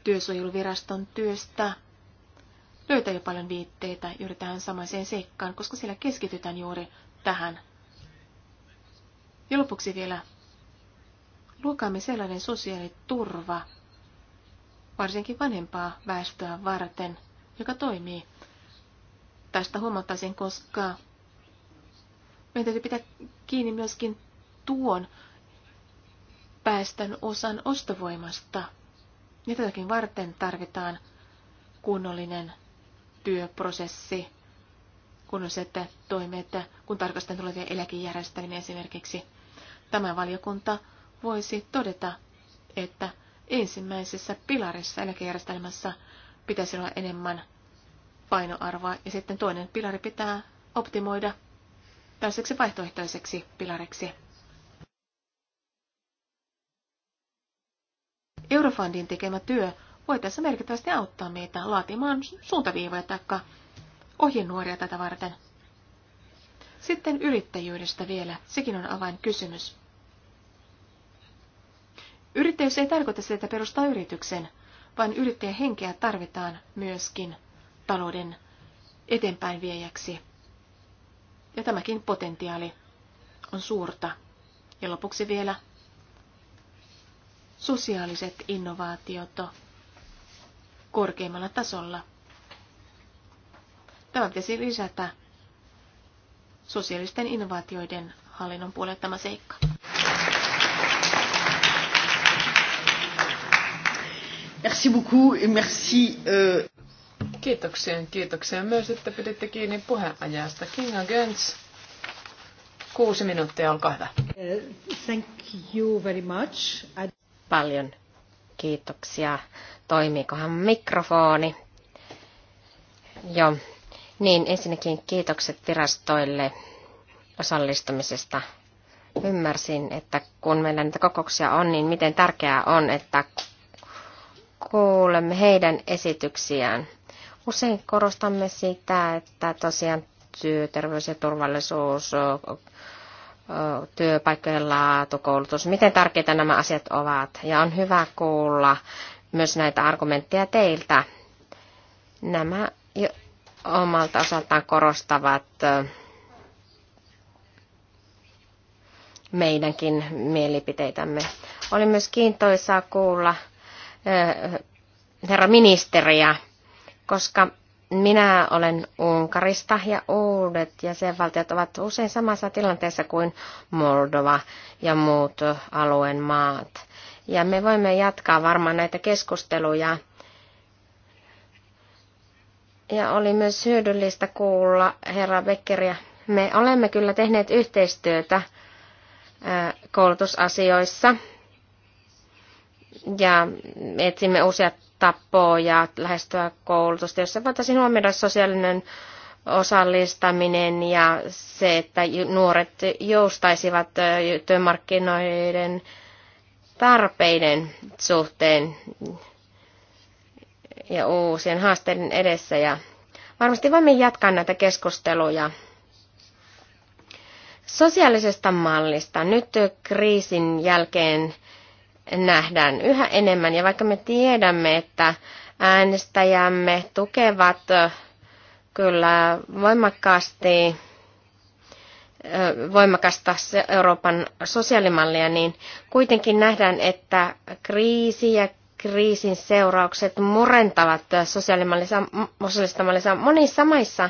Työsuojeluviraston työstä löytää jo paljon viitteitä juuri tähän samaiseen seikkaan, koska siellä keskitytään juuri tähän. Ja lopuksi vielä luokaamme sellainen sosiaaliturva, varsinkin vanhempaa väestöä varten, joka toimii. Tästä huomattaisin, koska meidän täytyy pitää kiinni myöskin tuon päästön osan ostovoimasta. Ja tätäkin varten tarvitaan kunnollinen työprosessi, kun toimii, että kun tarkastetaan tulevia eläkejärjestelmiä esimerkiksi. Tämä valiokunta voisi todeta, että ensimmäisessä pilarissa eläkejärjestelmässä pitäisi olla enemmän painoarvoa ja sitten toinen pilari pitää optimoida tällaiseksi vaihtoehtoiseksi pilariksi. Eurofundin tekemä työ voi tässä merkittävästi auttaa meitä laatimaan suuntaviivoja tai ohjenuoria tätä varten. Sitten yrittäjyydestä vielä, sekin on avain kysymys. Yrittäjyys ei tarkoita sitä, että perustaa yrityksen, vaan yrittäjän henkeä tarvitaan myöskin talouden eteenpäin viejäksi. Ja tämäkin potentiaali on suurta. Ja lopuksi vielä sosiaaliset innovaatiot korkeimmalla tasolla. Tämä pitäisi lisätä sosiaalisten innovaatioiden hallinnon puolelle tämä seikka. Merci beaucoup et merci. uh... Kiitoksia, kiitoksia myös, että piditte kiinni puheenajasta. Kinga Gens, kuusi minuuttia, olkaa hyvä. Uh, thank you very much. I... Paljon Kiitoksia. Toimiikohan mikrofoni? Joo. Niin, ensinnäkin kiitokset virastoille osallistumisesta. Ymmärsin, että kun meillä näitä kokouksia on, niin miten tärkeää on, että kuulemme heidän esityksiään. Usein korostamme sitä, että tosiaan työterveys ja turvallisuus työpaikkojen laatu, koulutus, miten tärkeitä nämä asiat ovat. Ja on hyvä kuulla myös näitä argumentteja teiltä. Nämä omalta osaltaan korostavat meidänkin mielipiteitämme. Oli myös kiintoisaa kuulla herra ministeriä, koska minä olen Unkarista ja uudet jäsenvaltiot ovat usein samassa tilanteessa kuin Moldova ja muut alueen maat. Ja me voimme jatkaa varmaan näitä keskusteluja. Ja oli myös hyödyllistä kuulla herra Beckeriä. Me olemme kyllä tehneet yhteistyötä koulutusasioissa ja etsimme uusia tapoja lähestyä koulutusta, jossa voitaisiin huomioida sosiaalinen osallistaminen ja se, että nuoret joustaisivat työmarkkinoiden tarpeiden suhteen ja uusien haasteiden edessä. Ja varmasti voimme jatkaa näitä keskusteluja sosiaalisesta mallista. Nyt kriisin jälkeen nähdään yhä enemmän. Ja vaikka me tiedämme, että äänestäjämme tukevat kyllä voimakkaasti voimakasta Euroopan sosiaalimallia, niin kuitenkin nähdään, että kriisi ja kriisin seuraukset murentavat sosiaalista mallissa monissa maissa,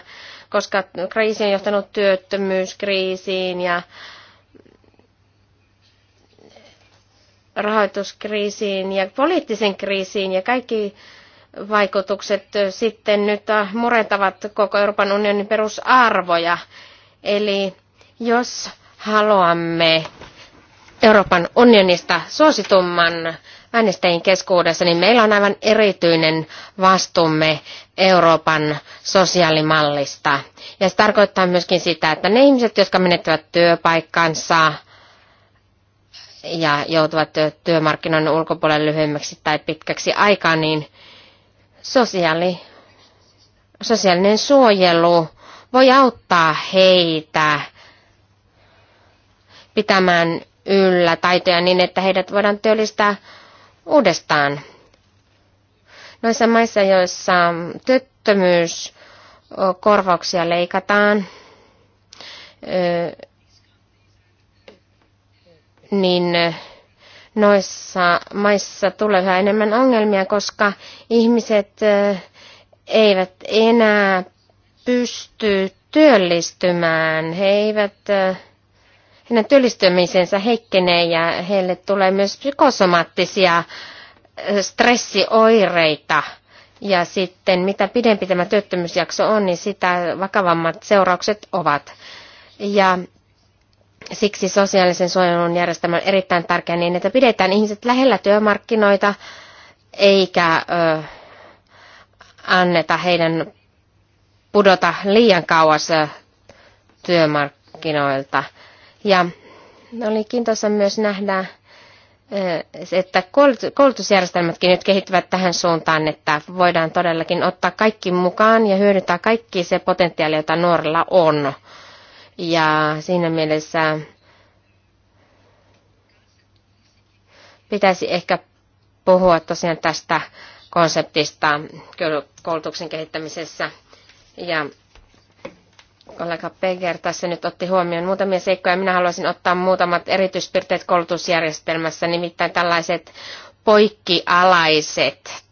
koska kriisi on johtanut työttömyyskriisiin ja rahoituskriisiin ja poliittisen kriisiin ja kaikki vaikutukset sitten nyt murentavat koko Euroopan unionin perusarvoja. Eli jos haluamme Euroopan unionista suositumman äänestäjien keskuudessa, niin meillä on aivan erityinen vastuumme Euroopan sosiaalimallista. Ja se tarkoittaa myöskin sitä, että ne ihmiset, jotka menettävät työpaikkansa, ja joutuvat työmarkkinoiden ulkopuolelle lyhyemmäksi tai pitkäksi aikaa, niin sosiaali, sosiaalinen suojelu voi auttaa heitä pitämään yllä taitoja niin, että heidät voidaan työllistää uudestaan. Noissa maissa, joissa työttömyyskorvauksia leikataan, niin eh, noissa maissa tulee yhä enemmän ongelmia, koska ihmiset eh, eivät enää pysty työllistymään. He eivät, eh, heidän työllistymisensä heikkenee ja heille tulee myös psykosomaattisia stressioireita. Ja sitten mitä pidempi tämä työttömyysjakso on, niin sitä vakavammat seuraukset ovat. Ja Siksi sosiaalisen suojelun järjestelmä on erittäin tärkeä niin, että pidetään ihmiset lähellä työmarkkinoita eikä ö, anneta heidän pudota liian kauas työmarkkinoilta. Ja oli kiintoisa myös nähdä, että koulutusjärjestelmätkin nyt kehittyvät tähän suuntaan, että voidaan todellakin ottaa kaikki mukaan ja hyödyntää kaikki se potentiaali, jota nuorella on. Ja siinä mielessä pitäisi ehkä puhua tosiaan tästä konseptista koulutuksen kehittämisessä. Ja kollega Peger tässä nyt otti huomioon muutamia seikkoja. Minä haluaisin ottaa muutamat erityispiirteet koulutusjärjestelmässä, nimittäin tällaiset poikkialaiset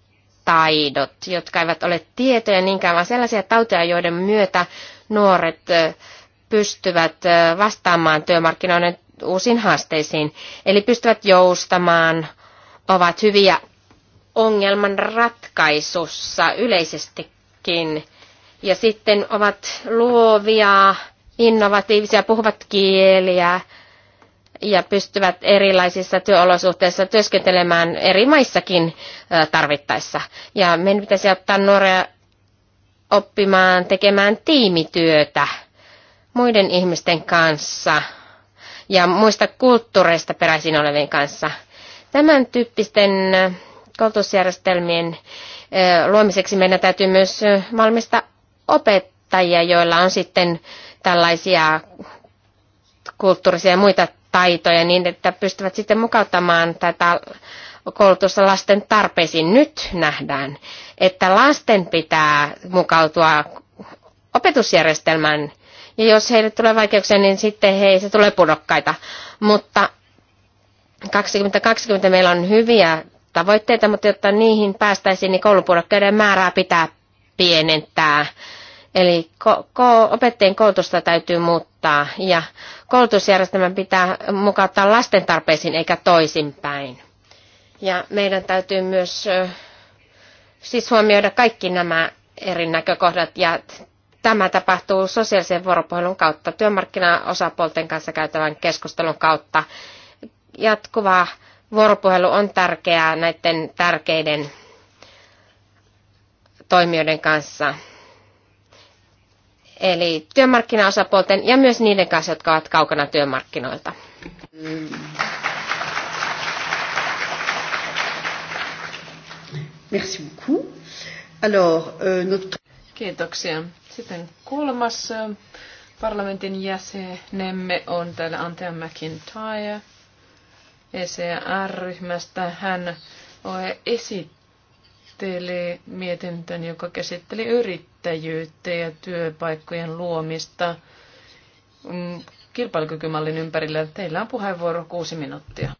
taidot, jotka eivät ole tietoja niinkään, vaan sellaisia tauteja, joiden myötä nuoret pystyvät vastaamaan työmarkkinoiden uusiin haasteisiin, eli pystyvät joustamaan, ovat hyviä ongelman ratkaisussa yleisestikin, ja sitten ovat luovia, innovatiivisia, puhuvat kieliä, ja pystyvät erilaisissa työolosuhteissa työskentelemään eri maissakin tarvittaessa. Ja meidän pitäisi ottaa nuoria oppimaan tekemään tiimityötä muiden ihmisten kanssa ja muista kulttuureista peräisin olevien kanssa. Tämän tyyppisten äh, koulutusjärjestelmien äh, luomiseksi meidän täytyy myös äh, valmista opettajia, joilla on sitten tällaisia kulttuurisia ja muita taitoja niin, että pystyvät sitten mukauttamaan tätä koulutusta lasten tarpeisiin. Nyt nähdään, että lasten pitää mukautua opetusjärjestelmän ja jos heille tulee vaikeuksia, niin sitten hei, se tulee pudokkaita. Mutta 2020 meillä on hyviä tavoitteita, mutta jotta niihin päästäisiin, niin koulupudokkaiden määrää pitää pienentää. Eli ko- ko- opettajien koulutusta täytyy muuttaa ja koulutusjärjestelmän pitää mukauttaa lasten tarpeisiin eikä toisinpäin. Ja meidän täytyy myös siis huomioida kaikki nämä eri näkökohdat ja Tämä tapahtuu sosiaalisen vuoropuhelun kautta, työmarkkinaosapuolten kanssa käytävän keskustelun kautta. Jatkuva vuoropuhelu on tärkeää näiden tärkeiden toimijoiden kanssa. Eli työmarkkinaosapuolten ja myös niiden kanssa, jotka ovat kaukana työmarkkinoilta. Merci beaucoup. Alors, euh, notre... Kiitoksia. Sitten kolmas parlamentin jäsenemme on täällä Antea McIntyre ECR-ryhmästä. Hän esitteli mietintön, joka käsitteli yrittäjyyttä ja työpaikkojen luomista mm, kilpailukykymallin ympärillä. Teillä on puheenvuoro kuusi minuuttia.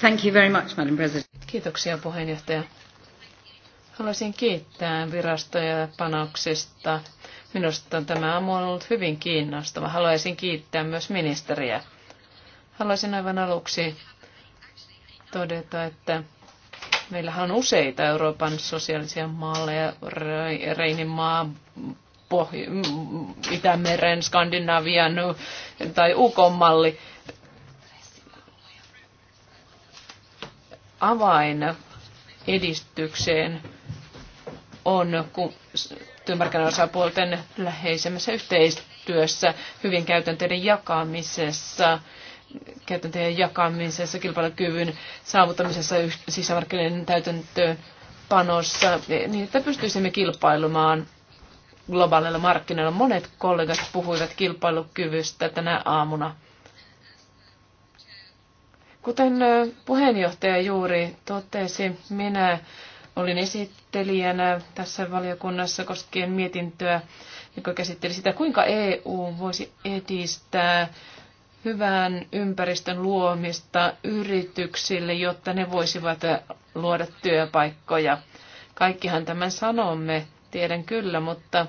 Thank you very much, Madam President. Kiitoksia puheenjohtaja. Haluaisin kiittää virastoja panoksista. Minusta tämä on ollut hyvin kiinnostava. Haluaisin kiittää myös ministeriä. Haluaisin aivan aluksi todeta, että meillähän on useita Euroopan sosiaalisia Reinin maa, Pohj- Itämeren, Skandinavian tai UK-malli. Avain edistykseen on työmarkkinaosapuolten läheisemmässä yhteistyössä, hyvien käytänteiden jakamisessa, käytäntöjen jakamisessa, kilpailukyvyn saavuttamisessa, sisämarkkinoiden täytäntöön panossa, niin että pystyisimme kilpailumaan globaaleilla markkinoilla. Monet kollegat puhuivat kilpailukyvystä tänä aamuna. Kuten puheenjohtaja juuri totesi, minä Olin esittelijänä tässä valiokunnassa koskien mietintöä, joka käsitteli sitä, kuinka EU voisi edistää hyvän ympäristön luomista yrityksille, jotta ne voisivat luoda työpaikkoja. Kaikkihan tämän sanomme, tiedän kyllä, mutta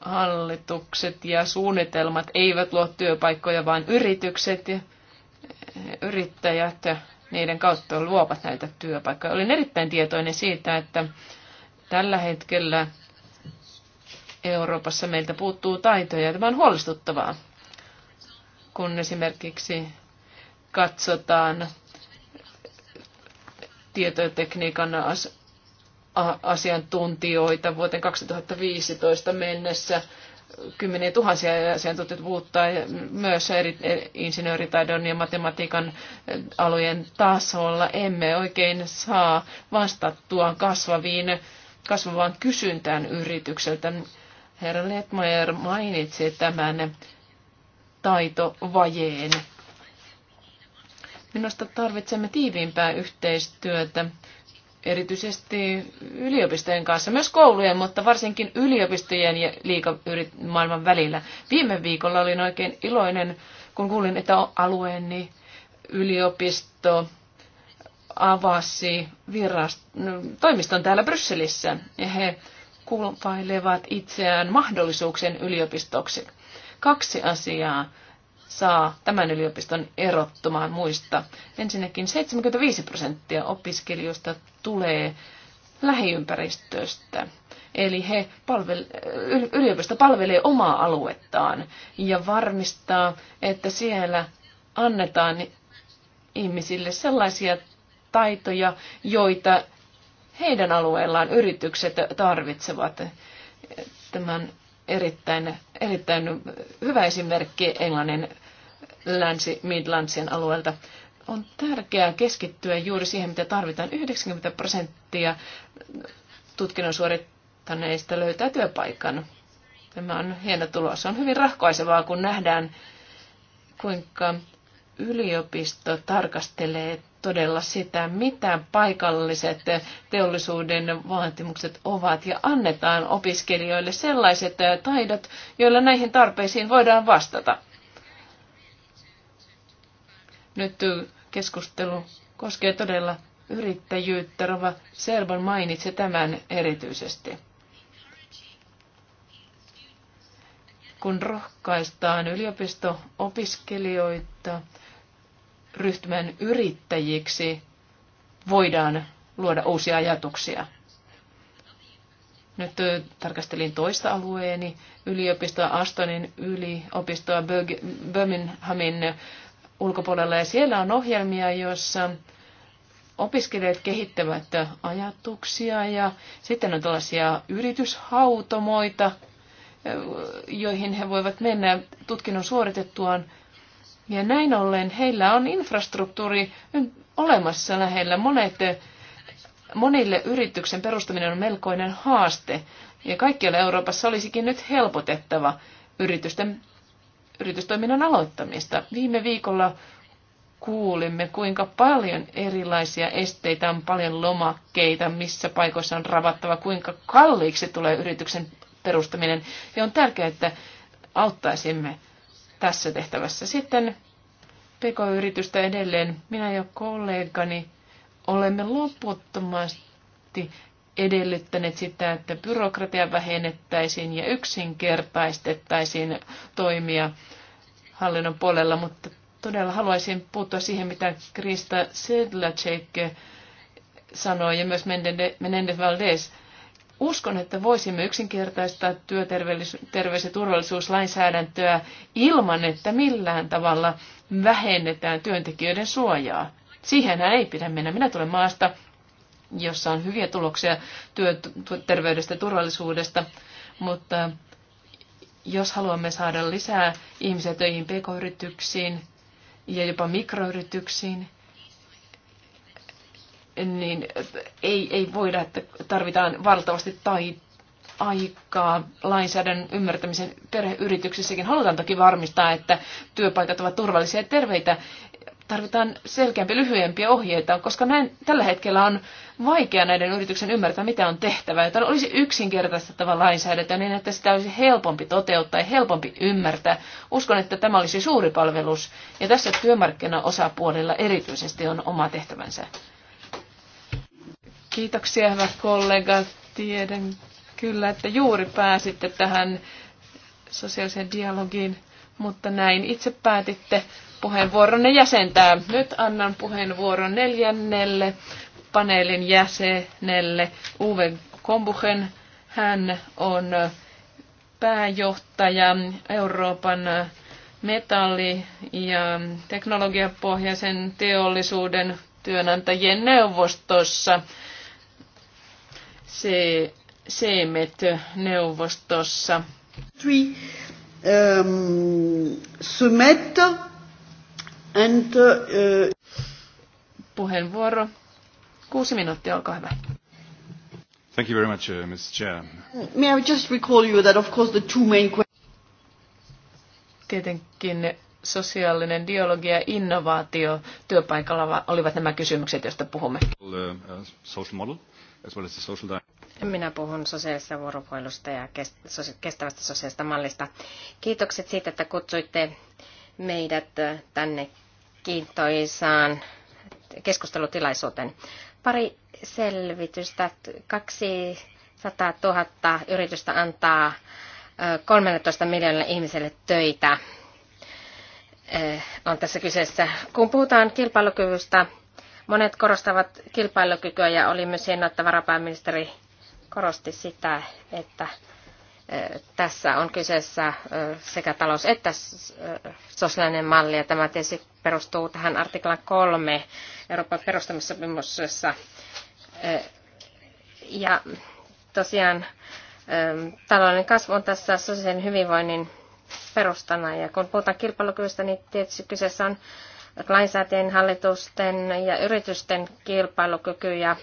hallitukset ja suunnitelmat eivät luo työpaikkoja, vaan yritykset ja yrittäjät niiden kautta luovat näitä työpaikkoja. Olin erittäin tietoinen siitä, että tällä hetkellä Euroopassa meiltä puuttuu taitoja. Tämä on huolestuttavaa, kun esimerkiksi katsotaan tietotekniikan asiantuntijoita vuoteen 2015 mennessä kymmeniä tuhansia asiantuntijoita ja myös eri e, insinööritaidon ja matematiikan e, alojen tasolla. Emme oikein saa vastattua kasvaviin, kasvavaan kysyntään yritykseltä. Herra Letmajer mainitsi tämän taitovajeen. Minusta tarvitsemme tiiviimpää yhteistyötä erityisesti yliopistojen kanssa, myös koulujen, mutta varsinkin yliopistojen ja liikamaailman välillä. Viime viikolla olin oikein iloinen, kun kuulin, että alueeni yliopisto avasi virast- no, toimiston täällä Brysselissä, ja he kulpailevat itseään mahdollisuuksien yliopistoksi. Kaksi asiaa saa tämän yliopiston erottumaan muista. Ensinnäkin 75 prosenttia opiskelijoista tulee lähiympäristöstä. Eli he palvel, yliopisto palvelee omaa aluettaan ja varmistaa, että siellä annetaan ihmisille sellaisia taitoja, joita heidän alueellaan yritykset tarvitsevat. Tämän erittäin, erittäin hyvä esimerkki Englannin länsi Midlandsien alueelta. On tärkeää keskittyä juuri siihen, mitä tarvitaan. 90 prosenttia tutkinnon suorittaneista löytää työpaikan. Tämä on hieno tulos. On hyvin rahkoisevaa, kun nähdään, kuinka yliopisto tarkastelee todella sitä, mitä paikalliset teollisuuden vaatimukset ovat ja annetaan opiskelijoille sellaiset taidot, joilla näihin tarpeisiin voidaan vastata. Nyt keskustelu koskee todella yrittäjyyttä. Rova Serbon mainitsi tämän erityisesti. Kun rohkaistaan yliopisto-opiskelijoita ryhtymään yrittäjiksi voidaan luoda uusia ajatuksia. Nyt tarkastelin toista alueeni, yliopistoa Astonin yliopistoa Birminghamin ulkopuolella. Ja siellä on ohjelmia, joissa opiskelijat kehittävät ajatuksia ja sitten on tällaisia yrityshautomoita, joihin he voivat mennä tutkinnon suoritettuaan ja näin ollen heillä on infrastruktuuri olemassa lähellä. Monet, monille yrityksen perustaminen on melkoinen haaste. Ja kaikkialla Euroopassa olisikin nyt helpotettava yritysten, yritystoiminnan aloittamista. Viime viikolla kuulimme, kuinka paljon erilaisia esteitä on, paljon lomakkeita, missä paikoissa on ravattava, kuinka kalliiksi tulee yrityksen perustaminen. Ja on tärkeää, että auttaisimme tässä tehtävässä. Sitten PK-yritystä edelleen minä ja kollegani olemme loputtomasti edellyttäneet sitä, että byrokratia vähennettäisiin ja yksinkertaistettaisiin toimia hallinnon puolella, mutta todella haluaisin puuttua siihen, mitä Krista Sedlacek sanoi ja myös Menendez Valdez Uskon, että voisimme yksinkertaistaa työterveys- ja turvallisuuslainsäädäntöä ilman, että millään tavalla vähennetään työntekijöiden suojaa. Siihenhän ei pidä mennä. Minä tulen maasta, jossa on hyviä tuloksia työterveydestä ja turvallisuudesta, mutta jos haluamme saada lisää ihmisiä töihin pk-yrityksiin ja jopa mikroyrityksiin, niin ei, ei voida, että tarvitaan valtavasti tai aikaa lainsäädännön ymmärtämisen perheyrityksissäkin. Halutaan toki varmistaa, että työpaikat ovat turvallisia ja terveitä. Tarvitaan selkeämpiä, lyhyempiä ohjeita, koska näin, tällä hetkellä on vaikea näiden yrityksen ymmärtää, mitä on tehtävä. Joten olisi yksinkertaistettava lainsäädäntö niin, että sitä olisi helpompi toteuttaa ja helpompi ymmärtää. Uskon, että tämä olisi suuri palvelus. Ja tässä työmarkkinaosapuolilla erityisesti on oma tehtävänsä. Kiitoksia, hyvät kollegat. Tiedän kyllä, että juuri pääsitte tähän sosiaaliseen dialogiin, mutta näin itse päätitte puheenvuoronne jäsentää. Nyt annan puheenvuoron neljännelle paneelin jäsenelle Uwe Kombuchen. Hän on pääjohtaja Euroopan metalli- ja teknologiapohjaisen teollisuuden työnantajien neuvostossa se, CEMET-neuvostossa. Three, euh, um, sumet and, uh, Puheenvuoro. Kuusi minuuttia, olkaa hyvä. Thank you very much, uh, Ms. Chair. May I just recall you that of course the two main questions Tietenkin sosiaalinen dialogi ja innovaatio työpaikalla olivat nämä kysymykset, joista puhumme. Uh, uh, social model, as well as the social minä puhun sosiaalista vuoropuhelusta ja kestävästä sosiaalista mallista. Kiitokset siitä, että kutsuitte meidät äh, tänne kiintoisaan keskustelutilaisuuteen. Pari selvitystä. 200 000 yritystä antaa 13 äh, miljoonalle ihmiselle töitä. Äh, on tässä kyseessä. Kun puhutaan kilpailukyvystä, monet korostavat kilpailukykyä ja oli myös hienoa, että varapääministeri korosti sitä, että tässä on kyseessä sekä talous että sosiaalinen malli, ja tämä tietysti perustuu tähän artiklan kolme Euroopan perustamissopimuksessa. Ja tosiaan talouden kasvu on tässä sosiaalisen hyvinvoinnin perustana, ja kun puhutaan kilpailukyvystä, niin tietysti kyseessä on lainsäätien, hallitusten ja yritysten kilpailukyky ja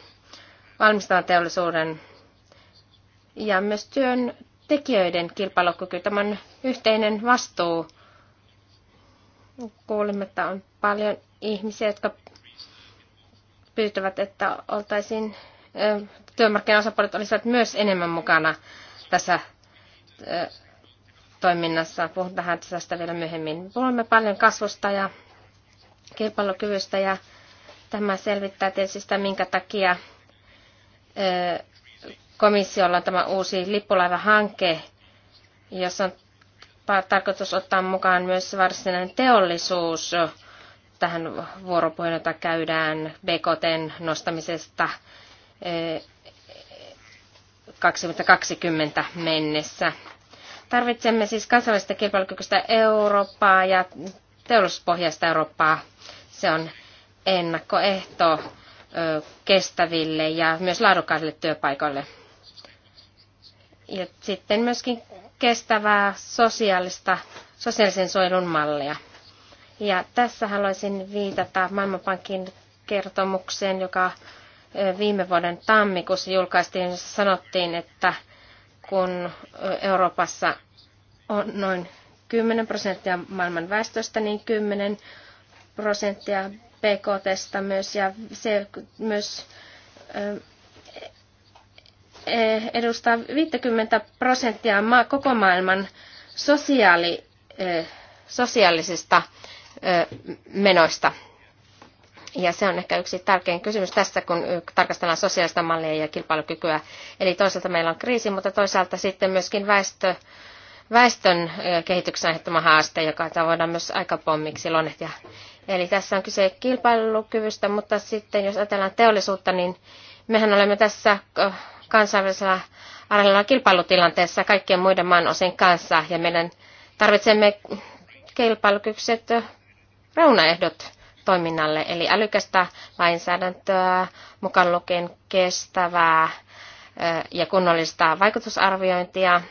valmistavan teollisuuden ja myös työn kilpailukyky. Tämä on yhteinen vastuu. Kuulimme, että on paljon ihmisiä, jotka pyytävät, että oltaisiin työmarkkinaosapuolet olisivat myös enemmän mukana tässä toiminnassa. Puhun tähän tästä vielä myöhemmin. Puhumme paljon kasvusta ja kilpailukyvystä ja tämä selvittää tietysti sitä, minkä takia komissiolla on tämä uusi lippulaivahanke, jossa on tarkoitus ottaa mukaan myös varsinainen teollisuus tähän vuoropuheen, jota käydään BKTn nostamisesta 2020 eh, mennessä. Tarvitsemme siis kansainvälistä kilpailukykyistä Eurooppaa ja teollisuuspohjaista Eurooppaa. Se on ennakkoehto kestäville ja myös laadukkaille työpaikoille ja sitten myöskin kestävää sosiaalista, sosiaalisen suojelun mallia. Ja tässä haluaisin viitata Maailmanpankin kertomukseen, joka viime vuoden tammikuussa julkaistiin, jossa sanottiin, että kun Euroopassa on noin 10 prosenttia maailman väestöstä, niin 10 prosenttia BKTstä myös, ja se myös Eh, edustaa 50 prosenttia koko maailman sosiaali, eh, sosiaalisista eh, menoista. Ja se on ehkä yksi tärkein kysymys tässä, kun tarkastellaan sosiaalista mallia ja kilpailukykyä. Eli toisaalta meillä on kriisi, mutta toisaalta sitten myöskin väestö, väestön kehityksen aiheuttama haaste, joka voidaan myös pommiksi lonehtia. Eli tässä on kyse kilpailukyvystä, mutta sitten jos ajatellaan teollisuutta, niin Mehän olemme tässä kansainvälisellä areenalla kilpailutilanteessa kaikkien muiden maan osin kanssa ja meidän tarvitsemme kilpailukykyiset reunaehdot toiminnalle, eli älykästä lainsäädäntöä, mukaan lukien kestävää ja kunnollista vaikutusarviointia,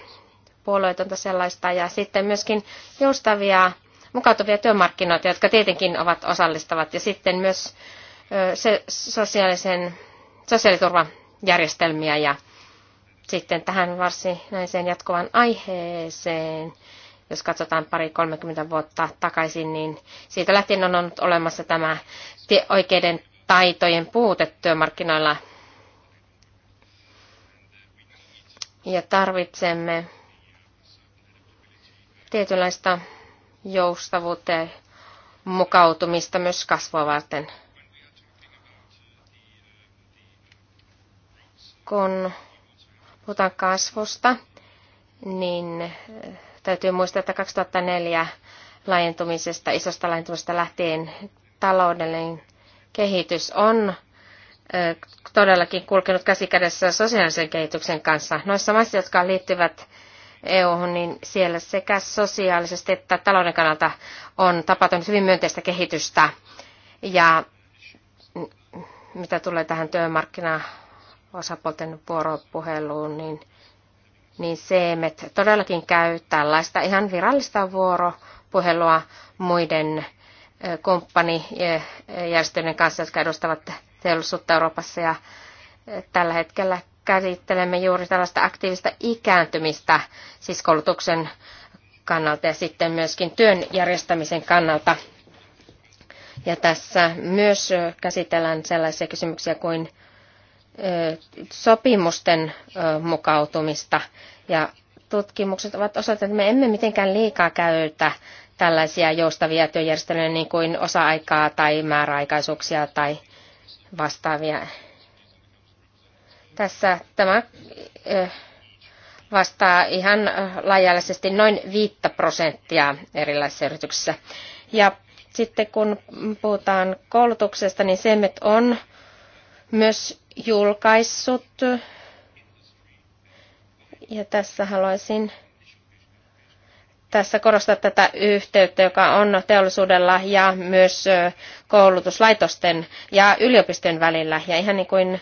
puolueetonta sellaista, ja sitten myöskin joustavia, mukautuvia työmarkkinoita, jotka tietenkin ovat osallistavat, ja sitten myös se sosiaalisen sosiaaliturvajärjestelmiä ja sitten tähän varsinaiseen jatkuvan aiheeseen, jos katsotaan pari 30 vuotta takaisin, niin siitä lähtien on ollut olemassa tämä oikeiden taitojen puute työmarkkinoilla. Ja tarvitsemme tietynlaista joustavuutta ja mukautumista myös kasvua varten – kun puhutaan kasvusta, niin eh, täytyy muistaa, että 2004 laajentumisesta, isosta laajentumisesta lähtien taloudellinen kehitys on eh, todellakin kulkenut käsikädessä sosiaalisen kehityksen kanssa. Noissa maissa, jotka liittyvät eu niin siellä sekä sosiaalisesti että talouden kannalta on tapahtunut hyvin myönteistä kehitystä. Ja mitä tulee tähän työmarkkinaan? osapuolten vuoropuheluun, niin, niin Seemet todellakin käy tällaista ihan virallista vuoropuhelua muiden kumppanijärjestöjen kanssa, jotka edustavat teollisuutta Euroopassa. Ja tällä hetkellä käsittelemme juuri tällaista aktiivista ikääntymistä, siis koulutuksen kannalta ja sitten myöskin työn järjestämisen kannalta. Ja tässä myös käsitellään sellaisia kysymyksiä kuin sopimusten mukautumista. Ja tutkimukset ovat osoittaneet, että me emme mitenkään liikaa käytä tällaisia joustavia työjärjestelyjä niin kuin osa-aikaa tai määräaikaisuuksia tai vastaavia. Tässä tämä vastaa ihan laajallisesti noin 5 prosenttia erilaisissa yrityksissä. Ja sitten kun puhutaan koulutuksesta, niin SEMET on myös julkaissut. Ja tässä haluaisin tässä korostaa tätä yhteyttä, joka on teollisuudella ja myös koulutuslaitosten ja yliopistojen välillä. Ja ihan niin kuin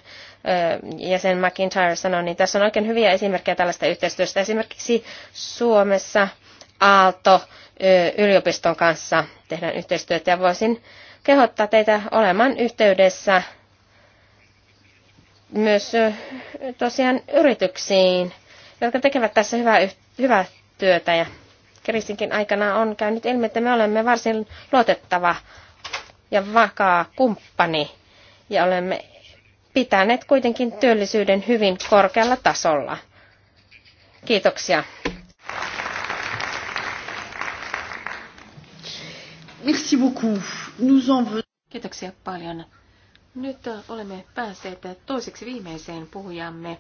jäsen McIntyre sanoi, niin tässä on oikein hyviä esimerkkejä tällaista yhteistyöstä. Esimerkiksi Suomessa Aalto yliopiston kanssa tehdään yhteistyötä ja voisin kehottaa teitä olemaan yhteydessä myös tosiaan yrityksiin, jotka tekevät tässä hyvää, hyvää työtä. Ja kriisinkin aikana on käynyt ilmi, että me olemme varsin luotettava ja vakaa kumppani ja olemme pitäneet kuitenkin työllisyyden hyvin korkealla tasolla. Kiitoksia. Merci beaucoup. Nous en... Kiitoksia paljon. Nyt äh, olemme päässeet toiseksi viimeiseen puhujamme.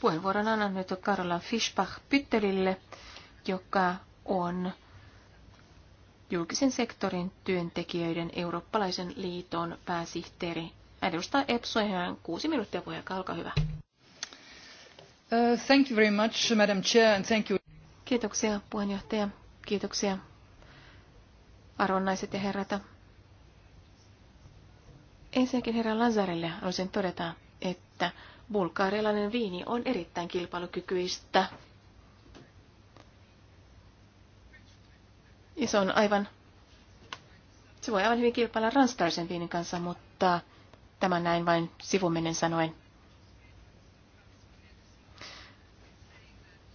Puheenvuoron annan nyt Karola Fischbach-Pyttelille, joka on julkisen sektorin työntekijöiden eurooppalaisen liiton pääsihteeri. edustaa EPSO ja kuusi minuuttia puheenjohtaja, olkaa hyvä. Uh, thank you very much, Madam Chair, and thank you. Kiitoksia puheenjohtaja, kiitoksia arvonnaiset ja herrat. Ensinnäkin herra Lazarelle haluaisin todeta, että bulgaarialainen viini on erittäin kilpailukykyistä. Ja se on aivan, se voi aivan hyvin kilpailla ranskalaisen viinin kanssa, mutta tämä näin vain sivuminen sanoen.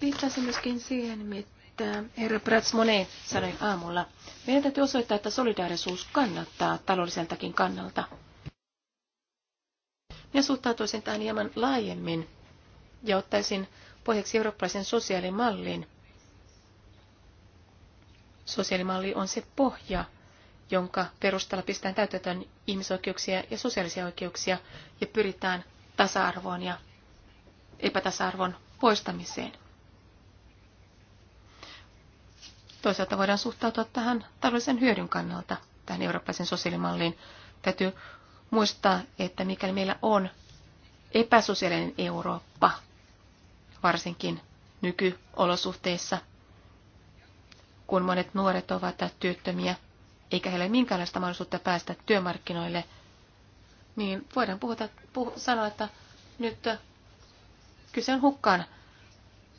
Viittasin myöskin siihen, mitä herra Monet sanoi aamulla. Meidän täytyy osoittaa, että solidaarisuus kannattaa taloudelliseltakin kannalta ja suhtautuisin tähän hieman laajemmin ja ottaisin pohjaksi eurooppalaisen sosiaalimallin. Sosiaalimalli on se pohja, jonka perustalla pistetään täytetään ihmisoikeuksia ja sosiaalisia oikeuksia ja pyritään tasa-arvoon ja epätasa-arvon poistamiseen. Toisaalta voidaan suhtautua tähän taloudellisen hyödyn kannalta, tähän eurooppalaisen sosiaalimalliin. Täytyy muistaa, että mikäli meillä on epäsosiaalinen Eurooppa, varsinkin nykyolosuhteissa, kun monet nuoret ovat työttömiä, eikä heillä ole minkäänlaista mahdollisuutta päästä työmarkkinoille, niin voidaan puhuta, puh- sanoa, että nyt kyse on hukkaan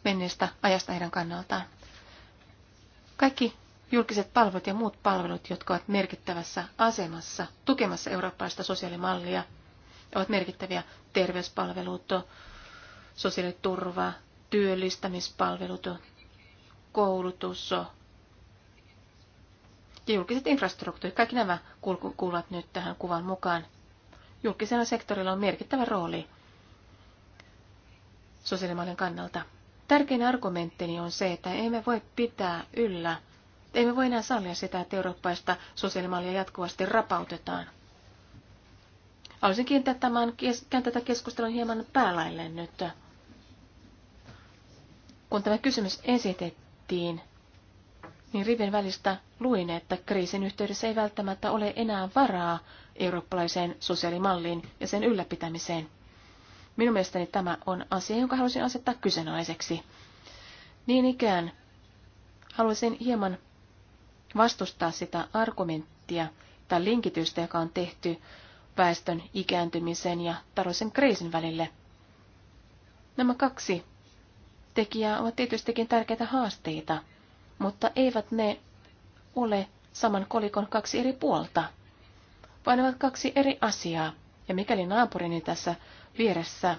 menneestä ajasta heidän kannaltaan. Kaikki julkiset palvelut ja muut palvelut, jotka ovat merkittävässä asemassa tukemassa eurooppalaista sosiaalimallia, ovat merkittäviä terveyspalvelut, sosiaaliturva, työllistämispalvelut, koulutus ja julkiset infrastruktuurit. Kaikki nämä kuuluvat nyt tähän kuvan mukaan. Julkisella sektorilla on merkittävä rooli sosiaalimallin kannalta. Tärkein argumenttini on se, että emme voi pitää yllä emme voi enää sallia sitä, että eurooppaista sosiaalimallia jatkuvasti rapautetaan. Haluaisin kiinnittää tämän, tätä keskustelun hieman päälailleen nyt. Kun tämä kysymys esitettiin, niin rivien välistä luin, että kriisin yhteydessä ei välttämättä ole enää varaa eurooppalaiseen sosiaalimalliin ja sen ylläpitämiseen. Minun mielestäni tämä on asia, jonka haluaisin asettaa kyseenalaiseksi. Niin ikään haluaisin hieman vastustaa sitä argumenttia tai linkitystä, joka on tehty väestön ikääntymisen ja taloudellisen kriisin välille. Nämä kaksi tekijää ovat tietystikin tärkeitä haasteita, mutta eivät ne ole saman kolikon kaksi eri puolta, vaan ovat kaksi eri asiaa. Ja mikäli naapurini tässä vieressä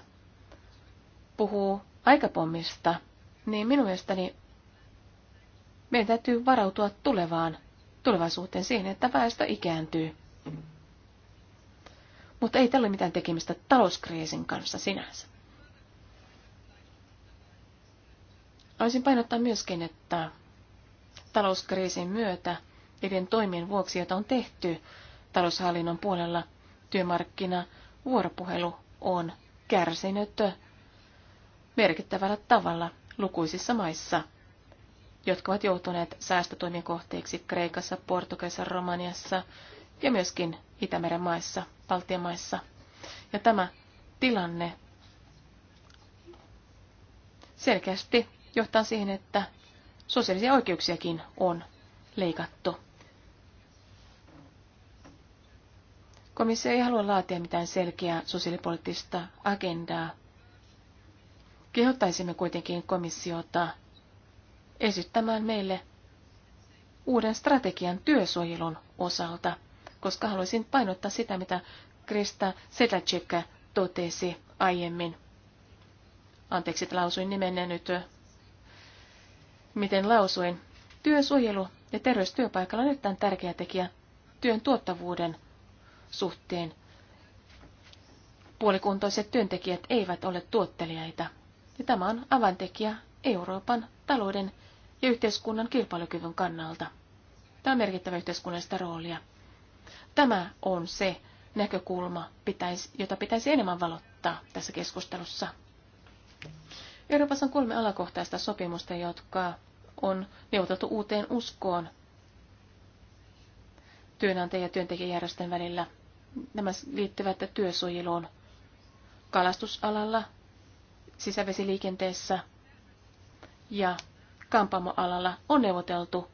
puhuu aikapommista, niin minun mielestäni meidän täytyy varautua tulevaan, tulevaisuuteen siihen, että väestö ikääntyy. Mutta ei tällä mitään tekemistä talouskriisin kanssa sinänsä. Olisin painottaa myöskin, että talouskriisin myötä niiden toimien vuoksi, joita on tehty taloushallinnon puolella, työmarkkina vuoropuhelu on kärsinyt merkittävällä tavalla lukuisissa maissa – jotka ovat joutuneet säästötoimien kohteeksi Kreikassa, Portugalissa, Romaniassa ja myöskin Itämeren maissa, Baltian maissa. Ja tämä tilanne selkeästi johtaa siihen, että sosiaalisia oikeuksiakin on leikattu. Komissio ei halua laatia mitään selkeää sosiaalipoliittista agendaa. Kehottaisimme kuitenkin komissiota esittämään meille uuden strategian työsuojelun osalta, koska haluaisin painottaa sitä, mitä Krista Sedlacek totesi aiemmin. Anteeksi, että lausuin nimenne nyt. Miten lausuin? Työsuojelu ja terveystyöpaikalla on erittäin tärkeä tekijä työn tuottavuuden suhteen. Puolikuntoiset työntekijät eivät ole tuottelijaita, ja tämä on avaintekijä Euroopan talouden ja yhteiskunnan kilpailukyvyn kannalta. Tämä on merkittävä yhteiskunnallista roolia. Tämä on se näkökulma, jota pitäisi enemmän valottaa tässä keskustelussa. Euroopassa on kolme alakohtaista sopimusta, jotka on neuvoteltu uuteen uskoon työnantaja- ja työntekijäjärjestön välillä. Nämä liittyvät työsuojeluun kalastusalalla, sisävesiliikenteessä ja kampaamoalalla on neuvoteltu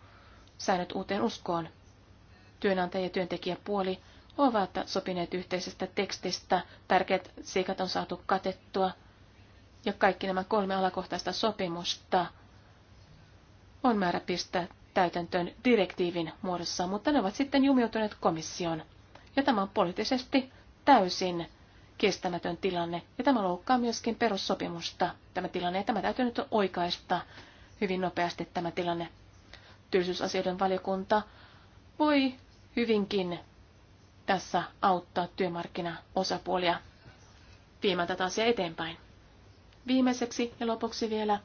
säännöt uuteen uskoon. Työnantaja- ja työntekijäpuoli ovat sopineet yhteisestä tekstistä, tärkeät seikat on saatu katettua, ja kaikki nämä kolme alakohtaista sopimusta on määrä pistää täytäntöön direktiivin muodossa, mutta ne ovat sitten jumiutuneet komission. Ja tämä on poliittisesti täysin kestämätön tilanne, ja tämä loukkaa myöskin perussopimusta. Tämä tilanne, ja tämä täytyy nyt oikaista hyvin nopeasti tämä tilanne. Työllisyysasioiden valiokunta voi hyvinkin tässä auttaa työmarkkinaosapuolia viemään tätä asiaa eteenpäin. Viimeiseksi ja lopuksi vielä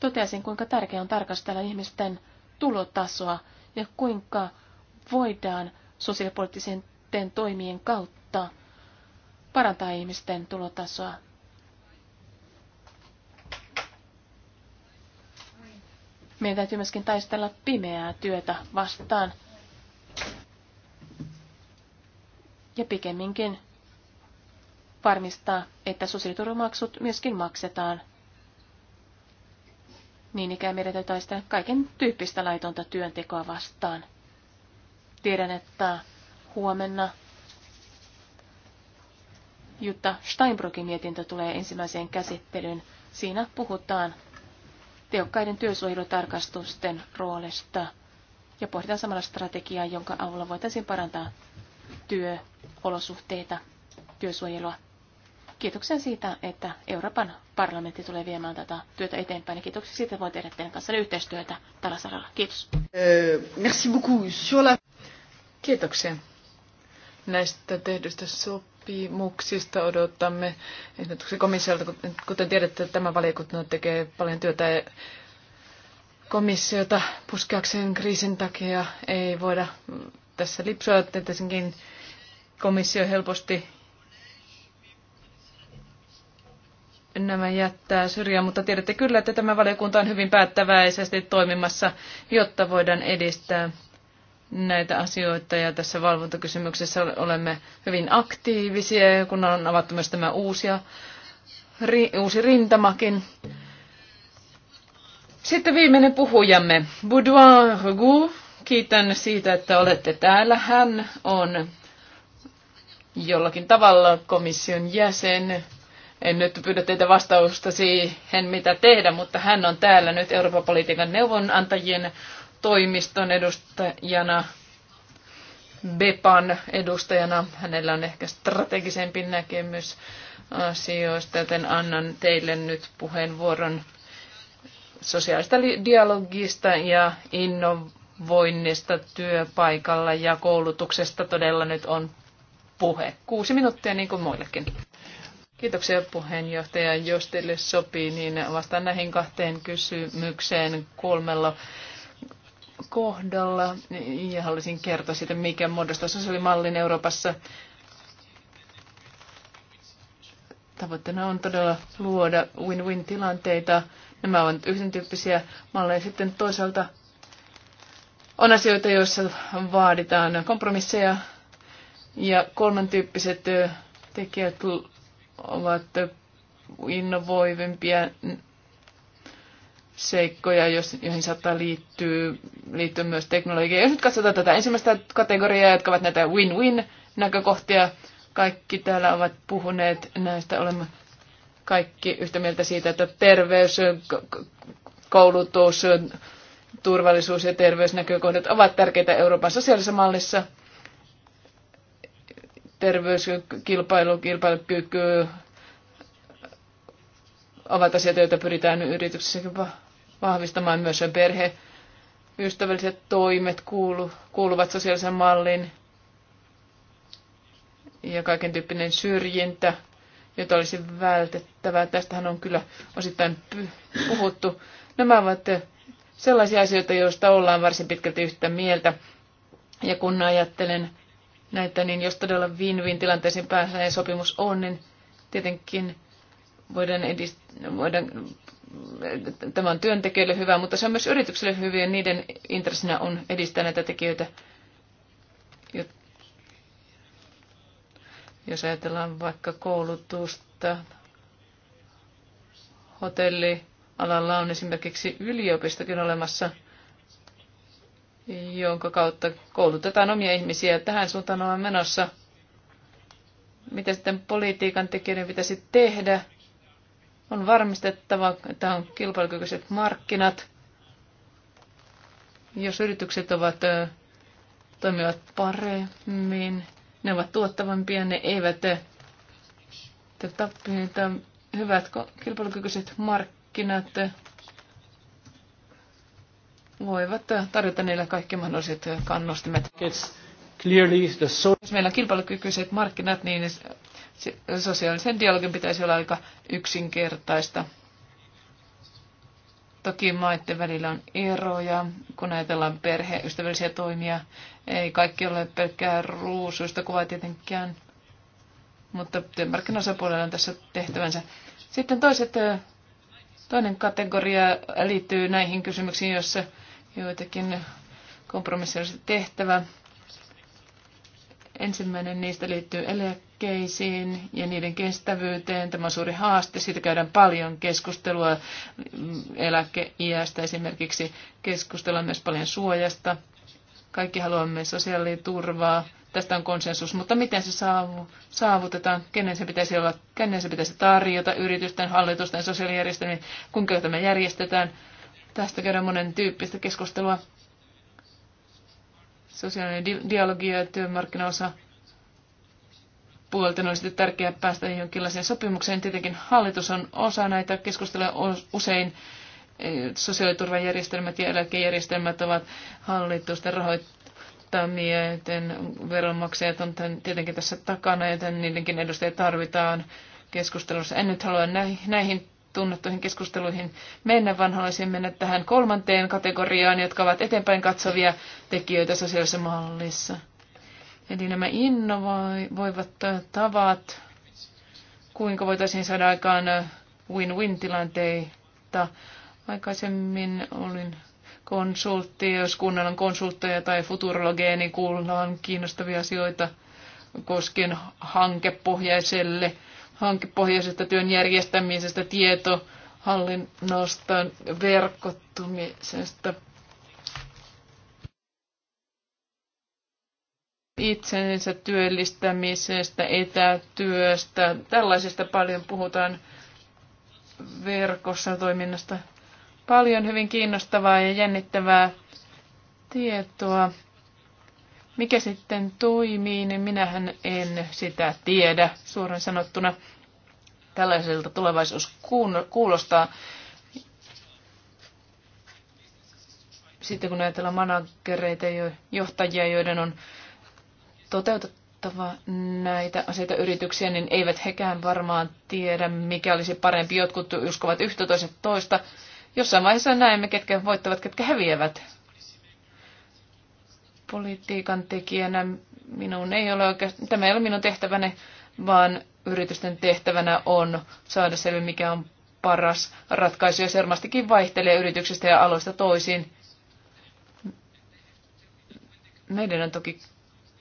toteaisin, kuinka tärkeää on tarkastella ihmisten tulotasoa ja kuinka voidaan sosiaalipoliittisen toimien kautta parantaa ihmisten tulotasoa Meidän täytyy myöskin taistella pimeää työtä vastaan. Ja pikemminkin varmistaa, että sosiaaliturvamaksut myöskin maksetaan. Niin ikään meidän täytyy taistella kaiken tyyppistä laitonta työntekoa vastaan. Tiedän, että huomenna Jutta Steinbrockin mietintö tulee ensimmäiseen käsittelyyn. Siinä puhutaan tehokkaiden työsuojelutarkastusten roolista ja pohditaan samalla strategiaa, jonka avulla voitaisiin parantaa työolosuhteita, työsuojelua. Kiitoksia siitä, että Euroopan parlamentti tulee viemään tätä työtä eteenpäin. Ja kiitoksia siitä, että voin tehdä teidän kanssanne yhteistyötä tällä saralla. Kiitos. Eh, kiitoksia näistä tehdyistä sopimuksista odotamme ehdotuksen komissiolta. Kuten tiedätte, tämä valiokunta tekee paljon työtä komissiota puskeakseen kriisin takia. Ei voida tässä lipsua, että komissio helposti nämä jättää syrjään, mutta tiedätte kyllä, että tämä valiokunta on hyvin päättäväisesti toimimassa, jotta voidaan edistää näitä asioita ja tässä valvontakysymyksessä olemme hyvin aktiivisia, kun on avattu myös tämä uusia, ri, uusi rintamakin. Sitten viimeinen puhujamme, Boudoir Hugu. Kiitän siitä, että olette täällä. Hän on jollakin tavalla komission jäsen. En nyt pyydä teitä vastausta siihen, mitä tehdä, mutta hän on täällä nyt Euroopan politiikan neuvonantajien toimiston edustajana, BEPAN edustajana. Hänellä on ehkä strategisempi näkemys asioista, joten annan teille nyt puheenvuoron sosiaalista dialogista ja innovoinnista työpaikalla ja koulutuksesta todella nyt on puhe. Kuusi minuuttia niin kuin muillekin. Kiitoksia puheenjohtaja. Jos teille sopii, niin vastaan näihin kahteen kysymykseen kolmella kohdalla ja haluaisin kertoa siitä, mikä muodostaa sosiaalimallin Euroopassa. Tavoitteena on todella luoda win-win-tilanteita. Nämä ovat yhden tyyppisiä malleja. Sitten toisaalta on asioita, joissa vaaditaan kompromisseja ja kolman tyyppiset tekijät ovat innovoivimpia seikkoja, joihin saattaa liittyä, liittyä myös teknologia. Jos nyt katsotaan tätä ensimmäistä kategoriaa, jotka ovat näitä win-win näkökohtia, kaikki täällä ovat puhuneet näistä, olemme kaikki yhtä mieltä siitä, että terveys, koulutus, turvallisuus ja terveysnäkökohdat ovat tärkeitä Euroopan sosiaalisessa mallissa. Terveys, kilpailu, kilpailukyky ovat asioita, joita pyritään yrityksessäkin vahvistamaan myös perhe. Ystävälliset toimet kuuluvat sosiaalisen mallin ja kaiken tyyppinen syrjintä, jota olisi vältettävä. Tästähän on kyllä osittain puhuttu. Nämä ovat sellaisia asioita, joista ollaan varsin pitkälti yhtä mieltä. Ja kun ajattelen näitä, niin jos todella win-win tilanteeseen pääsee sopimus on, niin tietenkin voidaan, edist- voidaan tämä on työntekijöille hyvä, mutta se on myös yrityksille hyvä. Niiden intressinä on edistää näitä tekijöitä. Jos ajatellaan vaikka koulutusta, hotellialalla on esimerkiksi yliopistokin olemassa, jonka kautta koulutetaan omia ihmisiä. Tähän suuntaan ollaan menossa. Mitä sitten politiikan tekijöiden pitäisi tehdä? On varmistettava, että on kilpailukykyiset markkinat. Jos yritykset ovat, toimivat paremmin, ne ovat tuottavampia, ne eivät tee Hyvät kilpailukykyiset markkinat voivat tarjota niille kaikki mahdolliset kannustimet. Jos meillä on kilpailukykyiset markkinat, niin sosiaalisen dialogin pitäisi olla aika yksinkertaista. Toki maiden välillä on eroja, kun ajatellaan perheystävällisiä toimia. Ei kaikki ole pelkkää ruusuista kuvaa tietenkään, mutta työmarkkinaosapuolella on tässä tehtävänsä. Sitten toiset, toinen kategoria liittyy näihin kysymyksiin, joissa joitakin kompromissia olisi tehtävä. Ensimmäinen niistä liittyy eläkkeisiin ja niiden kestävyyteen. Tämä on suuri haaste. Siitä käydään paljon keskustelua eläkeiästä esimerkiksi. Keskustellaan myös paljon suojasta. Kaikki haluamme sosiaaliturvaa. Tästä on konsensus, mutta miten se saavutetaan, kenen se pitäisi olla, kenen se pitäisi tarjota, yritysten, hallitusten, sosiaalijärjestelmien, kuinka tämä järjestetään. Tästä käydään monen tyyppistä keskustelua sosiaalinen di- dialogi ja työmarkkinaosa puolten sitten tärkeää päästä jonkinlaiseen sopimukseen. Tietenkin hallitus on osa näitä keskusteluja usein. E, sosiaaliturvajärjestelmät ja eläkejärjestelmät ovat hallitusten rahoittamia, joten veronmaksajat on tietenkin tässä takana, joten niidenkin edustajia tarvitaan keskustelussa. En nyt halua näihin tunnettuihin keskusteluihin mennä, vaan haluaisin mennä tähän kolmanteen kategoriaan, jotka ovat eteenpäin katsovia tekijöitä sosiaalisessa mallissa. Eli nämä innovoivat tavat, kuinka voitaisiin saada aikaan win-win-tilanteita. Aikaisemmin olin konsultti, jos kuunnellaan konsultteja tai futurologeja, niin kuullaan kiinnostavia asioita koskien hankepohjaiselle hankepohjaisesta työn järjestämisestä, tietohallinnosta, verkottumisesta, itsensä työllistämisestä, etätyöstä. Tällaisesta paljon puhutaan verkossa toiminnasta. Paljon hyvin kiinnostavaa ja jännittävää tietoa. Mikä sitten toimii, niin minähän en sitä tiedä suoraan sanottuna tällaiselta tulevaisuus kuulostaa. Sitten kun ajatellaan managereita ja johtajia, joiden on toteutettava näitä asioita yrityksiä, niin eivät hekään varmaan tiedä, mikä olisi parempi. Jotkut uskovat yhtä toiset toista. Jossain vaiheessa näemme, ketkä voittavat, ketkä häviävät. Politiikan tekijänä minun ei ole oikeastaan, tämä ei ole minun tehtäväni, vaan yritysten tehtävänä on saada selville mikä on paras ratkaisu, ja se varmastikin vaihtelee yrityksestä ja aloista toisiin. Meidän on toki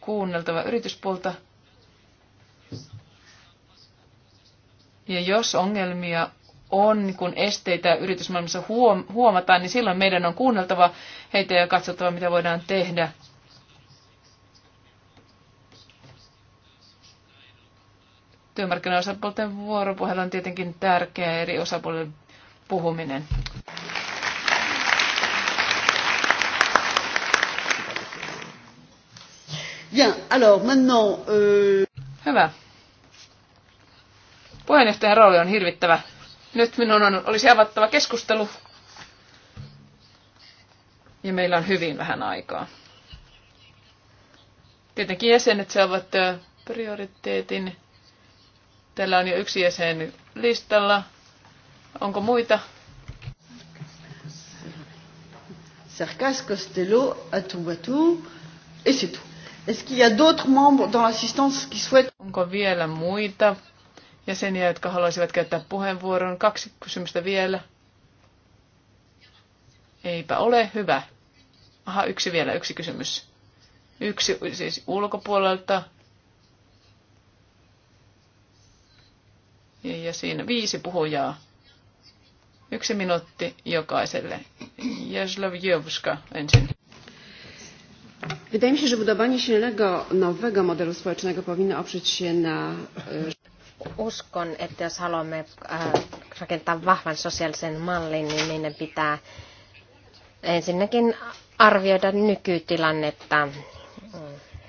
kuunneltava yrityspuolta. Ja jos ongelmia on, kun esteitä yritysmaailmassa huomataan, niin silloin meidän on kuunneltava heitä ja katsottava, mitä voidaan tehdä. työmarkkinaosapuolten vuoropuhelu on tietenkin tärkeä eri osapuolille puhuminen. Bien, alors maintenant, euh... Hyvä. Puheenjohtajan rooli on hirvittävä. Nyt minun on, olisi avattava keskustelu. Ja meillä on hyvin vähän aikaa. Tietenkin jäsenet saavat äh, prioriteetin Tällä on jo yksi jäsen listalla. Onko muita? Sarkas, Costello, Atumbatu, et c'est tout. Est-ce qu'il y a d'autres membres dans l'assistance qui souhaitent... Onko vielä muita jäseniä, jotka haluaisivat käyttää puheenvuoron? Kaksi kysymystä vielä. Eipä ole hyvä. Aha, yksi vielä, yksi kysymys. Yksi siis ulkopuolelta. Ja siinä viisi puhujaa. Yksi minuutti jokaiselle. Jaslav Jowska ensin. Wydaje mi się, że budowanie silnego, nowego modelu społecznego powinno oprzeć się na... E, Uskon, että jos haluamme e, rakentaa vahvan sosiaalisen mallin, niin meidän pitää ensinnäkin arvioida nykytilannetta. Mm,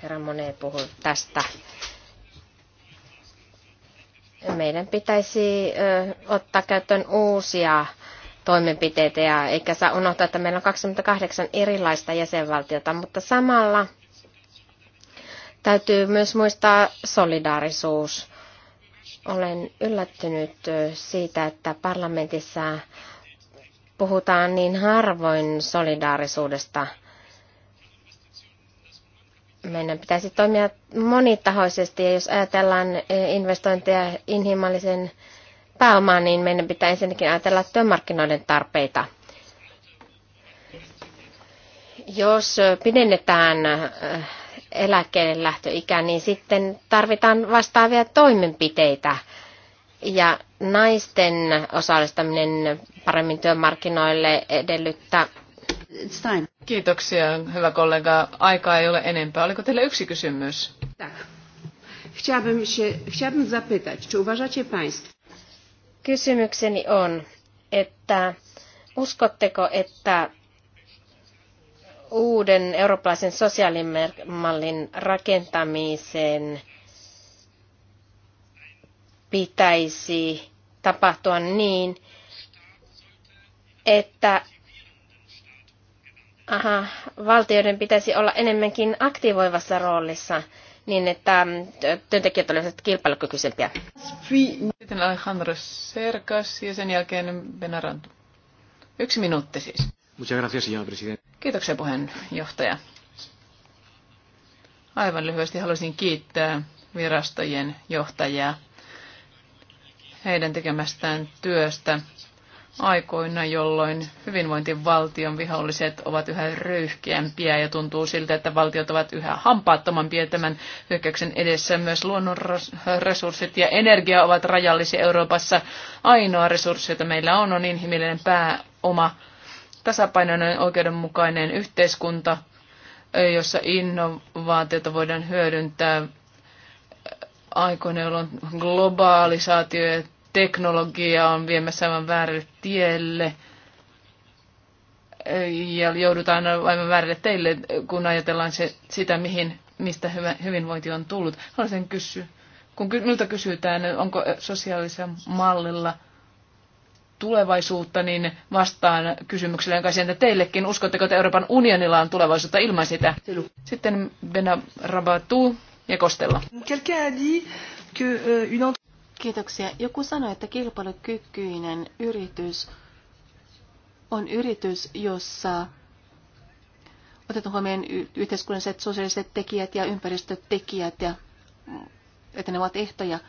herra Monet puhui tästä meidän pitäisi ottaa käyttöön uusia toimenpiteitä ja eikä saa unohtaa, että meillä on 28 erilaista jäsenvaltiota, mutta samalla täytyy myös muistaa solidaarisuus. Olen yllättynyt siitä, että parlamentissa puhutaan niin harvoin solidaarisuudesta – meidän pitäisi toimia monitahoisesti ja jos ajatellaan eh, investointeja inhimillisen pääomaan, niin meidän pitää ensinnäkin ajatella työmarkkinoiden tarpeita. Jos pidennetään eh, eläkkeelle lähtöikä, niin sitten tarvitaan vastaavia toimenpiteitä. Ja naisten osallistaminen paremmin työmarkkinoille edellyttää It's time. Kiitoksia, hyvä kollega. Aikaa ei ole enempää. Oliko teillä yksi kysymys? Tak. Chciałbym się, chciałbym zapytać, czy uważacie państwo... Kysymykseni on, että uskotteko, että uuden eurooppalaisen sosiaalimallin rakentamisen pitäisi tapahtua niin, että aha, valtioiden pitäisi olla enemmänkin aktivoivassa roolissa niin, että mm, työntekijät olisivat kilpailukykyisempiä. Sitten Alejandro Serkas ja sen jälkeen Benarantu. Yksi minuutti siis. Muchas gracias, señor presidente. Kiitoksia puheenjohtaja. Aivan lyhyesti haluaisin kiittää virastojen johtajia heidän tekemästään työstä aikoina, jolloin hyvinvointivaltion viholliset ovat yhä röyhkeämpiä ja tuntuu siltä, että valtiot ovat yhä hampaattomampia tämän hyökkäyksen edessä. Myös luonnonresurssit ja energia ovat rajallisia Euroopassa. Ainoa resurssi, jota meillä on, on inhimillinen pääoma, tasapainoinen oikeudenmukainen yhteiskunta, jossa innovaatiota voidaan hyödyntää aikoina, jolloin globaalisaatio ja teknologia on viemässä aivan väärälle tielle ja joudutaan aivan väärälle teille, kun ajatellaan se, sitä, mihin, mistä hyvä, hyvinvointi on tullut. Haluaisin kysyä, kun miltä kysytään, onko sosiaalisella mallilla tulevaisuutta, niin vastaan kysymykselle, jonka sieltä teillekin. Uskotteko, että Euroopan unionilla on tulevaisuutta ilman sitä? Sitten Bena Rabatu ja Kostella. Kiitoksia. Joku sanoi, että kilpailukykyinen yritys on yritys, jossa otetaan huomioon yhteiskunnalliset, sosiaaliset tekijät ja ympäristötekijät ja että ne ovat ehtoja.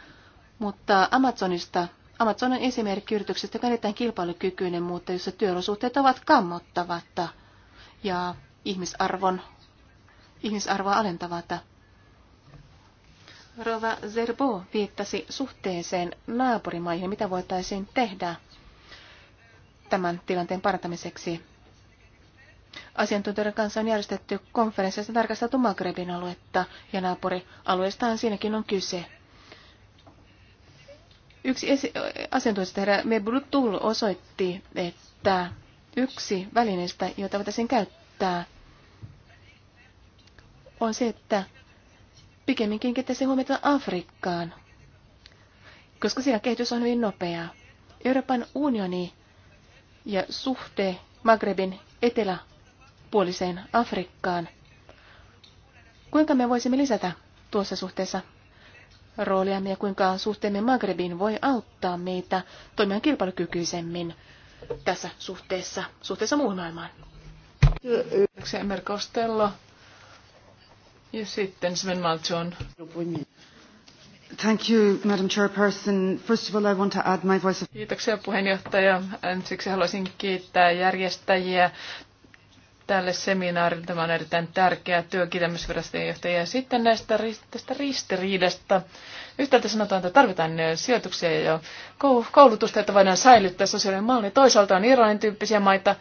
Mutta Amazonista, Amazon on esimerkki yrityksestä, joka on erittäin kilpailukykyinen, mutta jossa työolosuhteet ovat kammottavat ja ihmisarvon, ihmisarvoa alentavat. Rova Zerbo viittasi suhteeseen naapurimaihin, mitä voitaisiin tehdä tämän tilanteen parantamiseksi. Asiantuntijoiden kanssa on järjestetty konferenssissa tarkasteltu Magrebin aluetta ja naapurialueestaan siinäkin on kyse. Yksi esi- asiantuntijoista herra Mebrutul osoitti, että yksi välineistä, jota voitaisiin käyttää, on se, että Pikemminkin kiinnittäisi huomiota Afrikkaan, koska siellä kehitys on hyvin nopeaa. Euroopan unioni ja suhde Magrebin eteläpuoliseen Afrikkaan. Kuinka me voisimme lisätä tuossa suhteessa rooliamme ja kuinka suhteemme Magrebin voi auttaa meitä toimimaan kilpailukykyisemmin tässä suhteessa, suhteessa muuhun maailmaan? Kiitoksia, Emmer Kostello sitten Sven Thank you, Madam Chairperson. First of all, I want to add my voice Kiitoksia puheenjohtaja. Ensiksi haluaisin kiittää järjestäjiä tälle seminaarille. Tämä on erittäin tärkeä työ johtaja. Ja sitten näistä, tästä ristiriidasta. Yhtäältä sanotaan, että tarvitaan sijoituksia ja koulutusta, että voidaan säilyttää sosiaalinen malli. Toisaalta on Iranin tyyppisiä maita,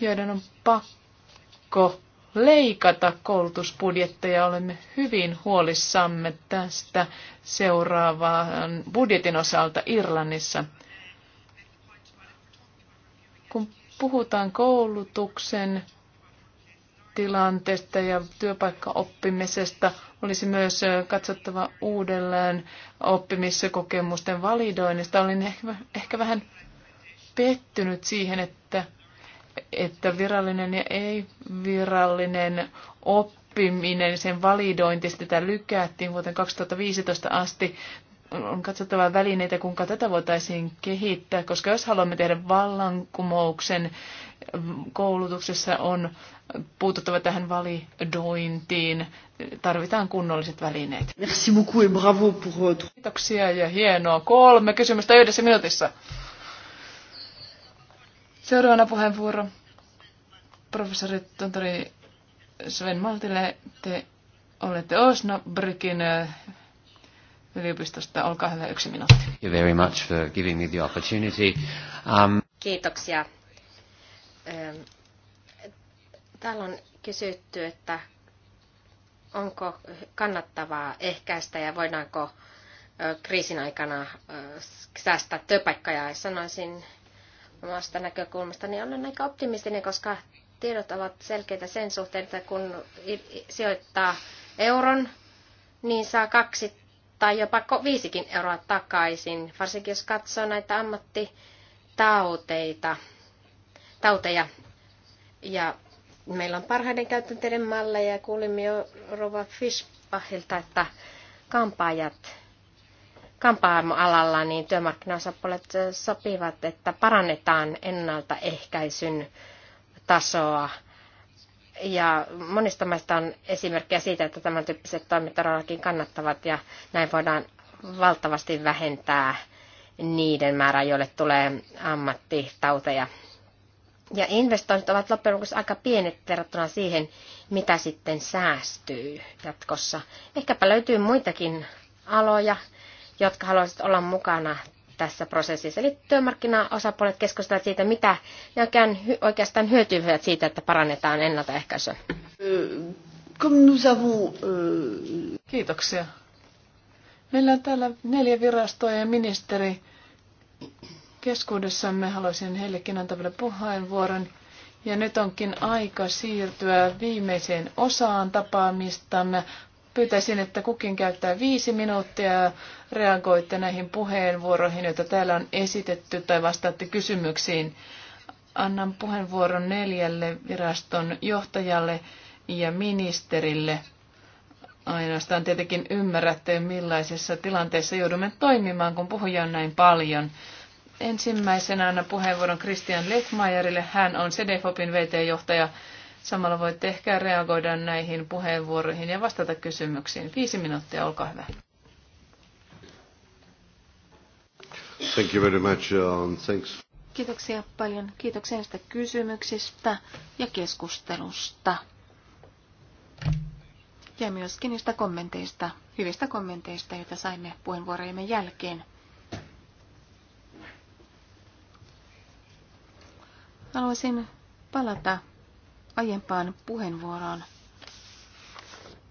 joiden on pakko leikata koulutusbudjetteja. Olemme hyvin huolissamme tästä seuraavaan budjetin osalta Irlannissa. Kun puhutaan koulutuksen tilanteesta ja työpaikkaoppimisesta, olisi myös katsottava uudelleen oppimiskokemusten validoinnista. Olin ehkä, ehkä vähän pettynyt siihen, että että virallinen ja ei-virallinen oppiminen, sen validointi, sitä lykättiin vuoteen 2015 asti. On katsottava välineitä, kuinka tätä voitaisiin kehittää, koska jos haluamme tehdä vallankumouksen, koulutuksessa on puututtava tähän validointiin. Tarvitaan kunnolliset välineet. Merci beaucoup et bravo pour Kiitoksia ja hienoa. Kolme kysymystä yhdessä minuutissa. Seuraavana puheenvuoro professori Tontori Sven Maltille. Te olette Osnabrykin eh, yliopistosta. Olkaa hyvä, yksi minuutti. Thank you very much for giving me the opportunity. Um... Kiitoksia. Täällä on kysytty, että onko kannattavaa ehkäistä ja voidaanko kriisin aikana säästää työpaikkaa. Ja sanoisin omasta näkökulmastani niin olen aika optimistinen, koska tiedot ovat selkeitä sen suhteen, että kun sijoittaa euron, niin saa kaksi tai jopa viisikin euroa takaisin, varsinkin jos katsoo näitä ammattitauteita. Tauteja. Ja meillä on parhaiden käytänteiden malleja ja kuulimme jo Rova Fischbachilta, että kampaajat kampaamoalalla, niin työmarkkinaosapuolet sopivat, että parannetaan ennaltaehkäisyn tasoa. Ja monista maista on esimerkkejä siitä, että tämän tyyppiset toimet todellakin kannattavat ja näin voidaan valtavasti vähentää niiden määrää, joille tulee ammattitauteja. Ja investoinnit ovat loppujen lopuksi aika pienet verrattuna siihen, mitä sitten säästyy jatkossa. Ehkäpä löytyy muitakin aloja, jotka haluaisivat olla mukana tässä prosessissa. Eli työmarkkinaosapuolet keskustelevat siitä, mitä ne oikein, oikeastaan hyötyvät siitä, että parannetaan ennaltaehkäisyä. Euh, Kiitoksia. Meillä on täällä neljä virastoa ja ministeri keskuudessamme. Haluaisin heillekin antaa vielä puheenvuoron. Ja nyt onkin aika siirtyä viimeiseen osaan tapaamistamme pyytäisin, että kukin käyttää viisi minuuttia reagoitte näihin puheenvuoroihin, joita täällä on esitetty, tai vastaatte kysymyksiin. Annan puheenvuoron neljälle viraston johtajalle ja ministerille. Ainoastaan tietenkin ymmärrätte, millaisessa tilanteessa joudumme toimimaan, kun puhuja on näin paljon. Ensimmäisenä annan puheenvuoron Christian Leckmayerille. Hän on CDFOPin VT-johtaja Samalla voitte ehkä reagoida näihin puheenvuoroihin ja vastata kysymyksiin. Viisi minuuttia, olkaa hyvä. Thank you very much. Um, thanks. Kiitoksia paljon. Kiitoksia näistä kysymyksistä ja keskustelusta. Ja myöskin niistä kommenteista, hyvistä kommenteista, joita saimme puheenvuorojemme jälkeen. Haluaisin palata aiempaan puheenvuoroon,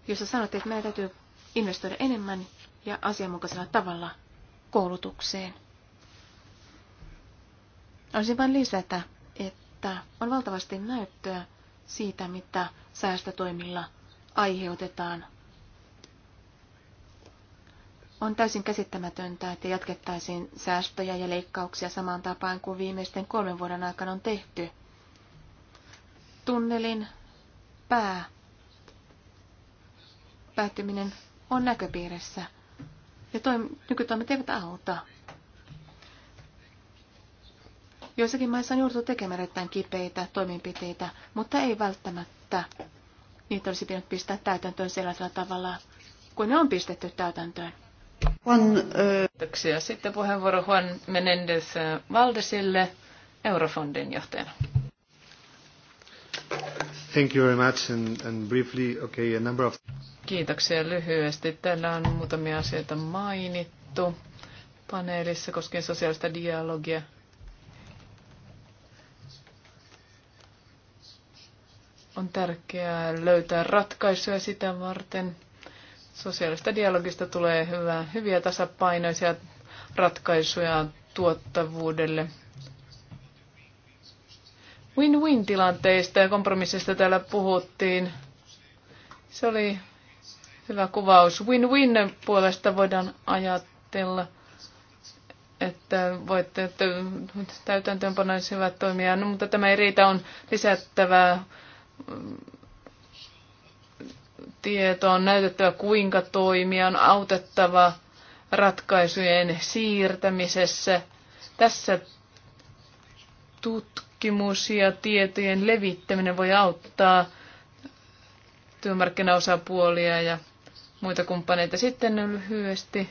jossa sanoitte, että meidän täytyy investoida enemmän ja asianmukaisella tavalla koulutukseen. Olisin vain lisätä, että on valtavasti näyttöä siitä, mitä säästötoimilla aiheutetaan. On täysin käsittämätöntä, että jatkettaisiin säästöjä ja leikkauksia samaan tapaan kuin viimeisten kolmen vuoden aikana on tehty tunnelin pää päättyminen on näköpiirissä. Ja toim- nykytoimet eivät auta. Joissakin maissa on jouduttu tekemään erittäin kipeitä toimenpiteitä, mutta ei välttämättä. Niitä olisi pitänyt pistää täytäntöön sellaisella tavalla, kuin ne on pistetty täytäntöön. Juan, Kiitoksia. Sitten puheenvuoro Juan Menendez Valdesille, Eurofondin johtajana. Thank you very much and, and briefly, okay, a number of... Kiitoksia lyhyesti. Täällä on muutamia asioita mainittu paneelissa koskien sosiaalista dialogia. On tärkeää löytää ratkaisuja sitä varten. Sosiaalista dialogista tulee hyvää, hyviä tasapainoisia ratkaisuja tuottavuudelle win-win-tilanteista ja kompromissista täällä puhuttiin. Se oli hyvä kuvaus. Win-win puolesta voidaan ajatella, että voitte että täytäntöönpanoisivat toimia, no, mutta tämä ei riitä, on lisättävää mm, tietoa, on näytettävä kuinka toimia, on autettava ratkaisujen siirtämisessä. Tässä tutkimuksessa tutkimus ja tietojen levittäminen voi auttaa työmarkkinaosapuolia ja muita kumppaneita. Sitten lyhyesti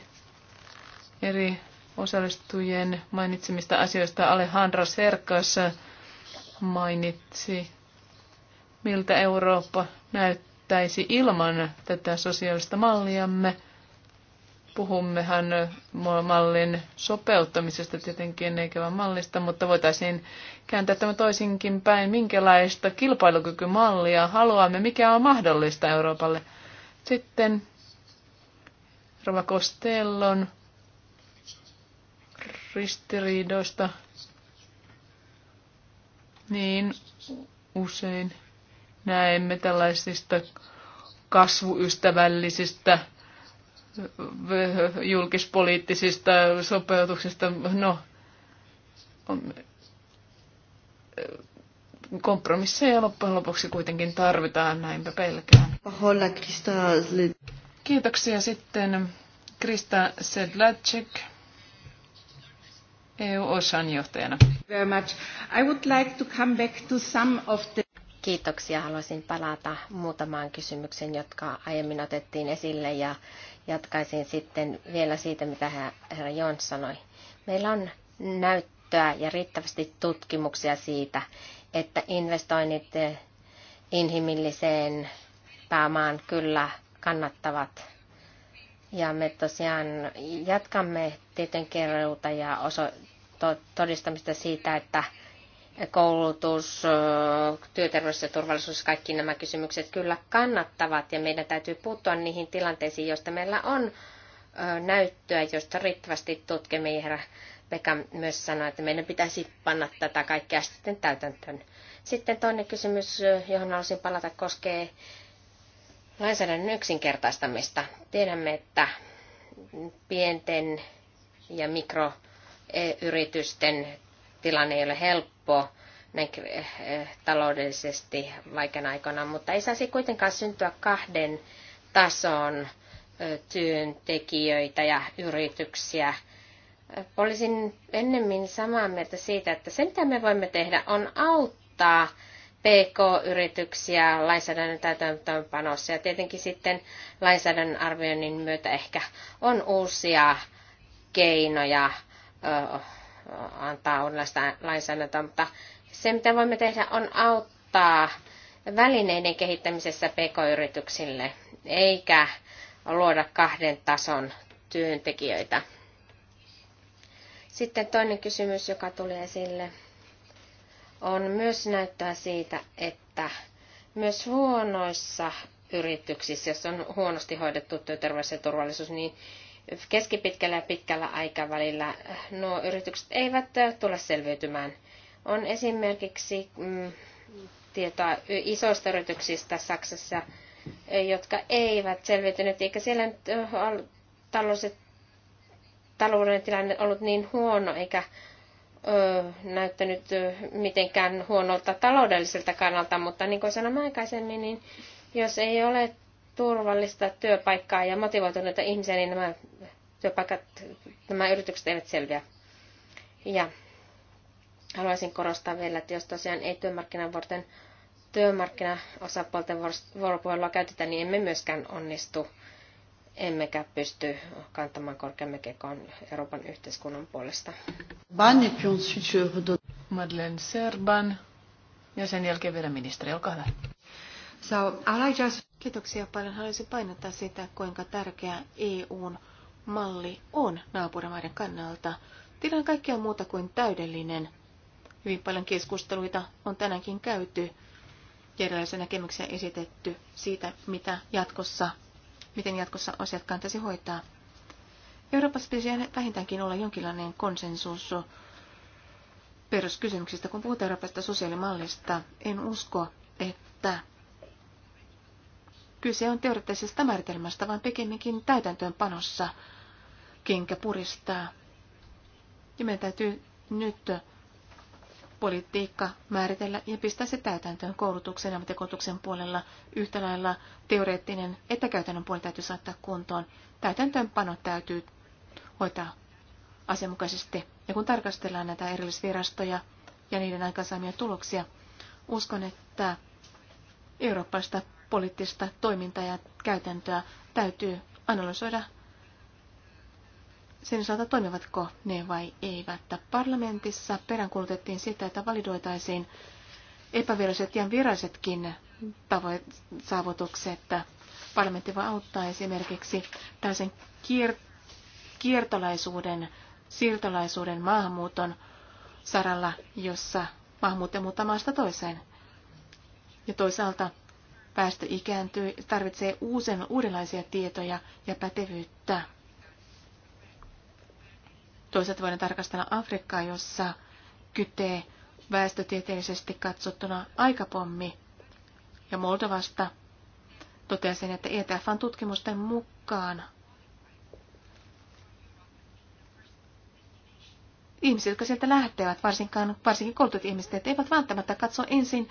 eri osallistujien mainitsemista asioista Alejandra Serkas mainitsi, miltä Eurooppa näyttäisi ilman tätä sosiaalista malliamme – Puhummehan mallin sopeuttamisesta tietenkin, eikä vain mallista, mutta voitaisiin kääntää tämä toisinkin päin. Minkälaista kilpailukykymallia haluamme, mikä on mahdollista Euroopalle? Sitten Rova Kostellon ristiriidoista. Niin usein näemme tällaisista kasvuystävällisistä julkispoliittisista sopeutuksista. No, on, eh, kompromisseja loppujen lopuksi kuitenkin tarvitaan, näinpä pelkään. Kiitoksia sitten Krista Sedlacek, EU-osan johtajana. Very much. I would like to come back to some of the... Kiitoksia. Haluaisin palata muutamaan kysymykseen, jotka aiemmin otettiin esille ja jatkaisin sitten vielä siitä, mitä herra Jons sanoi. Meillä on näyttöä ja riittävästi tutkimuksia siitä, että investoinnit inhimilliseen päämaan kyllä kannattavat. Ja me tosiaan jatkamme tietenkin ja oso- to- todistamista siitä, että koulutus, työterveys ja turvallisuus, kaikki nämä kysymykset kyllä kannattavat ja meidän täytyy puuttua niihin tilanteisiin, joista meillä on näyttöä, josta riittävästi tutkimme. Herra Pekka myös sanoi, että meidän pitäisi panna tätä kaikkea sitten täytäntöön. Sitten toinen kysymys, johon haluaisin palata, koskee lainsäädännön yksinkertaistamista. Tiedämme, että pienten ja mikroyritysten tilanne ei ole helppo näin, eh, taloudellisesti vaikeana aikana, mutta ei saisi kuitenkaan syntyä kahden tason työntekijöitä ja yrityksiä. Olisin ennemmin samaa mieltä siitä, että se mitä me voimme tehdä on auttaa PK-yrityksiä lainsäädännön täytäntöönpanossa ja tietenkin sitten lainsäädännön arvioinnin myötä ehkä on uusia keinoja antaa uudenlaista lainsäädäntöä, mutta se mitä voimme tehdä on auttaa välineiden kehittämisessä pk-yrityksille, eikä luoda kahden tason työntekijöitä. Sitten toinen kysymys, joka tuli esille, on myös näyttää siitä, että myös huonoissa yrityksissä, jos on huonosti hoidettu työterveys ja turvallisuus, niin keskipitkällä ja pitkällä aikavälillä äh, nuo yritykset eivät äh, tule selviytymään. On esimerkiksi mm, tietoa isoista yrityksistä Saksassa, äh, jotka eivät selviytyneet, eikä siellä nyt taloudellinen tilanne ollut niin huono, eikä ö, näyttänyt mitenkään huonolta taloudelliselta kannalta, mutta niin kuin sanoin aikaisemmin, niin jos ei ole turvallista työpaikkaa ja motivoituneita ihmisiä, niin nämä työpaikat, nämä yritykset eivät selviä. Ja haluaisin korostaa vielä, että jos tosiaan ei työmarkkinavuorten työmarkkinaosapuolten vuoropuhelua käytetä, niin emme myöskään onnistu, emmekä pysty kantamaan korkeamme kekoon Euroopan yhteiskunnan puolesta. Madeleine Serban ja sen jälkeen vielä ministeri, olkaa hyvä. So, just... Kiitoksia paljon. Haluaisin painottaa sitä, kuinka tärkeä EUn malli on naapurimaiden kannalta. Tilanne kaikkea muuta kuin täydellinen. Hyvin paljon keskusteluita on tänäänkin käyty ja erilaisia näkemyksiä esitetty siitä, mitä jatkossa, miten jatkossa asiat kantaisi hoitaa. Euroopassa pitäisi vähintäänkin olla jonkinlainen konsensus peruskysymyksistä, kun puhutaan Euroopasta sosiaalimallista. En usko, että kyse on teoreettisesta määritelmästä, vaan pikemminkin täytäntöönpanossa kenkä puristaa. Ja meidän täytyy nyt politiikka määritellä ja pistää se täytäntöön koulutuksen ja ammattikoulutuksen puolella. Yhtä lailla teoreettinen että käytännön puoli täytyy saattaa kuntoon. Täytäntöönpano täytyy hoitaa asianmukaisesti. Ja kun tarkastellaan näitä erillisvirastoja ja niiden aikaansaamia tuloksia, uskon, että eurooppalaista poliittista toimintaa ja käytäntöä täytyy analysoida sen osalta toimivatko ne vai eivät. Parlamentissa peräänkuulutettiin sitä, että validoitaisiin epäviralliset ja virallisetkin tavoit- saavutukset. Parlamentti voi auttaa esimerkiksi tällaisen kier- kiertolaisuuden, siirtolaisuuden maahanmuuton saralla, jossa maahanmuuttaja muuttaa maasta toiseen. Ja toisaalta väestö ikääntyy, tarvitsee uusen, uudenlaisia tietoja ja pätevyyttä. Toisaalta voidaan tarkastella Afrikkaa, jossa kytee väestötieteellisesti katsottuna aikapommi. Ja Moldovasta totesin, että ETFn tutkimusten mukaan ihmiset, jotka sieltä lähtevät, varsinkaan, varsinkin koulutut ihmiset, eivät välttämättä katso ensin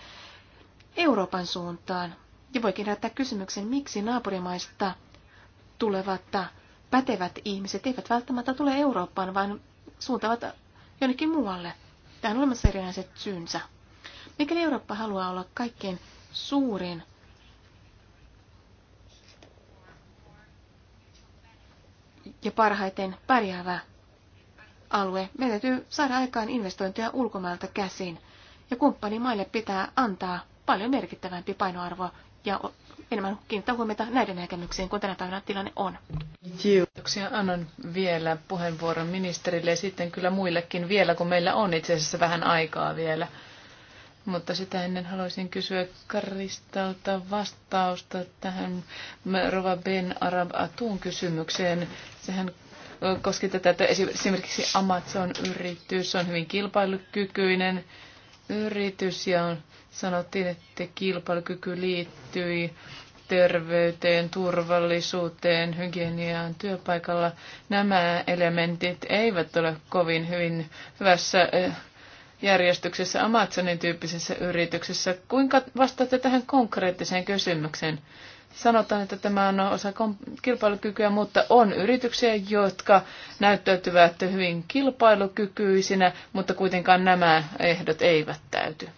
Euroopan suuntaan. Ja voikin herättää kysymyksen, miksi naapurimaista tulevat pätevät ihmiset eivät välttämättä tule Eurooppaan, vaan suuntavat jonnekin muualle. Tähän on olemassa erinäiset syynsä. Mikäli Eurooppa haluaa olla kaikkein suurin ja parhaiten pärjäävä alue, meidän täytyy saada aikaan investointeja ulkomailta käsin, ja kumppanimaille pitää antaa paljon merkittävämpi painoarvo ja enemmän kiinnittää huomiota näiden näkemyksiin, kun tänä päivänä tilanne on. Kiitoksia. Annan vielä puheenvuoron ministerille ja sitten kyllä muillekin vielä, kun meillä on itse asiassa vähän aikaa vielä. Mutta sitä ennen haluaisin kysyä Karistalta vastausta tähän Rova Ben Arab Atun kysymykseen. Sehän koski tätä, että esimerkiksi Amazon-yritys on hyvin kilpailukykyinen yritys ja on sanottiin, että kilpailukyky liittyi terveyteen, turvallisuuteen, hygieniaan työpaikalla. Nämä elementit eivät ole kovin hyvin hyvässä eh, järjestyksessä Amazonin tyyppisessä yrityksessä. Kuinka vastaatte tähän konkreettiseen kysymykseen? Sanotaan, että tämä on osa kilpailukykyä, mutta on yrityksiä, jotka näyttäytyvät hyvin kilpailukykyisinä, mutta kuitenkaan nämä ehdot eivät täyty.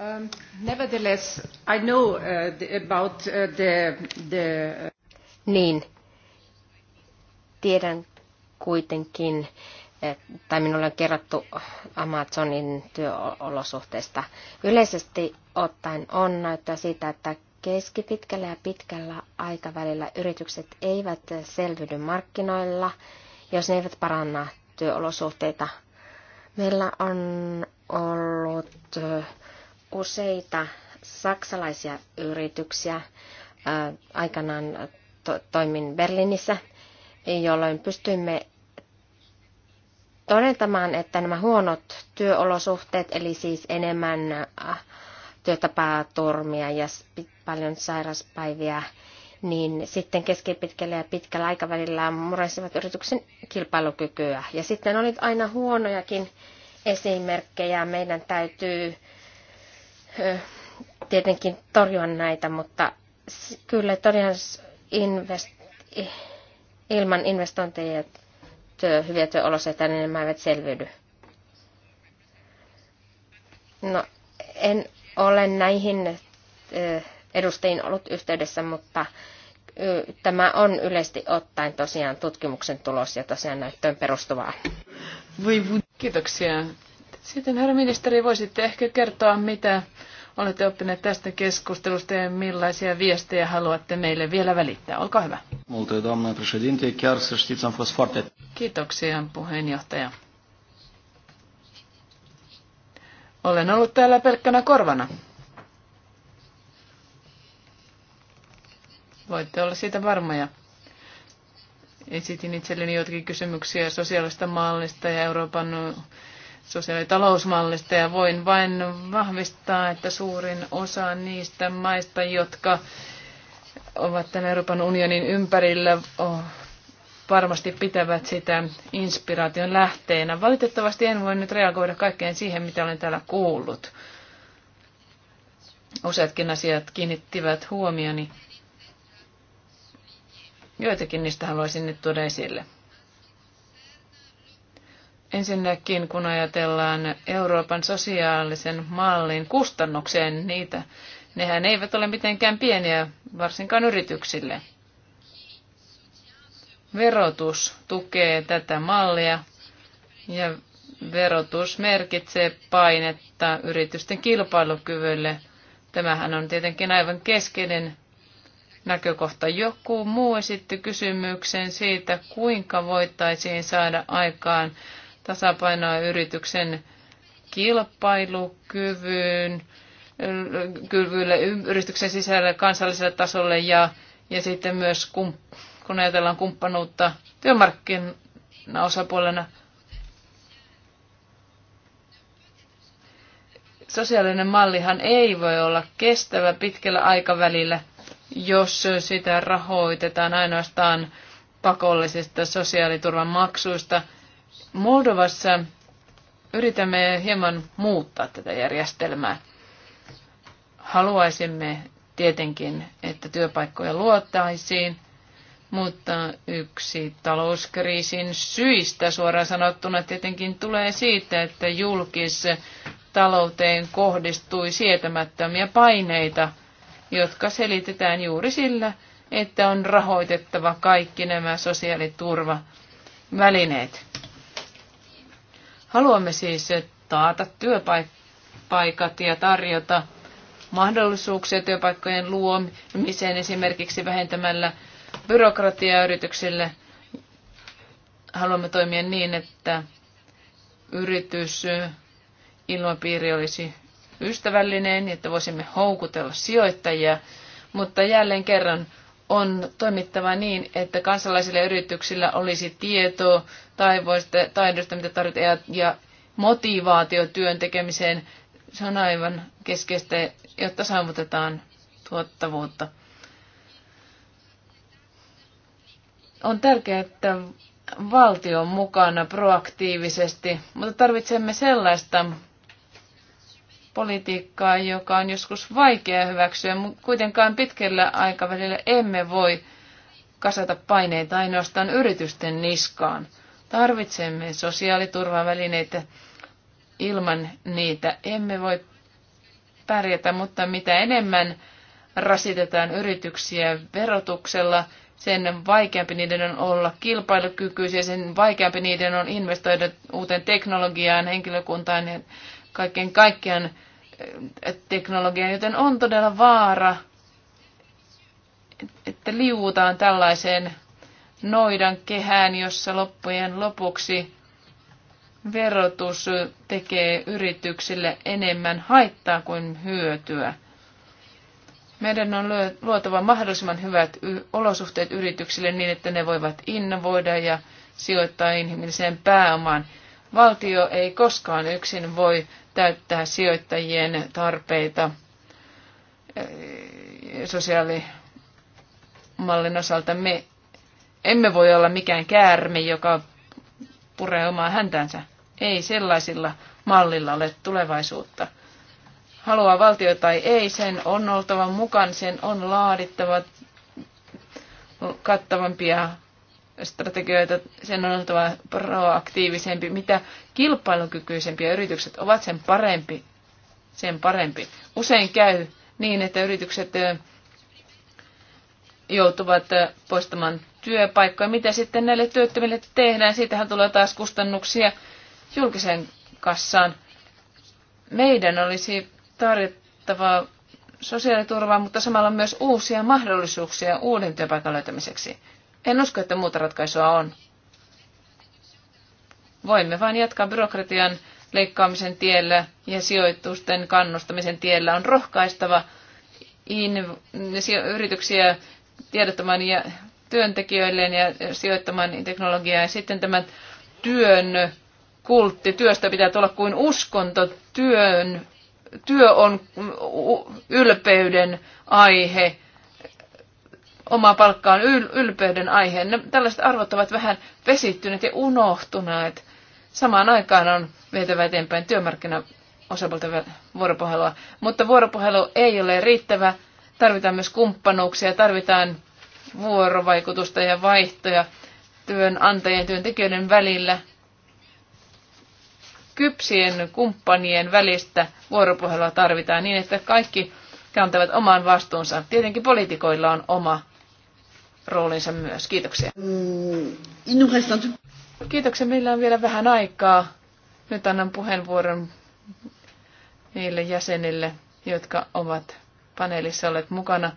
Um, nevertheless, I know uh, about uh, the, the... Uh, niin, tiedän kuitenkin, tai minulle on kerrottu Amazonin työolosuhteista. Yleisesti ottaen on näyttää siitä, että keskipitkällä ja pitkällä aikavälillä yritykset eivät selviydy markkinoilla, jos ne eivät paranna työolosuhteita. Meillä on ollut useita saksalaisia yrityksiä. Aikanaan to- toimin Berliinissä, jolloin pystyimme todentamaan, että nämä huonot työolosuhteet, eli siis enemmän työtapaturmia ja paljon sairaspäiviä, niin sitten keskipitkällä ja pitkällä aikavälillä murensivat yrityksen kilpailukykyä. Ja sitten oli aina huonojakin esimerkkejä. Meidän täytyy tietenkin torjua näitä, mutta kyllä todennäköisesti invest- ilman investointeja työ, hyviä työolosuhteita, niin nämä eivät selviydy. No, en ole näihin edustajiin ollut yhteydessä, mutta tämä on yleisesti ottaen tosiaan tutkimuksen tulos ja tosiaan näyttöön perustuvaa. Kiitoksia sitten herra ministeri, voisitte ehkä kertoa, mitä olette oppineet tästä keskustelusta ja millaisia viestejä haluatte meille vielä välittää. Olkaa hyvä. Multe, Kiitoksia, puheenjohtaja. Olen ollut täällä pelkkänä korvana. Voitte olla siitä varmoja. Esitin itselleni jotkin kysymyksiä sosiaalista mallista ja Euroopan sosiaalitalousmallista ja voin vain vahvistaa, että suurin osa niistä maista, jotka ovat tämän Euroopan unionin ympärillä, varmasti pitävät sitä inspiraation lähteenä. Valitettavasti en voi nyt reagoida kaikkeen siihen, mitä olen täällä kuullut. Useatkin asiat kiinnittivät huomioni. Joitakin niistä haluaisin nyt tuoda esille. Ensinnäkin kun ajatellaan Euroopan sosiaalisen mallin kustannukseen, niitä, nehän eivät ole mitenkään pieniä, varsinkaan yrityksille. Verotus tukee tätä mallia ja verotus merkitsee painetta yritysten kilpailukyvylle. Tämähän on tietenkin aivan keskeinen näkökohta. Joku muu esitti kysymyksen siitä, kuinka voitaisiin saada aikaan tasapainoa yrityksen kilpailukyvyn, kyvylle yrityksen sisällä kansalliselle tasolle ja, ja sitten myös kun, kun ajatellaan kumppanuutta työmarkkinaosapuolena. Sosiaalinen mallihan ei voi olla kestävä pitkällä aikavälillä, jos sitä rahoitetaan ainoastaan pakollisista sosiaaliturvan maksuista – Moldovassa yritämme hieman muuttaa tätä järjestelmää. Haluaisimme tietenkin, että työpaikkoja luottaisiin, mutta yksi talouskriisin syistä suoraan sanottuna tietenkin tulee siitä, että talouteen kohdistui sietämättömiä paineita, jotka selitetään juuri sillä, että on rahoitettava kaikki nämä sosiaaliturvavälineet. Haluamme siis taata työpaikat ja tarjota mahdollisuuksia työpaikkojen luomiseen esimerkiksi vähentämällä byrokratiaa yrityksille. Haluamme toimia niin, että yritys ilmapiiri olisi ystävällinen, että voisimme houkutella sijoittajia, mutta jälleen kerran on toimittava niin, että kansalaisilla ja yrityksillä olisi tietoa taivoista, taidosta, mitä tarvitaan, ja motivaatio työn tekemiseen. Se on aivan keskeistä, jotta saavutetaan tuottavuutta. On tärkeää, että valtio on mukana proaktiivisesti, mutta tarvitsemme sellaista politiikkaa, joka on joskus vaikea hyväksyä, mutta kuitenkaan pitkällä aikavälillä emme voi kasata paineita ainoastaan yritysten niskaan. Tarvitsemme sosiaaliturvavälineitä. Ilman niitä emme voi pärjätä, mutta mitä enemmän rasitetaan yrityksiä verotuksella, sen vaikeampi niiden on olla kilpailukykyisiä, sen vaikeampi niiden on investoida uuteen teknologiaan, henkilökuntaan ja kaiken kaikkiaan eh, teknologiaan, joten on todella vaara, että liuutaan tällaiseen noidan kehään, jossa loppujen lopuksi verotus tekee yrityksille enemmän haittaa kuin hyötyä. Meidän on luotava mahdollisimman hyvät olosuhteet yrityksille niin, että ne voivat innovoida ja sijoittaa inhimilliseen pääomaan. Valtio ei koskaan yksin voi täyttää sijoittajien tarpeita eh, sosiaalimallin osalta. Me emme voi olla mikään käärme, joka puree omaa häntänsä. Ei sellaisilla mallilla ole tulevaisuutta. Haluaa valtio tai ei, sen on oltava mukaan, sen on laadittava kattavampia strategioita, sen on oltava proaktiivisempi. Mitä kilpailukykyisempiä yritykset ovat, sen parempi. Sen parempi. Usein käy niin, että yritykset joutuvat poistamaan työpaikkoja. Mitä sitten näille työttömille tehdään? Siitähän tulee taas kustannuksia julkisen kassaan. Meidän olisi tarjottava sosiaaliturvaa, mutta samalla myös uusia mahdollisuuksia uuden työpaikan löytämiseksi. En usko, että muuta ratkaisua on. Voimme vain jatkaa byrokratian leikkaamisen tiellä ja sijoitusten kannustamisen tiellä. On rohkaistava yrityksiä tiedottamaan ja työntekijöilleen ja sijoittamaan teknologiaa. Ja sitten tämä työn kultti, työstä pitää tulla kuin uskonto, työn, työ on ylpeyden aihe omaa palkkaan ylpeyden aiheen. Tällaiset arvot ovat vähän vesittyneet ja unohtuneet. Samaan aikaan on vietävä eteenpäin työmarkkinaosapuolten vuoropuhelua, mutta vuoropuhelu ei ole riittävä. Tarvitaan myös kumppanuuksia, tarvitaan vuorovaikutusta ja vaihtoja työnantajien ja työntekijöiden välillä kypsien kumppanien välistä vuoropuhelua tarvitaan niin, että kaikki kantavat oman vastuunsa. Tietenkin poliitikoilla on oma roolinsa myös. Kiitoksia. Mm, Kiitoksia, meillä on vielä vähän aikaa. Nyt annan puheenvuoron niille jäsenille, jotka ovat paneelissa olleet mukana.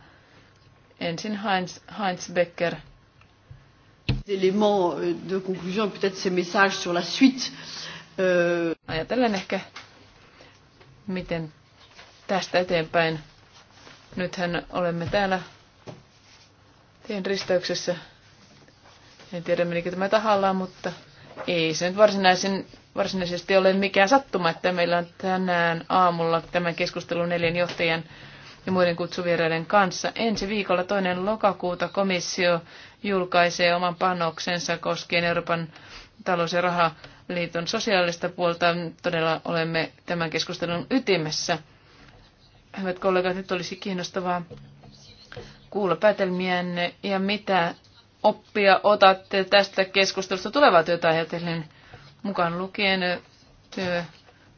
Ensin Heinz, Heinz Becker. Euh, de conclusion, peut-être ces messages sur la suite. Euh... Ajatellen ehkä, miten tästä eteenpäin. Nythän olemme täällä tien risteyksessä. En tiedä menikö tämä tahallaan, mutta ei se nyt varsinaisen, varsinaisesti ole mikään sattuma, että meillä on tänään aamulla tämän keskustelun neljän johtajan ja muiden kutsuvieraiden kanssa. Ensi viikolla toinen lokakuuta komissio julkaisee oman panoksensa koskien Euroopan talous- ja rahaliiton sosiaalista puolta. Todella olemme tämän keskustelun ytimessä. Hyvät kollegat, nyt olisi kiinnostavaa kuulla päätelmiänne ja mitä oppia otatte tästä keskustelusta tulevaa työtä ajatellen mukaan lukien työ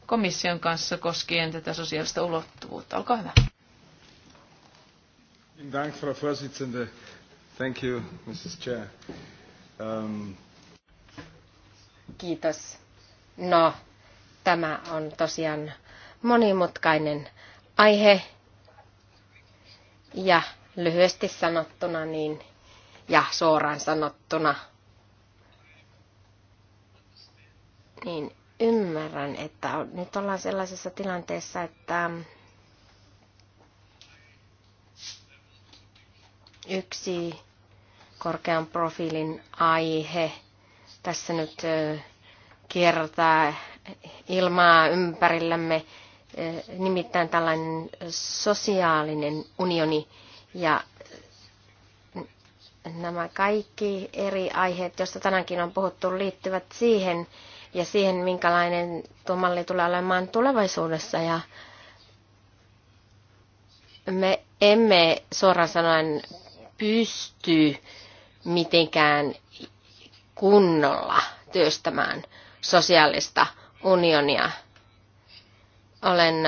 komission kanssa koskien tätä sosiaalista ulottuvuutta. Olkaa hyvä. Thank you, Mrs. Chair. Um... Kiitos. No, tämä on tosiaan monimutkainen aihe ja lyhyesti sanottuna niin, ja suoraan sanottuna, niin ymmärrän, että nyt ollaan sellaisessa tilanteessa, että yksi korkean profiilin aihe tässä nyt kiertää ilmaa ympärillämme, nimittäin tällainen sosiaalinen unioni, ja nämä kaikki eri aiheet, joista tänäänkin on puhuttu, liittyvät siihen ja siihen, minkälainen tuo malli tulee olemaan tulevaisuudessa. Ja me emme suoraan sanoen pysty mitenkään kunnolla työstämään sosiaalista unionia. Olen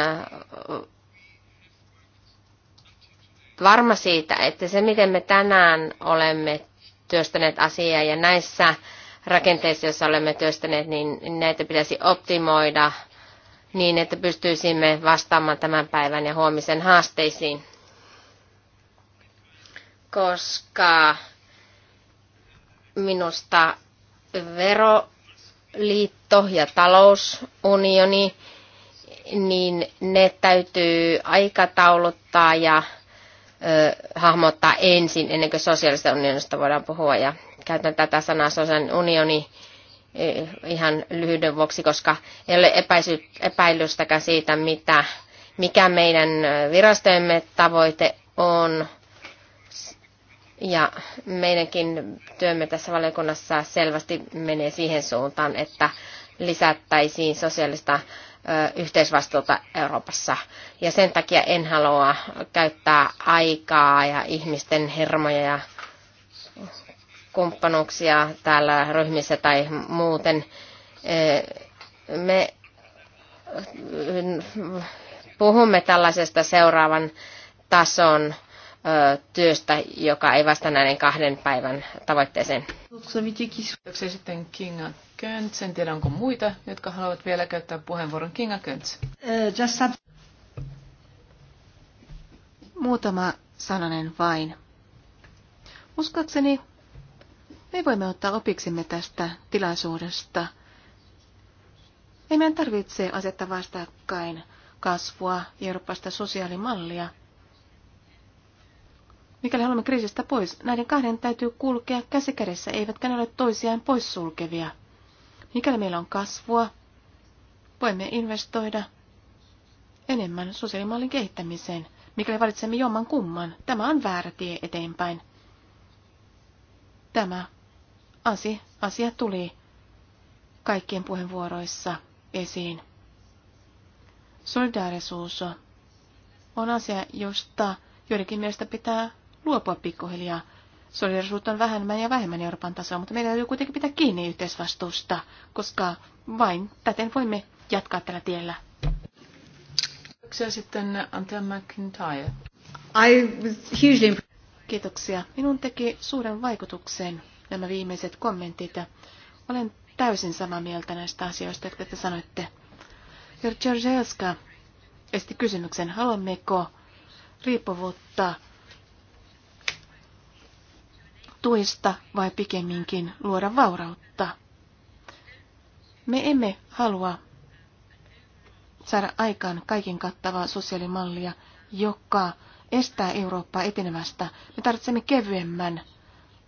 varma siitä, että se miten me tänään olemme työstäneet asiaa ja näissä rakenteissa, joissa olemme työstäneet, niin näitä pitäisi optimoida niin, että pystyisimme vastaamaan tämän päivän ja huomisen haasteisiin. Koska minusta veroliitto ja talousunioni, niin ne täytyy aikatauluttaa ja hahmottaa ensin, ennen kuin sosiaalista unionista voidaan puhua. Ja käytän tätä sanaa sosiaalinen unioni ihan lyhyden vuoksi, koska ei ole epäisy, epäilystäkään siitä, mitä, mikä meidän virastojemme tavoite on. Ja meidänkin työmme tässä valiokunnassa selvästi menee siihen suuntaan, että lisättäisiin sosiaalista yhteisvastuuta Euroopassa. Ja sen takia en halua käyttää aikaa ja ihmisten hermoja ja kumppanuuksia täällä ryhmissä tai muuten. Me puhumme tällaisesta seuraavan tason työstä, joka ei vasta näiden kahden päivän tavoitteeseen. Kiitoksia sitten Kinga Könts. En tiedä, onko muita, jotka haluavat vielä käyttää puheenvuoron. Kinga Könts. Muutama sananen vain. Uskakseni me voimme ottaa opiksimme tästä tilaisuudesta. Ei meidän tarvitse asettaa vastakkain kasvua ja sosiaalimallia – Mikäli haluamme kriisistä pois, näiden kahden täytyy kulkea käsikädessä, eivätkä ne ole toisiaan poissulkevia. Mikäli meillä on kasvua, voimme investoida enemmän sosiaalimallin kehittämiseen. Mikäli valitsemme jomman kumman, tämä on väärä tie eteenpäin. Tämä asia, asia tuli kaikkien puheenvuoroissa esiin. Solidaarisuus on asia, josta joidenkin mielestä pitää luopua pikkuhiljaa. Solidarisuutta on vähemmän ja vähemmän Euroopan tasolla, mutta meidän täytyy kuitenkin pitää kiinni yhteisvastuusta, koska vain täten voimme jatkaa tällä tiellä. Kiitoksia sitten Antia McIntyre. I was hugely... Kiitoksia. Minun teki suuren vaikutuksen nämä viimeiset kommentit. Olen täysin samaa mieltä näistä asioista, että te sanoitte. Georgielska esitti kysymyksen, haluammeko riippuvuutta tuista, vai pikemminkin luoda vaurautta. Me emme halua saada aikaan kaiken kattavaa sosiaalimallia, joka estää Eurooppaa etenemästä. Me tarvitsemme kevyemmän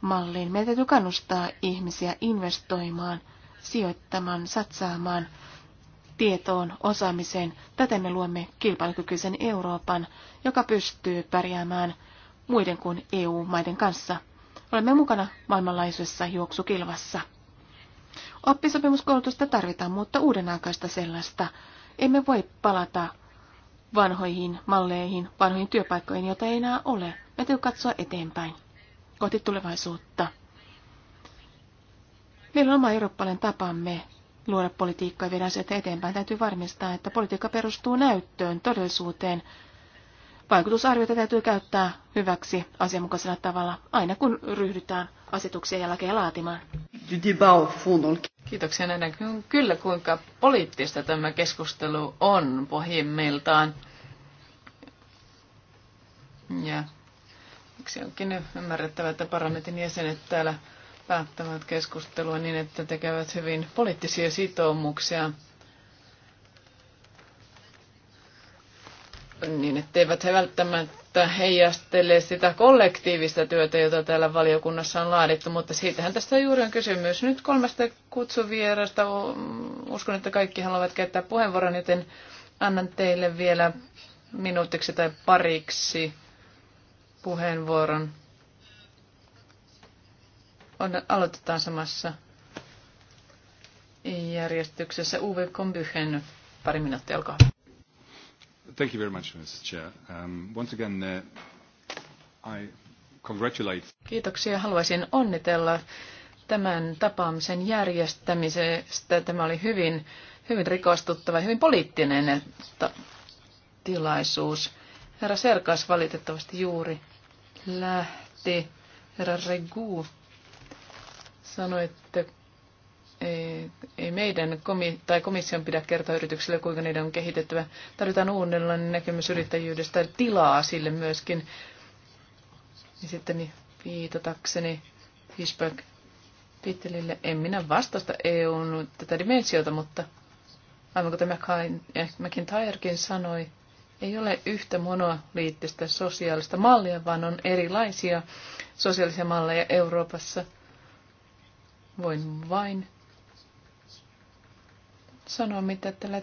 mallin. Meidän täytyy kannustaa ihmisiä investoimaan, sijoittamaan, satsaamaan tietoon, osaamiseen. Täten me luomme kilpailukykyisen Euroopan, joka pystyy pärjäämään muiden kuin EU-maiden kanssa. Olemme mukana maailmanlaajuisessa juoksukilvassa. Oppisopimuskoulutusta tarvitaan, mutta uuden aikaista sellaista. Emme voi palata vanhoihin malleihin, vanhoihin työpaikkoihin, joita ei enää ole. Me täytyy katsoa eteenpäin, kohti tulevaisuutta. Meillä on oma eurooppalainen tapamme luoda politiikkaa ja viedä sieltä eteenpäin. Täytyy varmistaa, että politiikka perustuu näyttöön, todellisuuteen vaikutusarvioita täytyy käyttää hyväksi asianmukaisella tavalla, aina kun ryhdytään asetuksia ja lakeja laatimaan. Kiitoksia Nenä. Kyllä kuinka poliittista tämä keskustelu on pohjimmiltaan. Ja miksi onkin ymmärrettävä, että parlamentin jäsenet täällä päättävät keskustelua niin, että tekevät hyvin poliittisia sitoumuksia niin etteivät he välttämättä heijastele sitä kollektiivista työtä, jota täällä valiokunnassa on laadittu, mutta siitähän tästä juuri on kysymys. Nyt kolmesta kutsuvierasta, uskon, että kaikki haluavat käyttää puheenvuoron, joten annan teille vielä minuutiksi tai pariksi puheenvuoron. On, aloitetaan samassa järjestyksessä. Uwe Kombyhen, pari minuuttia, olkaa Thank you very much, Mr. Chair. Um, once again, uh, I congratulate... Kiitoksia. Haluaisin onnitella tämän tapaamisen järjestämisestä. Tämä oli hyvin, hyvin rikastuttava ja hyvin poliittinen tilaisuus. Herra Serkas valitettavasti juuri lähti. Herra Regu sanoi, että ei ei meidän komi- tai komission pidä kertoa yrityksille, kuinka niiden on kehitettävä. Tarvitaan uudenlainen näkemys yrittäjyydestä tilaa sille myöskin. Ja sitten niin viitatakseni Fishback Pittelille, en minä vastasta EUn tätä dimensiota, mutta aivan kuten eh, McIntyrekin sanoi, ei ole yhtä monoliittistä sosiaalista mallia, vaan on erilaisia sosiaalisia malleja Euroopassa. Voin vain sanoa, mitä tällä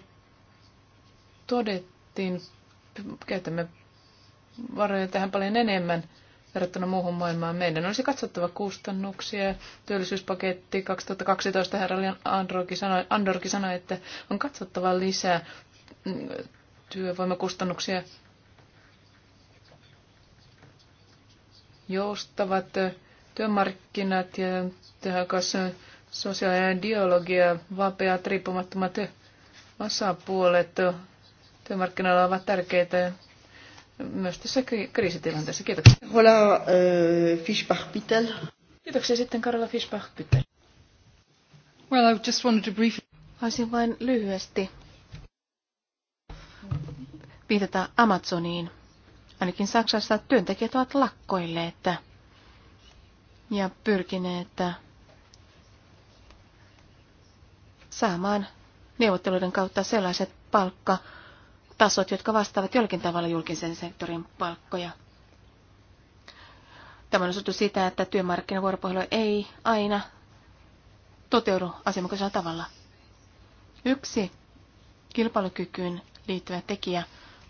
todettiin. Käytämme varoja tähän paljon enemmän verrattuna muuhun maailmaan. Meidän olisi katsottava kustannuksia. Työllisyyspaketti 2012 herra Androki sanoi, Andorki sanoi, että on katsottava lisää mm, työvoimakustannuksia. Joustavat työmarkkinat ja tehokas sosiaalinen dialogia, vapeat riippumattomat osapuolet työmarkkinoilla ovat tärkeitä myös tässä kriisitilanteessa. Kiitoksia. Hola, euh, Fischbach-Pitel. Kiitoksia sitten Karola Fischbach-Pitel. Well, I just wanted to brief... Haluaisin vain lyhyesti viitata Amazoniin. Ainakin Saksassa työntekijät ovat lakkoilleet ja pyrkineet saamaan neuvotteluiden kautta sellaiset palkkatasot, jotka vastaavat jollakin tavalla julkisen sektorin palkkoja. Tämä on osoitus sitä, että työmarkkinavuoropuhelu ei aina toteudu asianmukaisella tavalla. Yksi kilpailukykyyn liittyvä tekijä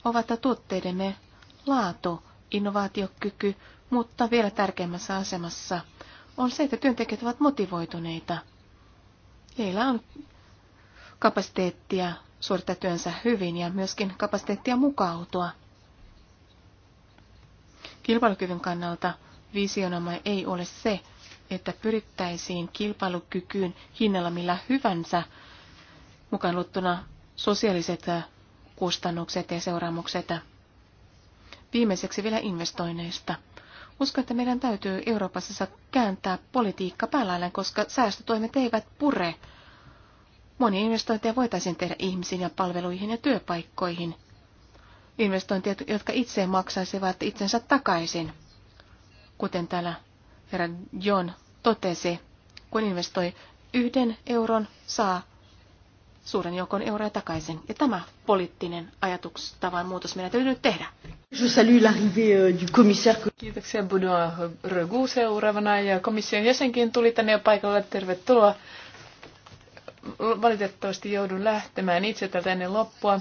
ovat tuotteidemme laatu, innovaatiokyky, mutta vielä tärkeimmässä asemassa on se, että työntekijät ovat motivoituneita. Heillä on kapasiteettia suorittaa työnsä hyvin ja myöskin kapasiteettia mukautua. Kilpailukyvyn kannalta visionoma ei ole se, että pyrittäisiin kilpailukykyyn hinnalla millä hyvänsä, mukaan luttuna sosiaaliset kustannukset ja seuraamukset. Viimeiseksi vielä investoinneista. Uskon, että meidän täytyy Euroopassa kääntää politiikka päälailleen, koska säästötoimet eivät pure Monia investointeja voitaisiin tehdä ihmisiin ja palveluihin ja työpaikkoihin. Investointeja, jotka itse maksaisivat itsensä takaisin. Kuten täällä herra John totesi, kun investoi yhden euron, saa suuren joukon euroja takaisin. Ja tämä poliittinen ajatustavan muutos meidän täytyy nyt tehdä. Euh, Kiitoksia Bruno Regu seuraavana ja komission jäsenkin tuli tänne jo paikalle. Tervetuloa valitettavasti joudun lähtemään itse tältä ennen loppua.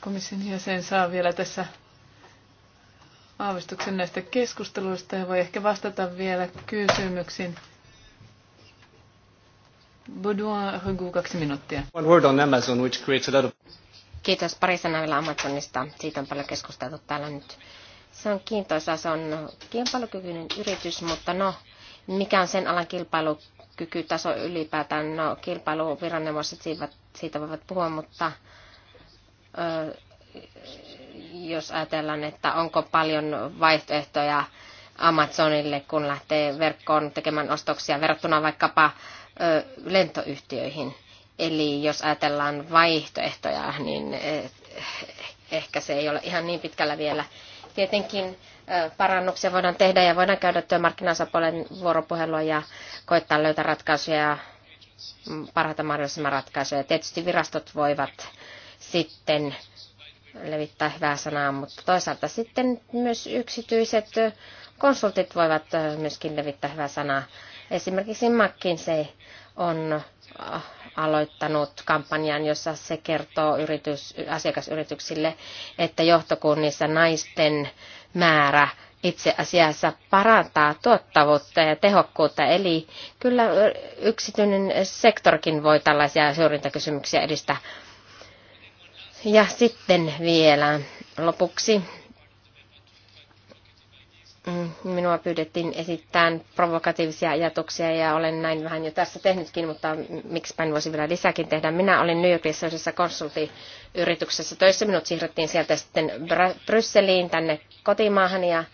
Komission jäsen saa vielä tässä aavistuksen näistä keskusteluista ja voi ehkä vastata vielä kysymyksiin. Baudouin Hugu, kaksi minuuttia. One word on Amazon, which creates a lot of... Kiitos pari sanaa vielä Amazonista. Siitä on paljon keskusteltu täällä nyt. Se on kiintoisa, se on kilpailukykyinen yritys, mutta no, mikä on sen alan kilpailu kykytaso ylipäätään, no kilpailuviranomaiset siitä, siitä voivat puhua, mutta ö, jos ajatellaan, että onko paljon vaihtoehtoja Amazonille, kun lähtee verkkoon tekemään ostoksia verrattuna vaikkapa ö, lentoyhtiöihin. Eli jos ajatellaan vaihtoehtoja, niin eh, ehkä se ei ole ihan niin pitkällä vielä Tietenkin parannuksia voidaan tehdä ja voidaan käydä työmarkkinaosapuolen vuoropuhelua ja koittaa löytää ratkaisuja ja mm, parhaita mahdollisimman ratkaisuja. Tietysti virastot voivat sitten levittää hyvää sanaa, mutta toisaalta sitten myös yksityiset konsultit voivat myöskin levittää hyvää sanaa. Esimerkiksi McKinsey on äh, aloittanut kampanjan, jossa se kertoo yritys, asiakasyrityksille, että johtokunnissa naisten määrä itse asiassa parantaa tuottavuutta ja tehokkuutta. Eli kyllä yksityinen sektorikin voi tällaisia syrjintäkysymyksiä edistää. Ja sitten vielä lopuksi Mm, minua pyydettiin esittämään provokatiivisia ajatuksia ja olen näin vähän jo tässä tehnytkin, mutta miksi en voisi vielä lisääkin tehdä. Minä olin New Yorkissa yhdessä konsulttiyrityksessä töissä. Minut siirrettiin sieltä sitten Brysseliin tänne kotimaahan ja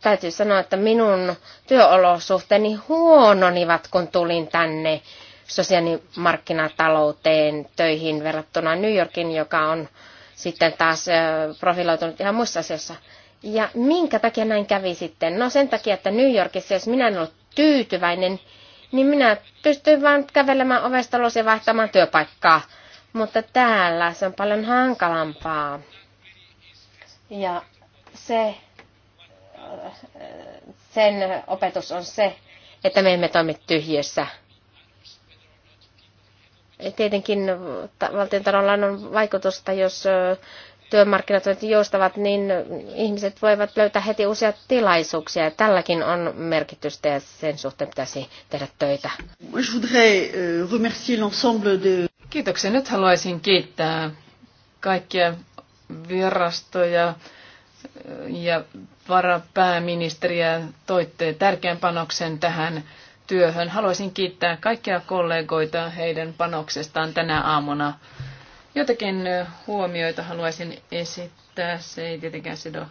täytyy sanoa, että minun työolosuhteeni huononivat, kun tulin tänne sosiaalimarkkinatalouteen töihin verrattuna New Yorkin, joka on sitten taas profiloitunut ihan muissa asioissa. Ja minkä takia näin kävi sitten? No sen takia, että New Yorkissa, jos minä en ollut tyytyväinen, niin minä pystyn vain kävelemään ovesta ulos ja vaihtamaan työpaikkaa. Mutta täällä se on paljon hankalampaa. Ja se, sen opetus on se, että me emme toimi tyhjössä. Tietenkin valtiontalolla on vaikutusta, jos työmarkkinat ovat joustavat, niin ihmiset voivat löytää heti uusia tilaisuuksia. Tälläkin on merkitystä ja sen suhteen pitäisi tehdä töitä. Euh, Kiitoksia. Nyt haluaisin kiittää kaikkia virastoja ja varapääministeriä toitte tärkeän panoksen tähän työhön. Haluaisin kiittää kaikkia kollegoita heidän panoksestaan tänä aamuna. Jotakin huomioita haluaisin esittää. Se ei tietenkään sido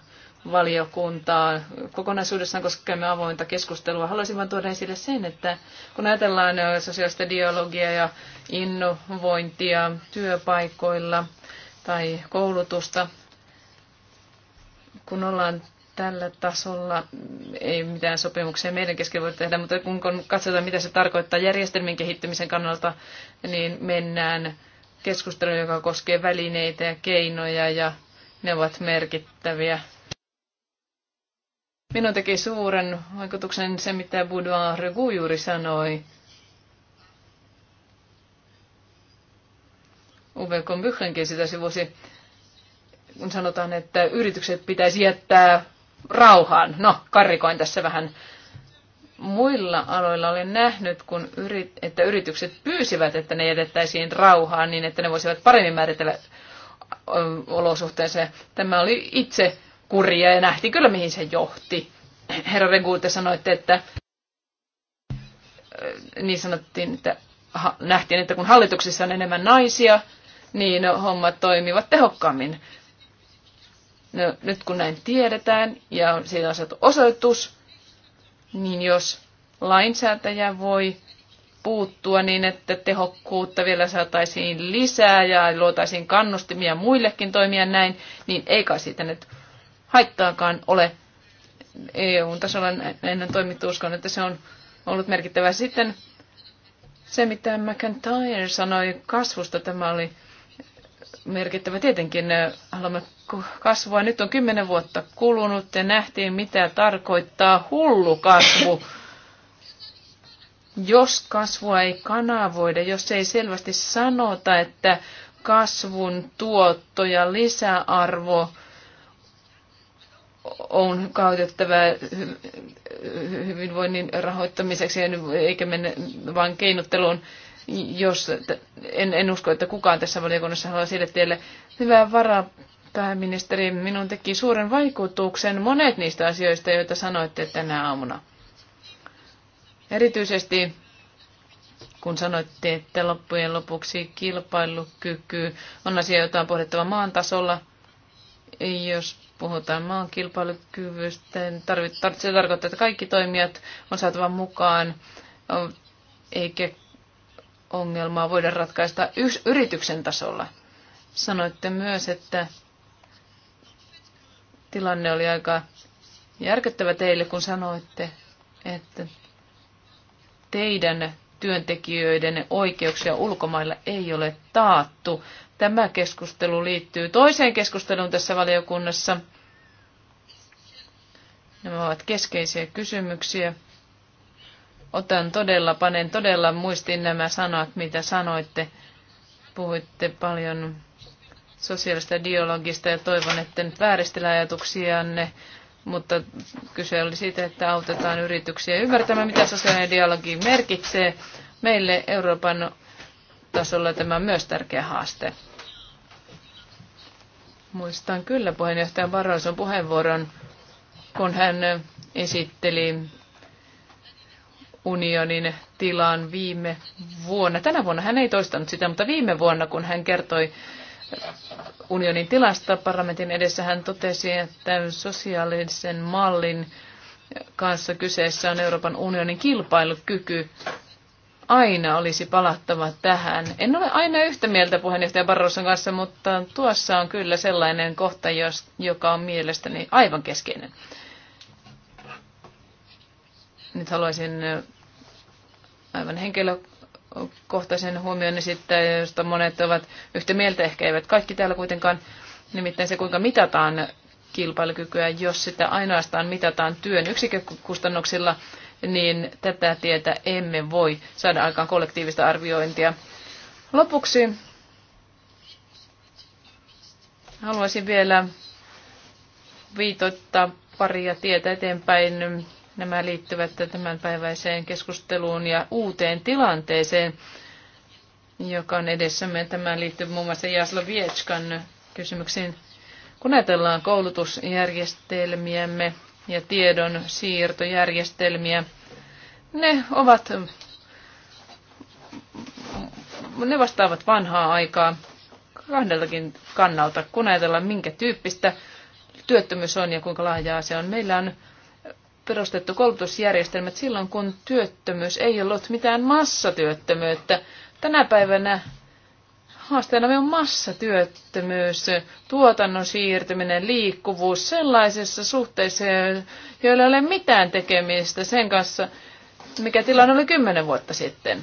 valiokuntaa kokonaisuudessaan, koska käymme avointa keskustelua. Haluaisin vain tuoda esille sen, että kun ajatellaan sosiaalista dialogia ja innovointia työpaikoilla tai koulutusta, kun ollaan tällä tasolla, ei mitään sopimuksia meidän kesken voi tehdä, mutta kun katsotaan, mitä se tarkoittaa järjestelmien kehittymisen kannalta, niin mennään keskustelu, joka koskee välineitä ja keinoja ja ne ovat merkittäviä. Minun teki suuren vaikutuksen se, mitä Boudoir Regu juuri sanoi. Uwe Kombychenkin sitä sivusi, kun sanotaan, että yritykset pitäisi jättää rauhaan. No, karrikoin tässä vähän muilla aloilla olen nähnyt, kun yrit, että yritykset pyysivät, että ne jätettäisiin rauhaan niin, että ne voisivat paremmin määritellä olosuhteensa. Tämä oli itse kurja ja nähtiin kyllä, mihin se johti. Herra Regulte te sanoitte, että niin sanottiin, että nähtiin, että kun hallituksissa on enemmän naisia, niin hommat toimivat tehokkaammin. No, nyt kun näin tiedetään ja siinä on saatu osoitus, niin jos lainsäätäjä voi puuttua niin, että tehokkuutta vielä saataisiin lisää ja luotaisiin kannustimia muillekin toimia näin, niin ei kai siitä nyt haittaakaan ole. EU-tasolla ennen toimittu uskon, että se on ollut merkittävä. Sitten se, mitä McIntyre sanoi kasvusta, tämä oli merkittävä. Tietenkin äh, haluamme kasvua. Nyt on kymmenen vuotta kulunut ja nähtiin, mitä tarkoittaa hullu kasvu. Jos kasvua ei kanavoida, jos ei selvästi sanota, että kasvun tuotto ja lisäarvo on käytettävä hyvinvoinnin rahoittamiseksi, eikä mennä vain keinotteluun, jos en, en usko, että kukaan tässä valiokunnassa haluaa sille tielle. Hyvää varaa Pääministeri, minun teki suuren vaikutuksen monet niistä asioista, joita sanoitte tänä aamuna. Erityisesti kun sanoitte, että loppujen lopuksi kilpailukyky on asia, jota on pohdittava maan tasolla. Jos puhutaan maan kilpailukyvystä, niin se tarkoittaa, että kaikki toimijat on saatava mukaan, eikä ongelmaa voida ratkaista yrityksen tasolla. Sanoitte myös, että tilanne oli aika järkyttävä teille, kun sanoitte, että teidän työntekijöiden oikeuksia ulkomailla ei ole taattu. Tämä keskustelu liittyy toiseen keskusteluun tässä valiokunnassa. Nämä ovat keskeisiä kysymyksiä. Otan todella, panen todella muistiin nämä sanat, mitä sanoitte. Puhuitte paljon sosiaalista dialogista ja toivon, että nyt vääristellä ajatuksianne, mutta kyse oli siitä, että autetaan yrityksiä ymmärtämään, mitä sosiaalinen dialogi merkitsee. Meille Euroopan tasolla tämä on myös tärkeä haaste. Muistan kyllä puheenjohtajan Barroson puheenvuoron, kun hän esitteli unionin tilan viime vuonna. Tänä vuonna hän ei toistanut sitä, mutta viime vuonna, kun hän kertoi unionin tilasta parlamentin edessä hän totesi, että sosiaalisen mallin kanssa kyseessä on Euroopan unionin kilpailukyky. Aina olisi palattava tähän. En ole aina yhtä mieltä puheenjohtaja Barroson kanssa, mutta tuossa on kyllä sellainen kohta, joka on mielestäni aivan keskeinen. Nyt haluaisin äh, aivan henkilö, kohtaisen huomioon esittää, josta monet ovat yhtä mieltä, ehkä eivät kaikki täällä kuitenkaan, nimittäin se kuinka mitataan kilpailukykyä, jos sitä ainoastaan mitataan työn yksikkökustannuksilla, niin tätä tietä emme voi saada aikaan kollektiivista arviointia. Lopuksi haluaisin vielä viitoittaa paria tietä eteenpäin Nämä liittyvät tämänpäiväiseen keskusteluun ja uuteen tilanteeseen, joka on edessämme. Tämä liittyy muun muassa Jaslo Vietskan kysymyksiin. Kun ajatellaan koulutusjärjestelmiämme ja tiedon siirtojärjestelmiä, ne ovat ne vastaavat vanhaa aikaa kahdeltakin kannalta, kun ajatellaan minkä tyyppistä työttömyys on ja kuinka laajaa se on. Meillä on perustettu koulutusjärjestelmät silloin, kun työttömyys ei ollut mitään massatyöttömyyttä. Tänä päivänä haasteena on massatyöttömyys, tuotannon siirtyminen, liikkuvuus sellaisessa suhteissa, joilla ei ole mitään tekemistä sen kanssa, mikä tilanne oli kymmenen vuotta sitten.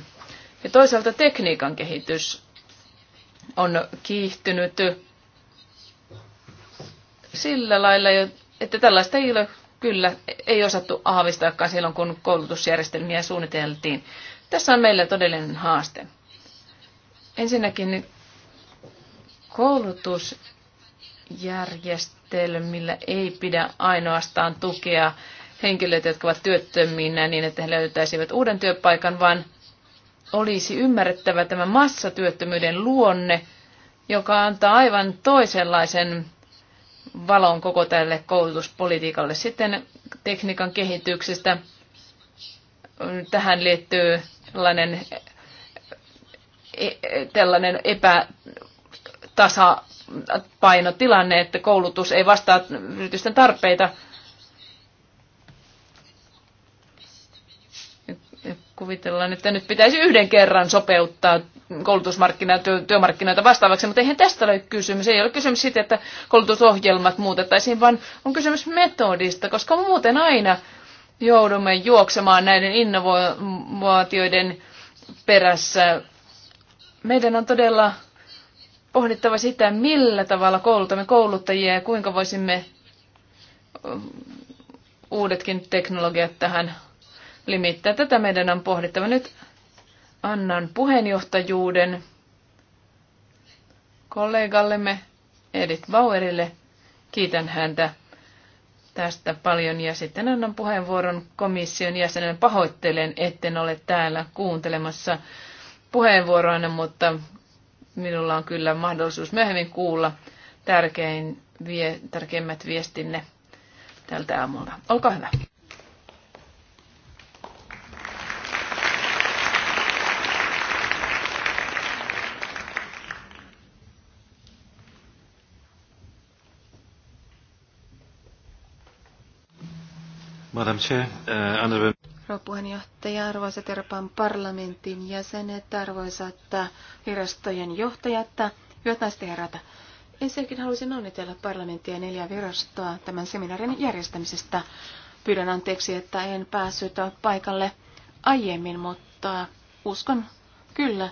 Ja toisaalta tekniikan kehitys on kiihtynyt sillä lailla, että tällaista ei ole kyllä ei osattu aavistaakaan silloin, kun koulutusjärjestelmiä suunniteltiin. Tässä on meillä todellinen haaste. Ensinnäkin koulutusjärjestelmillä ei pidä ainoastaan tukea henkilöitä, jotka ovat työttöminä niin, että he löytäisivät uuden työpaikan, vaan olisi ymmärrettävä tämä massatyöttömyyden luonne, joka antaa aivan toisenlaisen valon koko tälle koulutuspolitiikalle. Sitten tekniikan kehityksestä. Tähän liittyy tällainen, e, tällainen epätasapainotilanne, että koulutus ei vastaa yritysten tarpeita. Kuvitellaan, että nyt pitäisi yhden kerran sopeuttaa koulutusmarkkinoita, työmarkkinoita vastaavaksi, mutta eihän tästä ole kysymys. Ei ole kysymys siitä, että koulutusohjelmat muutettaisiin, vaan on kysymys metodista, koska muuten aina joudumme juoksemaan näiden innovaatioiden perässä. Meidän on todella pohdittava sitä, millä tavalla koulutamme kouluttajia ja kuinka voisimme uudetkin teknologiat tähän limittää. Tätä meidän on pohdittava. Nyt annan puheenjohtajuuden kollegallemme Edith Bauerille. Kiitän häntä tästä paljon ja sitten annan puheenvuoron komission jäsenen. Pahoittelen, etten ole täällä kuuntelemassa puheenvuoroina, mutta minulla on kyllä mahdollisuus myöhemmin kuulla tärkein, vie, tärkeimmät viestinne tältä aamulta. Olkaa hyvä. Madam Chair, uh, Rouva puheenjohtaja, arvoisat Euroopan parlamentin jäsenet, arvoisat eh, virastojen johtajat, hyvät naiset ja herrat. Ensinnäkin haluaisin onnitella parlamenttia neljä virastoa tämän seminaarin järjestämisestä. Pyydän anteeksi, että en päässyt paikalle aiemmin, mutta uskon kyllä,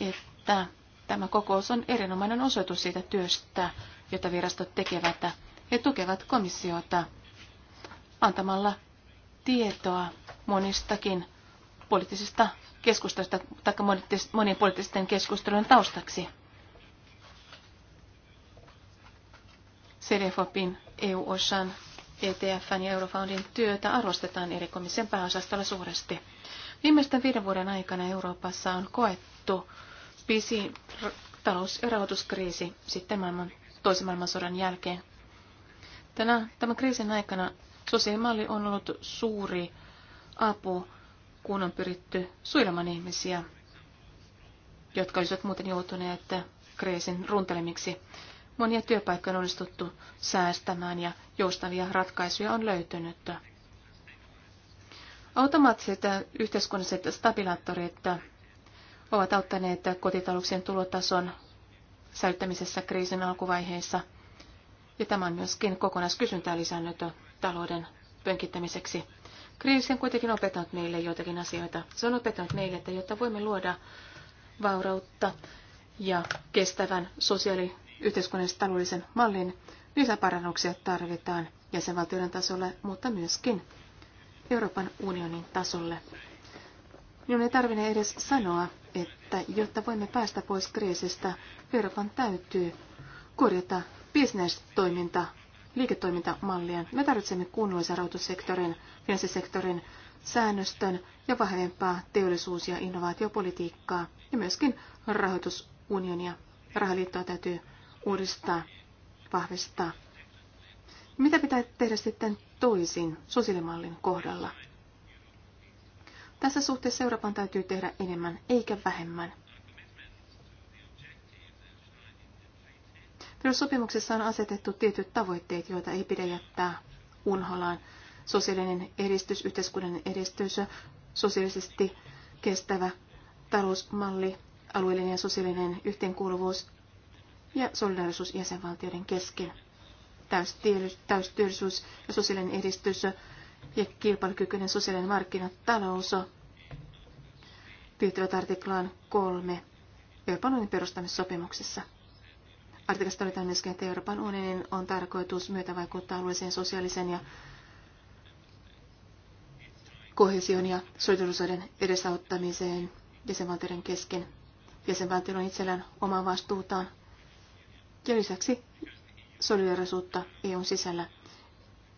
että tämä kokous on erinomainen osoitus siitä työstä, jota virastot tekevät. He tukevat komissiota antamalla tietoa monistakin poliittisista keskusteluista tai monien poliittisten keskustelujen taustaksi. CDFOPin, EU-OSHAN, ETFn ja Eurofoundin työtä arvostetaan eri komission pääosastolla suuresti. Viimeisten viiden vuoden aikana Euroopassa on koettu pisi talous- ja rahoituskriisi sitten maailman, toisen maailmansodan jälkeen. Tänä, tämän kriisin aikana Sosiaalimalli on ollut suuri apu, kun on pyritty suojelemaan ihmisiä, jotka olisivat muuten joutuneet kriisin runtelemiksi. Monia työpaikkoja on onnistuttu säästämään ja joustavia ratkaisuja on löytynyt. Automaattiset yhteiskunnalliset stabilaattorit ovat auttaneet kotitalouksien tulotason säilyttämisessä kriisin alkuvaiheessa – ja tämä on myöskin kokonaiskysyntää lisännyt talouden pönkittämiseksi. Kriisi on kuitenkin opettanut meille joitakin asioita. Se on opettanut meille, että jotta voimme luoda vaurautta ja kestävän sosiaali- yhteiskunnallisen taloudellisen mallin, lisäparannuksia tarvitaan jäsenvaltioiden tasolle, mutta myöskin Euroopan unionin tasolle. Minun ei tarvitse edes sanoa, että jotta voimme päästä pois kriisistä, Euroopan täytyy korjata bisnestoiminta, liiketoimintamallien. Me tarvitsemme kunnollisen rahoitussektorin, finanssisektorin säännöstön ja vahvempaa teollisuus- ja innovaatiopolitiikkaa. Ja myöskin rahoitusunionia, rahaliittoa täytyy uudistaa, vahvistaa. Mitä pitää tehdä sitten toisin sosiaalimallin kohdalla? Tässä suhteessa Euroopan täytyy tehdä enemmän eikä vähemmän. Perussopimuksessa on asetettu tietyt tavoitteet, joita ei pidä jättää unholaan. Sosiaalinen edistys, yhteiskunnan edistys, sosiaalisesti kestävä talousmalli, alueellinen ja sosiaalinen yhteenkuuluvuus ja solidaarisuus jäsenvaltioiden kesken. Täystyöllisyys ja sosiaalinen edistys ja kilpailukykyinen sosiaalinen markkinatalous liittyvät artiklaan kolme Euroopan unionin perustamissopimuksessa. Artikassa todetaan myöskin, että Euroopan unionin on tarkoitus myötävaikuttaa alueeseen sosiaalisen ja kohesion ja solidarisuuden edesauttamiseen jäsenvaltioiden kesken. Jäsenvaltio on itsellään omaa vastuutaan ja lisäksi solidarisuutta EUn sisällä.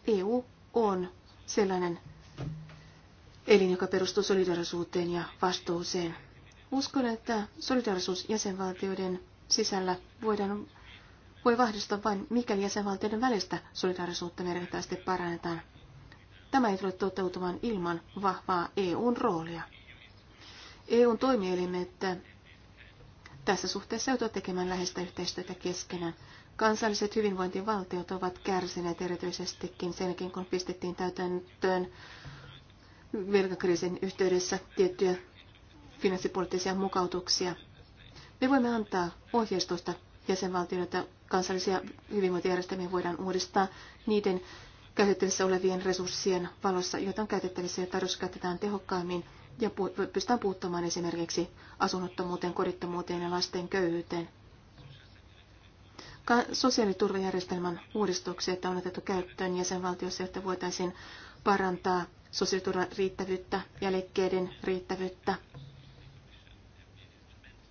EU on sellainen elin, joka perustuu solidarisuuteen ja vastuuseen. Uskon, että solidarisuus jäsenvaltioiden sisällä voidaan voi vahvistaa vain, mikäli jäsenvaltioiden välistä solidaarisuutta merkittävästi parannetaan. Tämä ei tule toteutumaan ilman vahvaa EUn roolia. EUn toimielimet tässä suhteessa joutuvat tekemään läheistä yhteistyötä keskenään. Kansalliset hyvinvointivaltiot ovat kärsineet erityisestikin senkin kun pistettiin täytäntöön velkakriisin yhteydessä tiettyjä finanssipoliittisia mukautuksia. Me voimme antaa ohjeistusta jäsenvaltioita kansallisia hyvinvointijärjestelmiä voidaan uudistaa niiden käytettävissä olevien resurssien valossa, joita on käytettävissä ja tarjous käytetään tehokkaammin ja pystytään puuttumaan esimerkiksi asunnottomuuteen, kodittomuuteen ja lasten köyhyyteen. Sosiaaliturvajärjestelmän uudistukset on otettu käyttöön jäsenvaltiossa, jotta voitaisiin parantaa sosiaaliturvan riittävyyttä ja liikkeiden riittävyyttä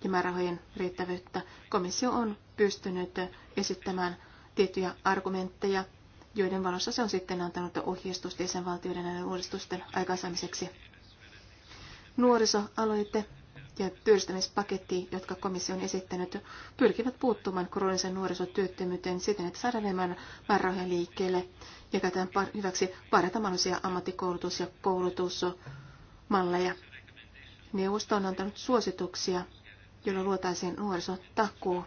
ja määrärahojen riittävyyttä. Komissio on pystynyt esittämään tiettyjä argumentteja, joiden valossa se on sitten antanut ohjeistusta jäsenvaltioiden näiden uudistusten aikaansaamiseksi. Nuorisoaloite ja työllistämispaketti, jotka komissio on esittänyt, pyrkivät puuttumaan kroonisen nuorisotyöttömyyteen siten, että saadaan enemmän määrärahoja liikkeelle ja käytetään hyväksi parhaita mahdollisia ammattikoulutus- ja koulutusmalleja. Neuvosto on antanut suosituksia jolla luotaisiin nuorisotakuu.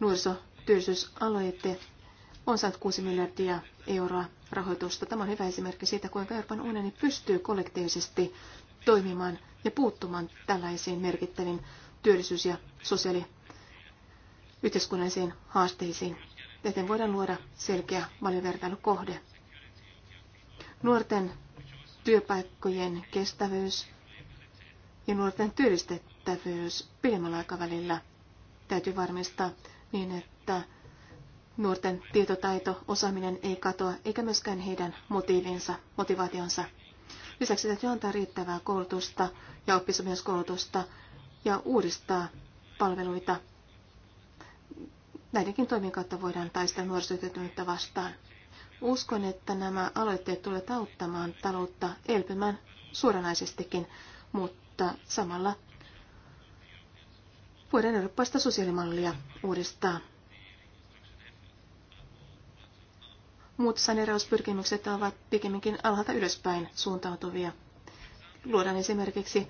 Nuorisotyöllisyysaloite on saanut 6 miljardia euroa rahoitusta. Tämä on hyvä esimerkki siitä, kuinka Euroopan unioni pystyy kollektiivisesti toimimaan ja puuttumaan tällaisiin merkittäviin työllisyys- ja sosiaali- yhteiskunnallisiin haasteisiin. Täten voidaan luoda selkeä valivertailukohde. Nuorten työpaikkojen kestävyys ja nuorten työllistettävyys pidemmällä aikavälillä täytyy varmistaa niin, että nuorten tietotaito, osaaminen ei katoa, eikä myöskään heidän motiivinsa, motivaationsa. Lisäksi täytyy antaa riittävää koulutusta ja oppisopimuskoulutusta ja uudistaa palveluita. Näidenkin toimien kautta voidaan taistella nuorisotyöttömyyttä vastaan. Uskon, että nämä aloitteet tulevat auttamaan taloutta elpymään suoranaisestikin, mutta mutta samalla voidaan eurooppaista sosiaalimallia uudistaa. Muut saneerauspyrkimykset ovat pikemminkin alhaalta ylöspäin suuntautuvia. Luodaan esimerkiksi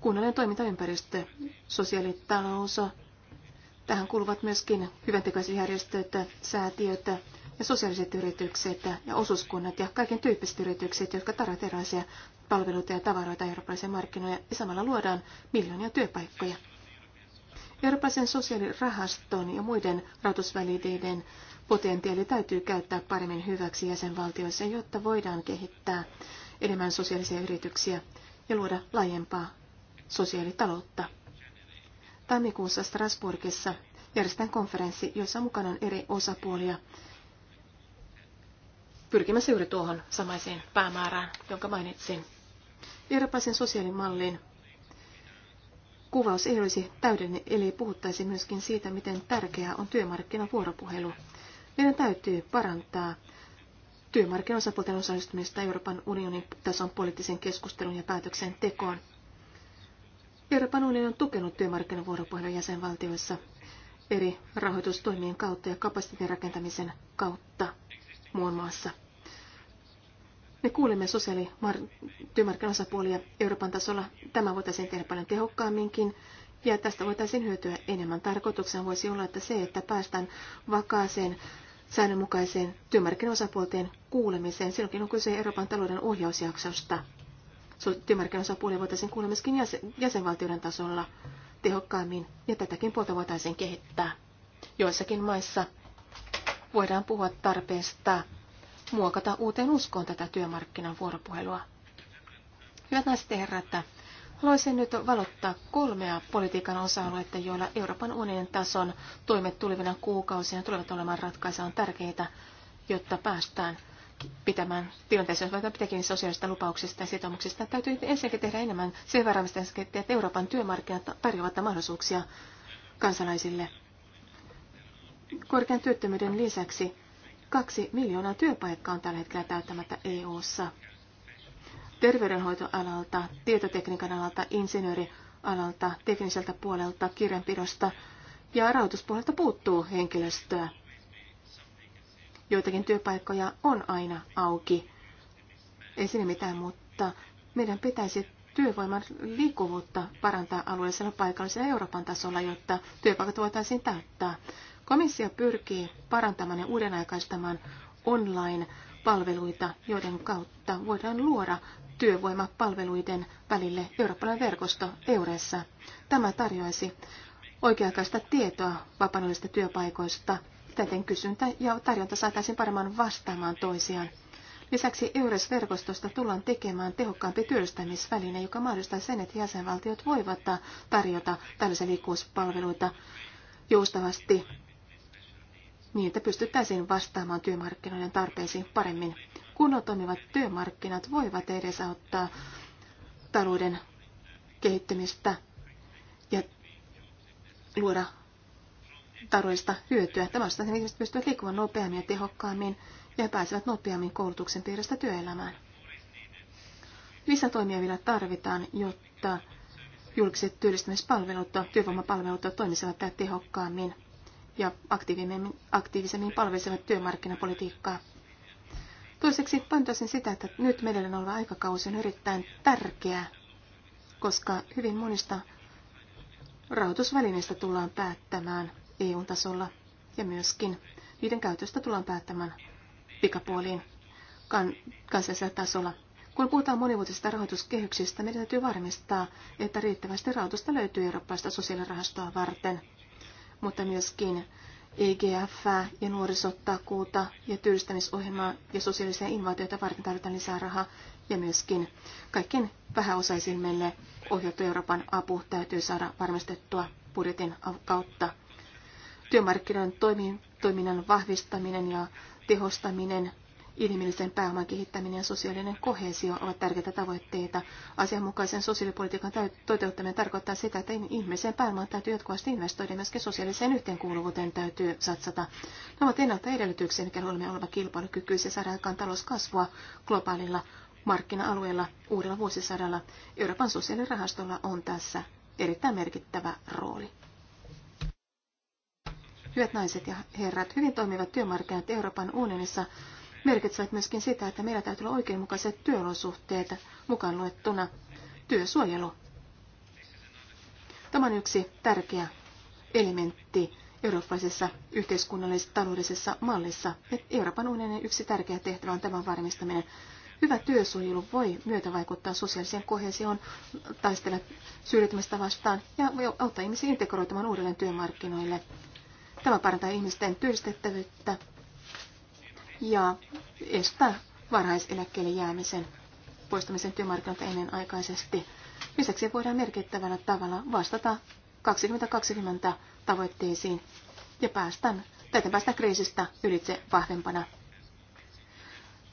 kunnallinen toimintaympäristö, sosiaalitalous, tähän kuuluvat myöskin järjestöitä, säätiöitä ja sosiaaliset yritykset ja osuuskunnat ja kaiken tyyppiset yritykset, jotka tarvitsevat erilaisia palveluita ja tavaroita eurooppalaisia markkinoja ja samalla luodaan miljoonia työpaikkoja. Euroopan sosiaalirahaston ja muiden rahoitusvälineiden potentiaali täytyy käyttää paremmin hyväksi jäsenvaltioissa, jotta voidaan kehittää enemmän sosiaalisia yrityksiä ja luoda laajempaa sosiaalitaloutta. Tammikuussa Strasbourgissa järjestetään konferenssi, jossa mukana on eri osapuolia pyrkimässä juuri tuohon samaiseen päämäärään, jonka mainitsin. Euroopan sosiaalimallin kuvaus ei olisi täydellinen, eli puhuttaisi myöskin siitä, miten tärkeää on työmarkkinavuoropuhelu. Meidän täytyy parantaa työmarkkinosapuolten osallistumista Euroopan unionin tason poliittisen keskustelun ja päätöksentekoon. Euroopan unioni on tukenut työmarkkinavuoropuhelun jäsenvaltioissa eri rahoitustoimien kautta ja kapasiteetin rakentamisen kautta muun muassa. Me kuulemme sosiaali- työmarkkinaosapuolia Euroopan tasolla. Tämä voitaisiin tehdä paljon tehokkaamminkin ja tästä voitaisiin hyötyä enemmän. Tarkoituksena voisi olla, että se, että päästään vakaaseen säännönmukaiseen työmarkkinaosapuolten kuulemiseen. Silloinkin on kyse Euroopan talouden ohjausjaksosta. Työmarkkinaosapuolia voitaisiin kuulla myöskin jäsen, jäsenvaltioiden tasolla tehokkaammin, ja tätäkin puolta voitaisiin kehittää. Joissakin maissa voidaan puhua tarpeesta muokata uuteen uskoon tätä työmarkkinan vuoropuhelua. Hyvät naiset ja herrat, haluaisin nyt valottaa kolmea politiikan osa-aluetta, joilla Euroopan unionin tason toimet tulevina kuukausina tulevat olemaan ratkaisevan tärkeitä, jotta päästään pitämään tilanteessa, jos vaikka pitäkin sosiaalista lupauksista ja sitoumuksista. Täytyy ensinnäkin tehdä enemmän sen varmistamiseksi, että Euroopan työmarkkinat tarjoavat mahdollisuuksia kansalaisille – korkean työttömyyden lisäksi kaksi miljoonaa työpaikkaa on tällä hetkellä täyttämättä EU-ssa. Terveydenhoitoalalta, tietotekniikan alalta, insinöörialalta, tekniseltä puolelta, kirjanpidosta ja rahoituspuolelta puuttuu henkilöstöä. Joitakin työpaikkoja on aina auki. Ei siinä mitään, mutta meidän pitäisi työvoiman liikkuvuutta parantaa alueellisella, paikallisella ja Euroopan tasolla, jotta työpaikat voitaisiin täyttää. Komissio pyrkii parantamaan ja uudenaikaistamaan online-palveluita, joiden kautta voidaan luoda työvoimapalveluiden välille eurooppalainen verkosto Euressa. Tämä tarjoaisi oikea-aikaista tietoa vapaanollisista työpaikoista. Täten kysyntä ja tarjonta saataisiin paremmin vastaamaan toisiaan. Lisäksi EURES-verkostosta tullaan tekemään tehokkaampi työllistämisväline, joka mahdollistaa sen, että jäsenvaltiot voivat tarjota tällaisia liikkuvuuspalveluita joustavasti niin, että pystyttäisiin vastaamaan työmarkkinoiden tarpeisiin paremmin. Kunnon toimivat työmarkkinat voivat edesauttaa talouden kehittymistä ja luoda taloudellista hyötyä. Tämä on ihmiset pystyvät liikkumaan nopeammin ja tehokkaammin ja pääsevät nopeammin koulutuksen piiristä työelämään. Lisätoimia vielä tarvitaan, jotta julkiset työllistämispalvelut ja työvoimapalvelut toimisivat tehokkaammin ja aktiivisemmin, aktiivisemmin palvelisivat työmarkkinapolitiikkaa. Toiseksi pantaisin sitä, että nyt meillä oleva aikakausi on erittäin tärkeä, koska hyvin monista rahoitusvälineistä tullaan päättämään EU-tasolla ja myöskin niiden käytöstä tullaan päättämään pikapuoliin kan- kansallisella tasolla. Kun puhutaan monivuotisista rahoituskehyksistä, meidän täytyy varmistaa, että riittävästi rahoitusta löytyy eurooppalaista sosiaalirahastoa varten – mutta myöskin EGF ja nuorisotakuuta ja työllistämisohjelmaa ja sosiaalisia innovaatioita varten tarvitaan lisää rahaa ja myöskin kaikkien vähäosaisimmille ohjattu Euroopan apu täytyy saada varmistettua budjetin kautta. Työmarkkinoiden toiminnan vahvistaminen ja tehostaminen Inhimillisen pääoman kehittäminen ja sosiaalinen kohesio ovat tärkeitä tavoitteita. Asianmukaisen sosiaalipolitiikan toteuttaminen tarkoittaa sitä, että ihmisen pääomaan täytyy jatkuvasti investoida ja myöskin sosiaaliseen yhteenkuuluvuuteen täytyy satsata. Ne ovat ennalta edellytyksiä, mikä olemme oleva kilpailukykyisiä saada aikaan talouskasvua globaalilla markkina-alueella uudella vuosisadalla. Euroopan sosiaalirahastolla on tässä erittäin merkittävä rooli. Hyvät naiset ja herrat, hyvin toimivat työmarkkinat Euroopan unionissa merkitsevät myöskin sitä, että meillä täytyy olla oikeudenmukaiset työolosuhteet mukaan luettuna työsuojelu. Tämä on yksi tärkeä elementti eurooppalaisessa yhteiskunnallisessa taloudellisessa mallissa. Euroopan unionin yksi tärkeä tehtävä on tämän varmistaminen. Hyvä työsuojelu voi myötä vaikuttaa sosiaaliseen kohesioon, taistella syrjäytymistä vastaan ja voi auttaa ihmisiä integroitumaan uudelleen työmarkkinoille. Tämä parantaa ihmisten työllistettävyyttä ja estää varhaiseläkkeelle jäämisen poistamisen työmarkkinoilta ennenaikaisesti. Lisäksi voidaan merkittävällä tavalla vastata 2020 tavoitteisiin ja päästään, täten päästä kriisistä ylitse vahvempana.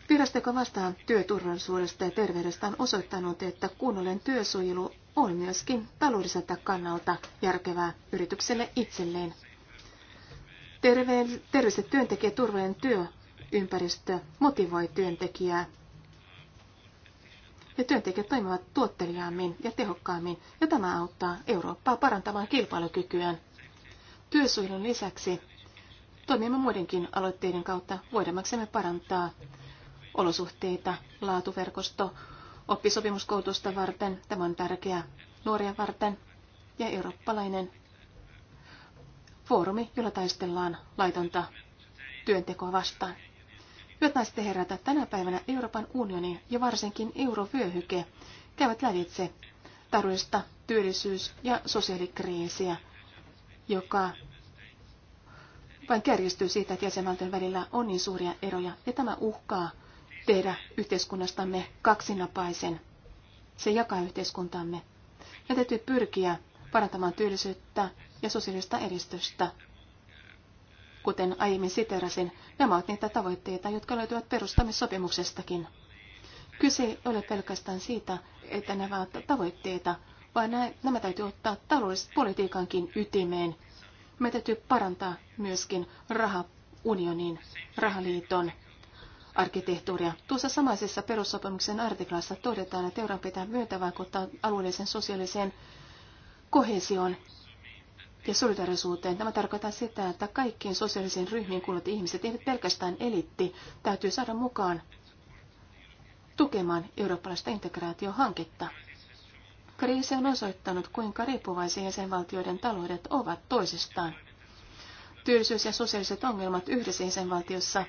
Virasto, joka vastaa työturvallisuudesta ja terveydestä, on osoittanut, että kunnollinen työsuojelu on myöskin taloudelliselta kannalta järkevää yritykselle itselleen. Terve, työntekijät turvallinen työ ympäristö motivoi työntekijää. Ja työntekijät toimivat tuotteliaammin ja tehokkaammin, ja tämä auttaa Eurooppaa parantamaan kilpailukykyään. Työsuojelun lisäksi toimimme muidenkin aloitteiden kautta voidemmaksemme parantaa olosuhteita, laatuverkosto, oppisopimuskoulutusta varten, tämä on tärkeää nuoria varten, ja eurooppalainen foorumi, jolla taistellaan laitonta työntekoa vastaan. Hyvät naiset ja herrat, tänä päivänä Euroopan unioni ja varsinkin eurovyöhyke käyvät lävitse taloudellista työllisyys- ja sosiaalikriisiä, joka vain kärjistyy siitä, että jäsenvaltion välillä on niin suuria eroja, ja tämä uhkaa tehdä yhteiskunnastamme kaksinapaisen. Se jakaa yhteiskuntamme. Ja täytyy pyrkiä parantamaan työllisyyttä ja sosiaalista edistystä kuten aiemmin siterasin, nämä ovat niitä tavoitteita, jotka löytyvät perustamissopimuksestakin. Kyse ei ole pelkästään siitä, että nämä ovat tavoitteita, vaan nämä täytyy ottaa talouspolitiikankin ytimeen. Me täytyy parantaa myöskin rahaunionin, rahaliiton arkkitehtuuria. Tuossa samaisessa perussopimuksen artiklassa todetaan, että euron pitää myötävaikuttaa vaikuttaa alueelliseen sosiaaliseen kohesioon ja solidarisuuteen. Tämä tarkoittaa sitä, että kaikkiin sosiaalisiin ryhmiin kuuluvat ihmiset, eivät pelkästään elitti, täytyy saada mukaan tukemaan eurooppalaista integraatiohanketta. Kriisi on osoittanut, kuinka riippuvaisia jäsenvaltioiden taloudet ovat toisistaan. Työllisyys ja sosiaaliset ongelmat yhdessä jäsenvaltiossa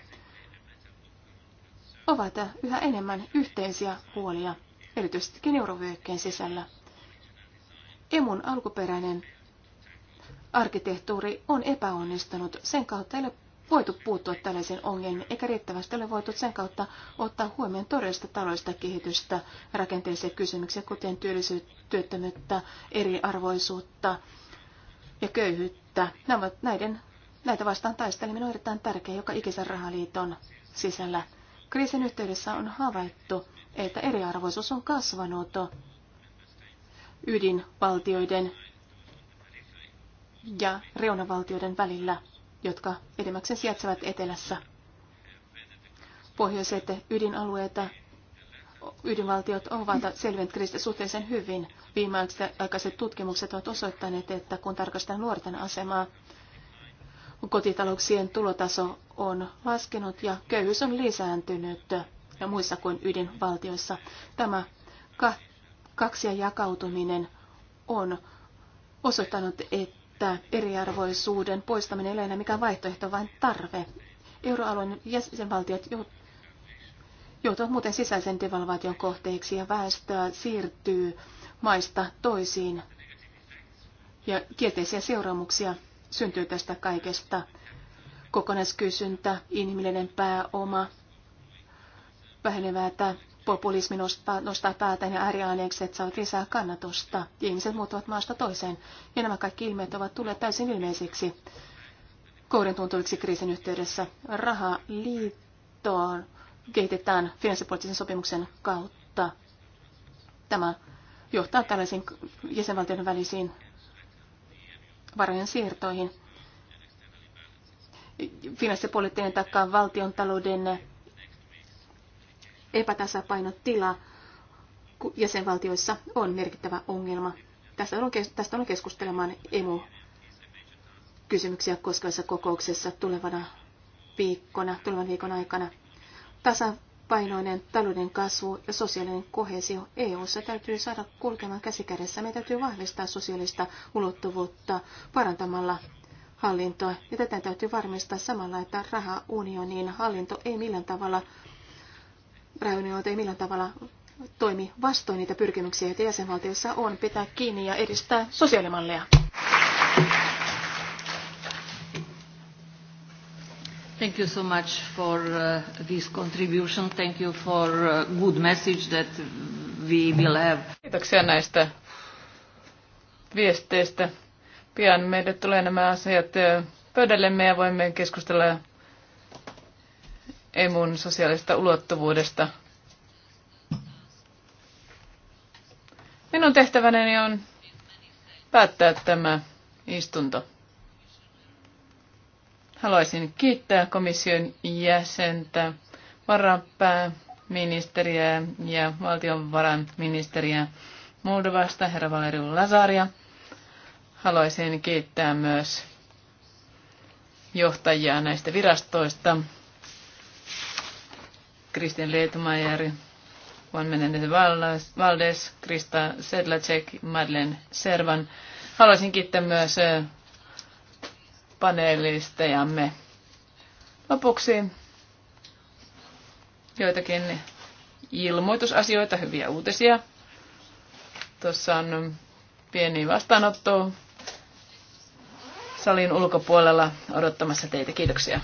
ovat yhä enemmän yhteisiä huolia, erityisesti eurovyöhykkeen sisällä. Emun alkuperäinen arkkitehtuuri on epäonnistunut. Sen kautta ei ole voitu puuttua tällaisiin ongelmiin, eikä riittävästi ole voitu sen kautta ottaa huomioon todellista taloudellista kehitystä, rakenteellisia kysymyksiä, kuten työttömyyttä, eriarvoisuutta ja köyhyyttä. Nämä, näiden, näitä vastaan taisteleminen on erittäin tärkeä, joka ikisen rahaliiton sisällä. Kriisin yhteydessä on havaittu, että eriarvoisuus on kasvanut ydinvaltioiden ja reunavaltioiden välillä, jotka enimmäkseen sijaitsevat etelässä. Pohjoiset ydinalueet ydinvaltiot ovat selvinneet kriisistä suhteellisen hyvin. Viimeaikaiset tutkimukset ovat osoittaneet, että kun tarkastetaan nuorten asemaa, kotitalouksien tulotaso on laskenut ja köyhyys on lisääntynyt ja muissa kuin ydinvaltioissa. Tämä kaksi jakautuminen on osoittanut, että että eriarvoisuuden poistaminen ei ole enää mikään vaihtoehto, vaan tarve. Euroalueen jäsenvaltiot joutuvat muuten sisäisen devalvaation kohteeksi ja väestöä siirtyy maista toisiin. Ja kielteisiä seuraamuksia syntyy tästä kaikesta. Kokonaiskysyntä, inhimillinen pääoma, vähenevää populismi nostaa, nostaa päätään ja ääriainekset saavat lisää kannatusta. Ihmiset muuttuvat maasta toiseen, ja nämä kaikki ilmeet ovat tulleet täysin ilmeisiksi. kouden tuntuviksi kriisin yhteydessä rahaliittoon kehitetään finanssipoliittisen sopimuksen kautta. Tämä johtaa tällaisiin jäsenvaltioiden välisiin varojen siirtoihin. Finanssipoliittinen takaa valtion talouden epätasapainotila jäsenvaltioissa on merkittävä ongelma. Tästä on, tästä on keskustelemaan emu kysymyksiä koskevassa kokouksessa tulevana viikkona, tulevan viikon aikana. Tasapainoinen talouden kasvu ja sosiaalinen kohesio EU-ssa täytyy saada kulkemaan käsikädessä. Meidän täytyy vahvistaa sosiaalista ulottuvuutta parantamalla hallintoa, ja tätä täytyy varmistaa samalla, että rahaunionin hallinto ei millään tavalla rajoineet ei millään tavalla toimi vastoin niitä pyrkimyksiä, joita jäsenvaltioissa on pitää kiinni ja edistää sosiaalimalleja. Thank you so much for uh, this contribution. Thank you for uh, good message that we will have. Kiitoksia näistä viesteistä. Pian meille tulee nämä asiat pöydällemme ja voimme keskustella emun sosiaalista ulottuvuudesta. Minun tehtäväni on päättää tämä istunto. Haluaisin kiittää komission jäsentä, varapääministeriä ja valtionvarainministeriä Moldovasta, herra Valeri Lazaria. Haluaisin kiittää myös johtajia näistä virastoista, Kristin Leetmaier, Juan Menendez Valdes, Krista Sedlacek, Madeleine Servan. Haluaisin kiittää myös paneelistejamme. Lopuksi joitakin ilmoitusasioita, hyviä uutisia. Tuossa on pieni vastaanotto salin ulkopuolella odottamassa teitä. Kiitoksia.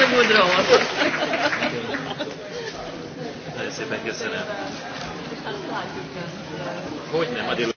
Varsågod Ramos. Szépen köszönöm. Hogy nem,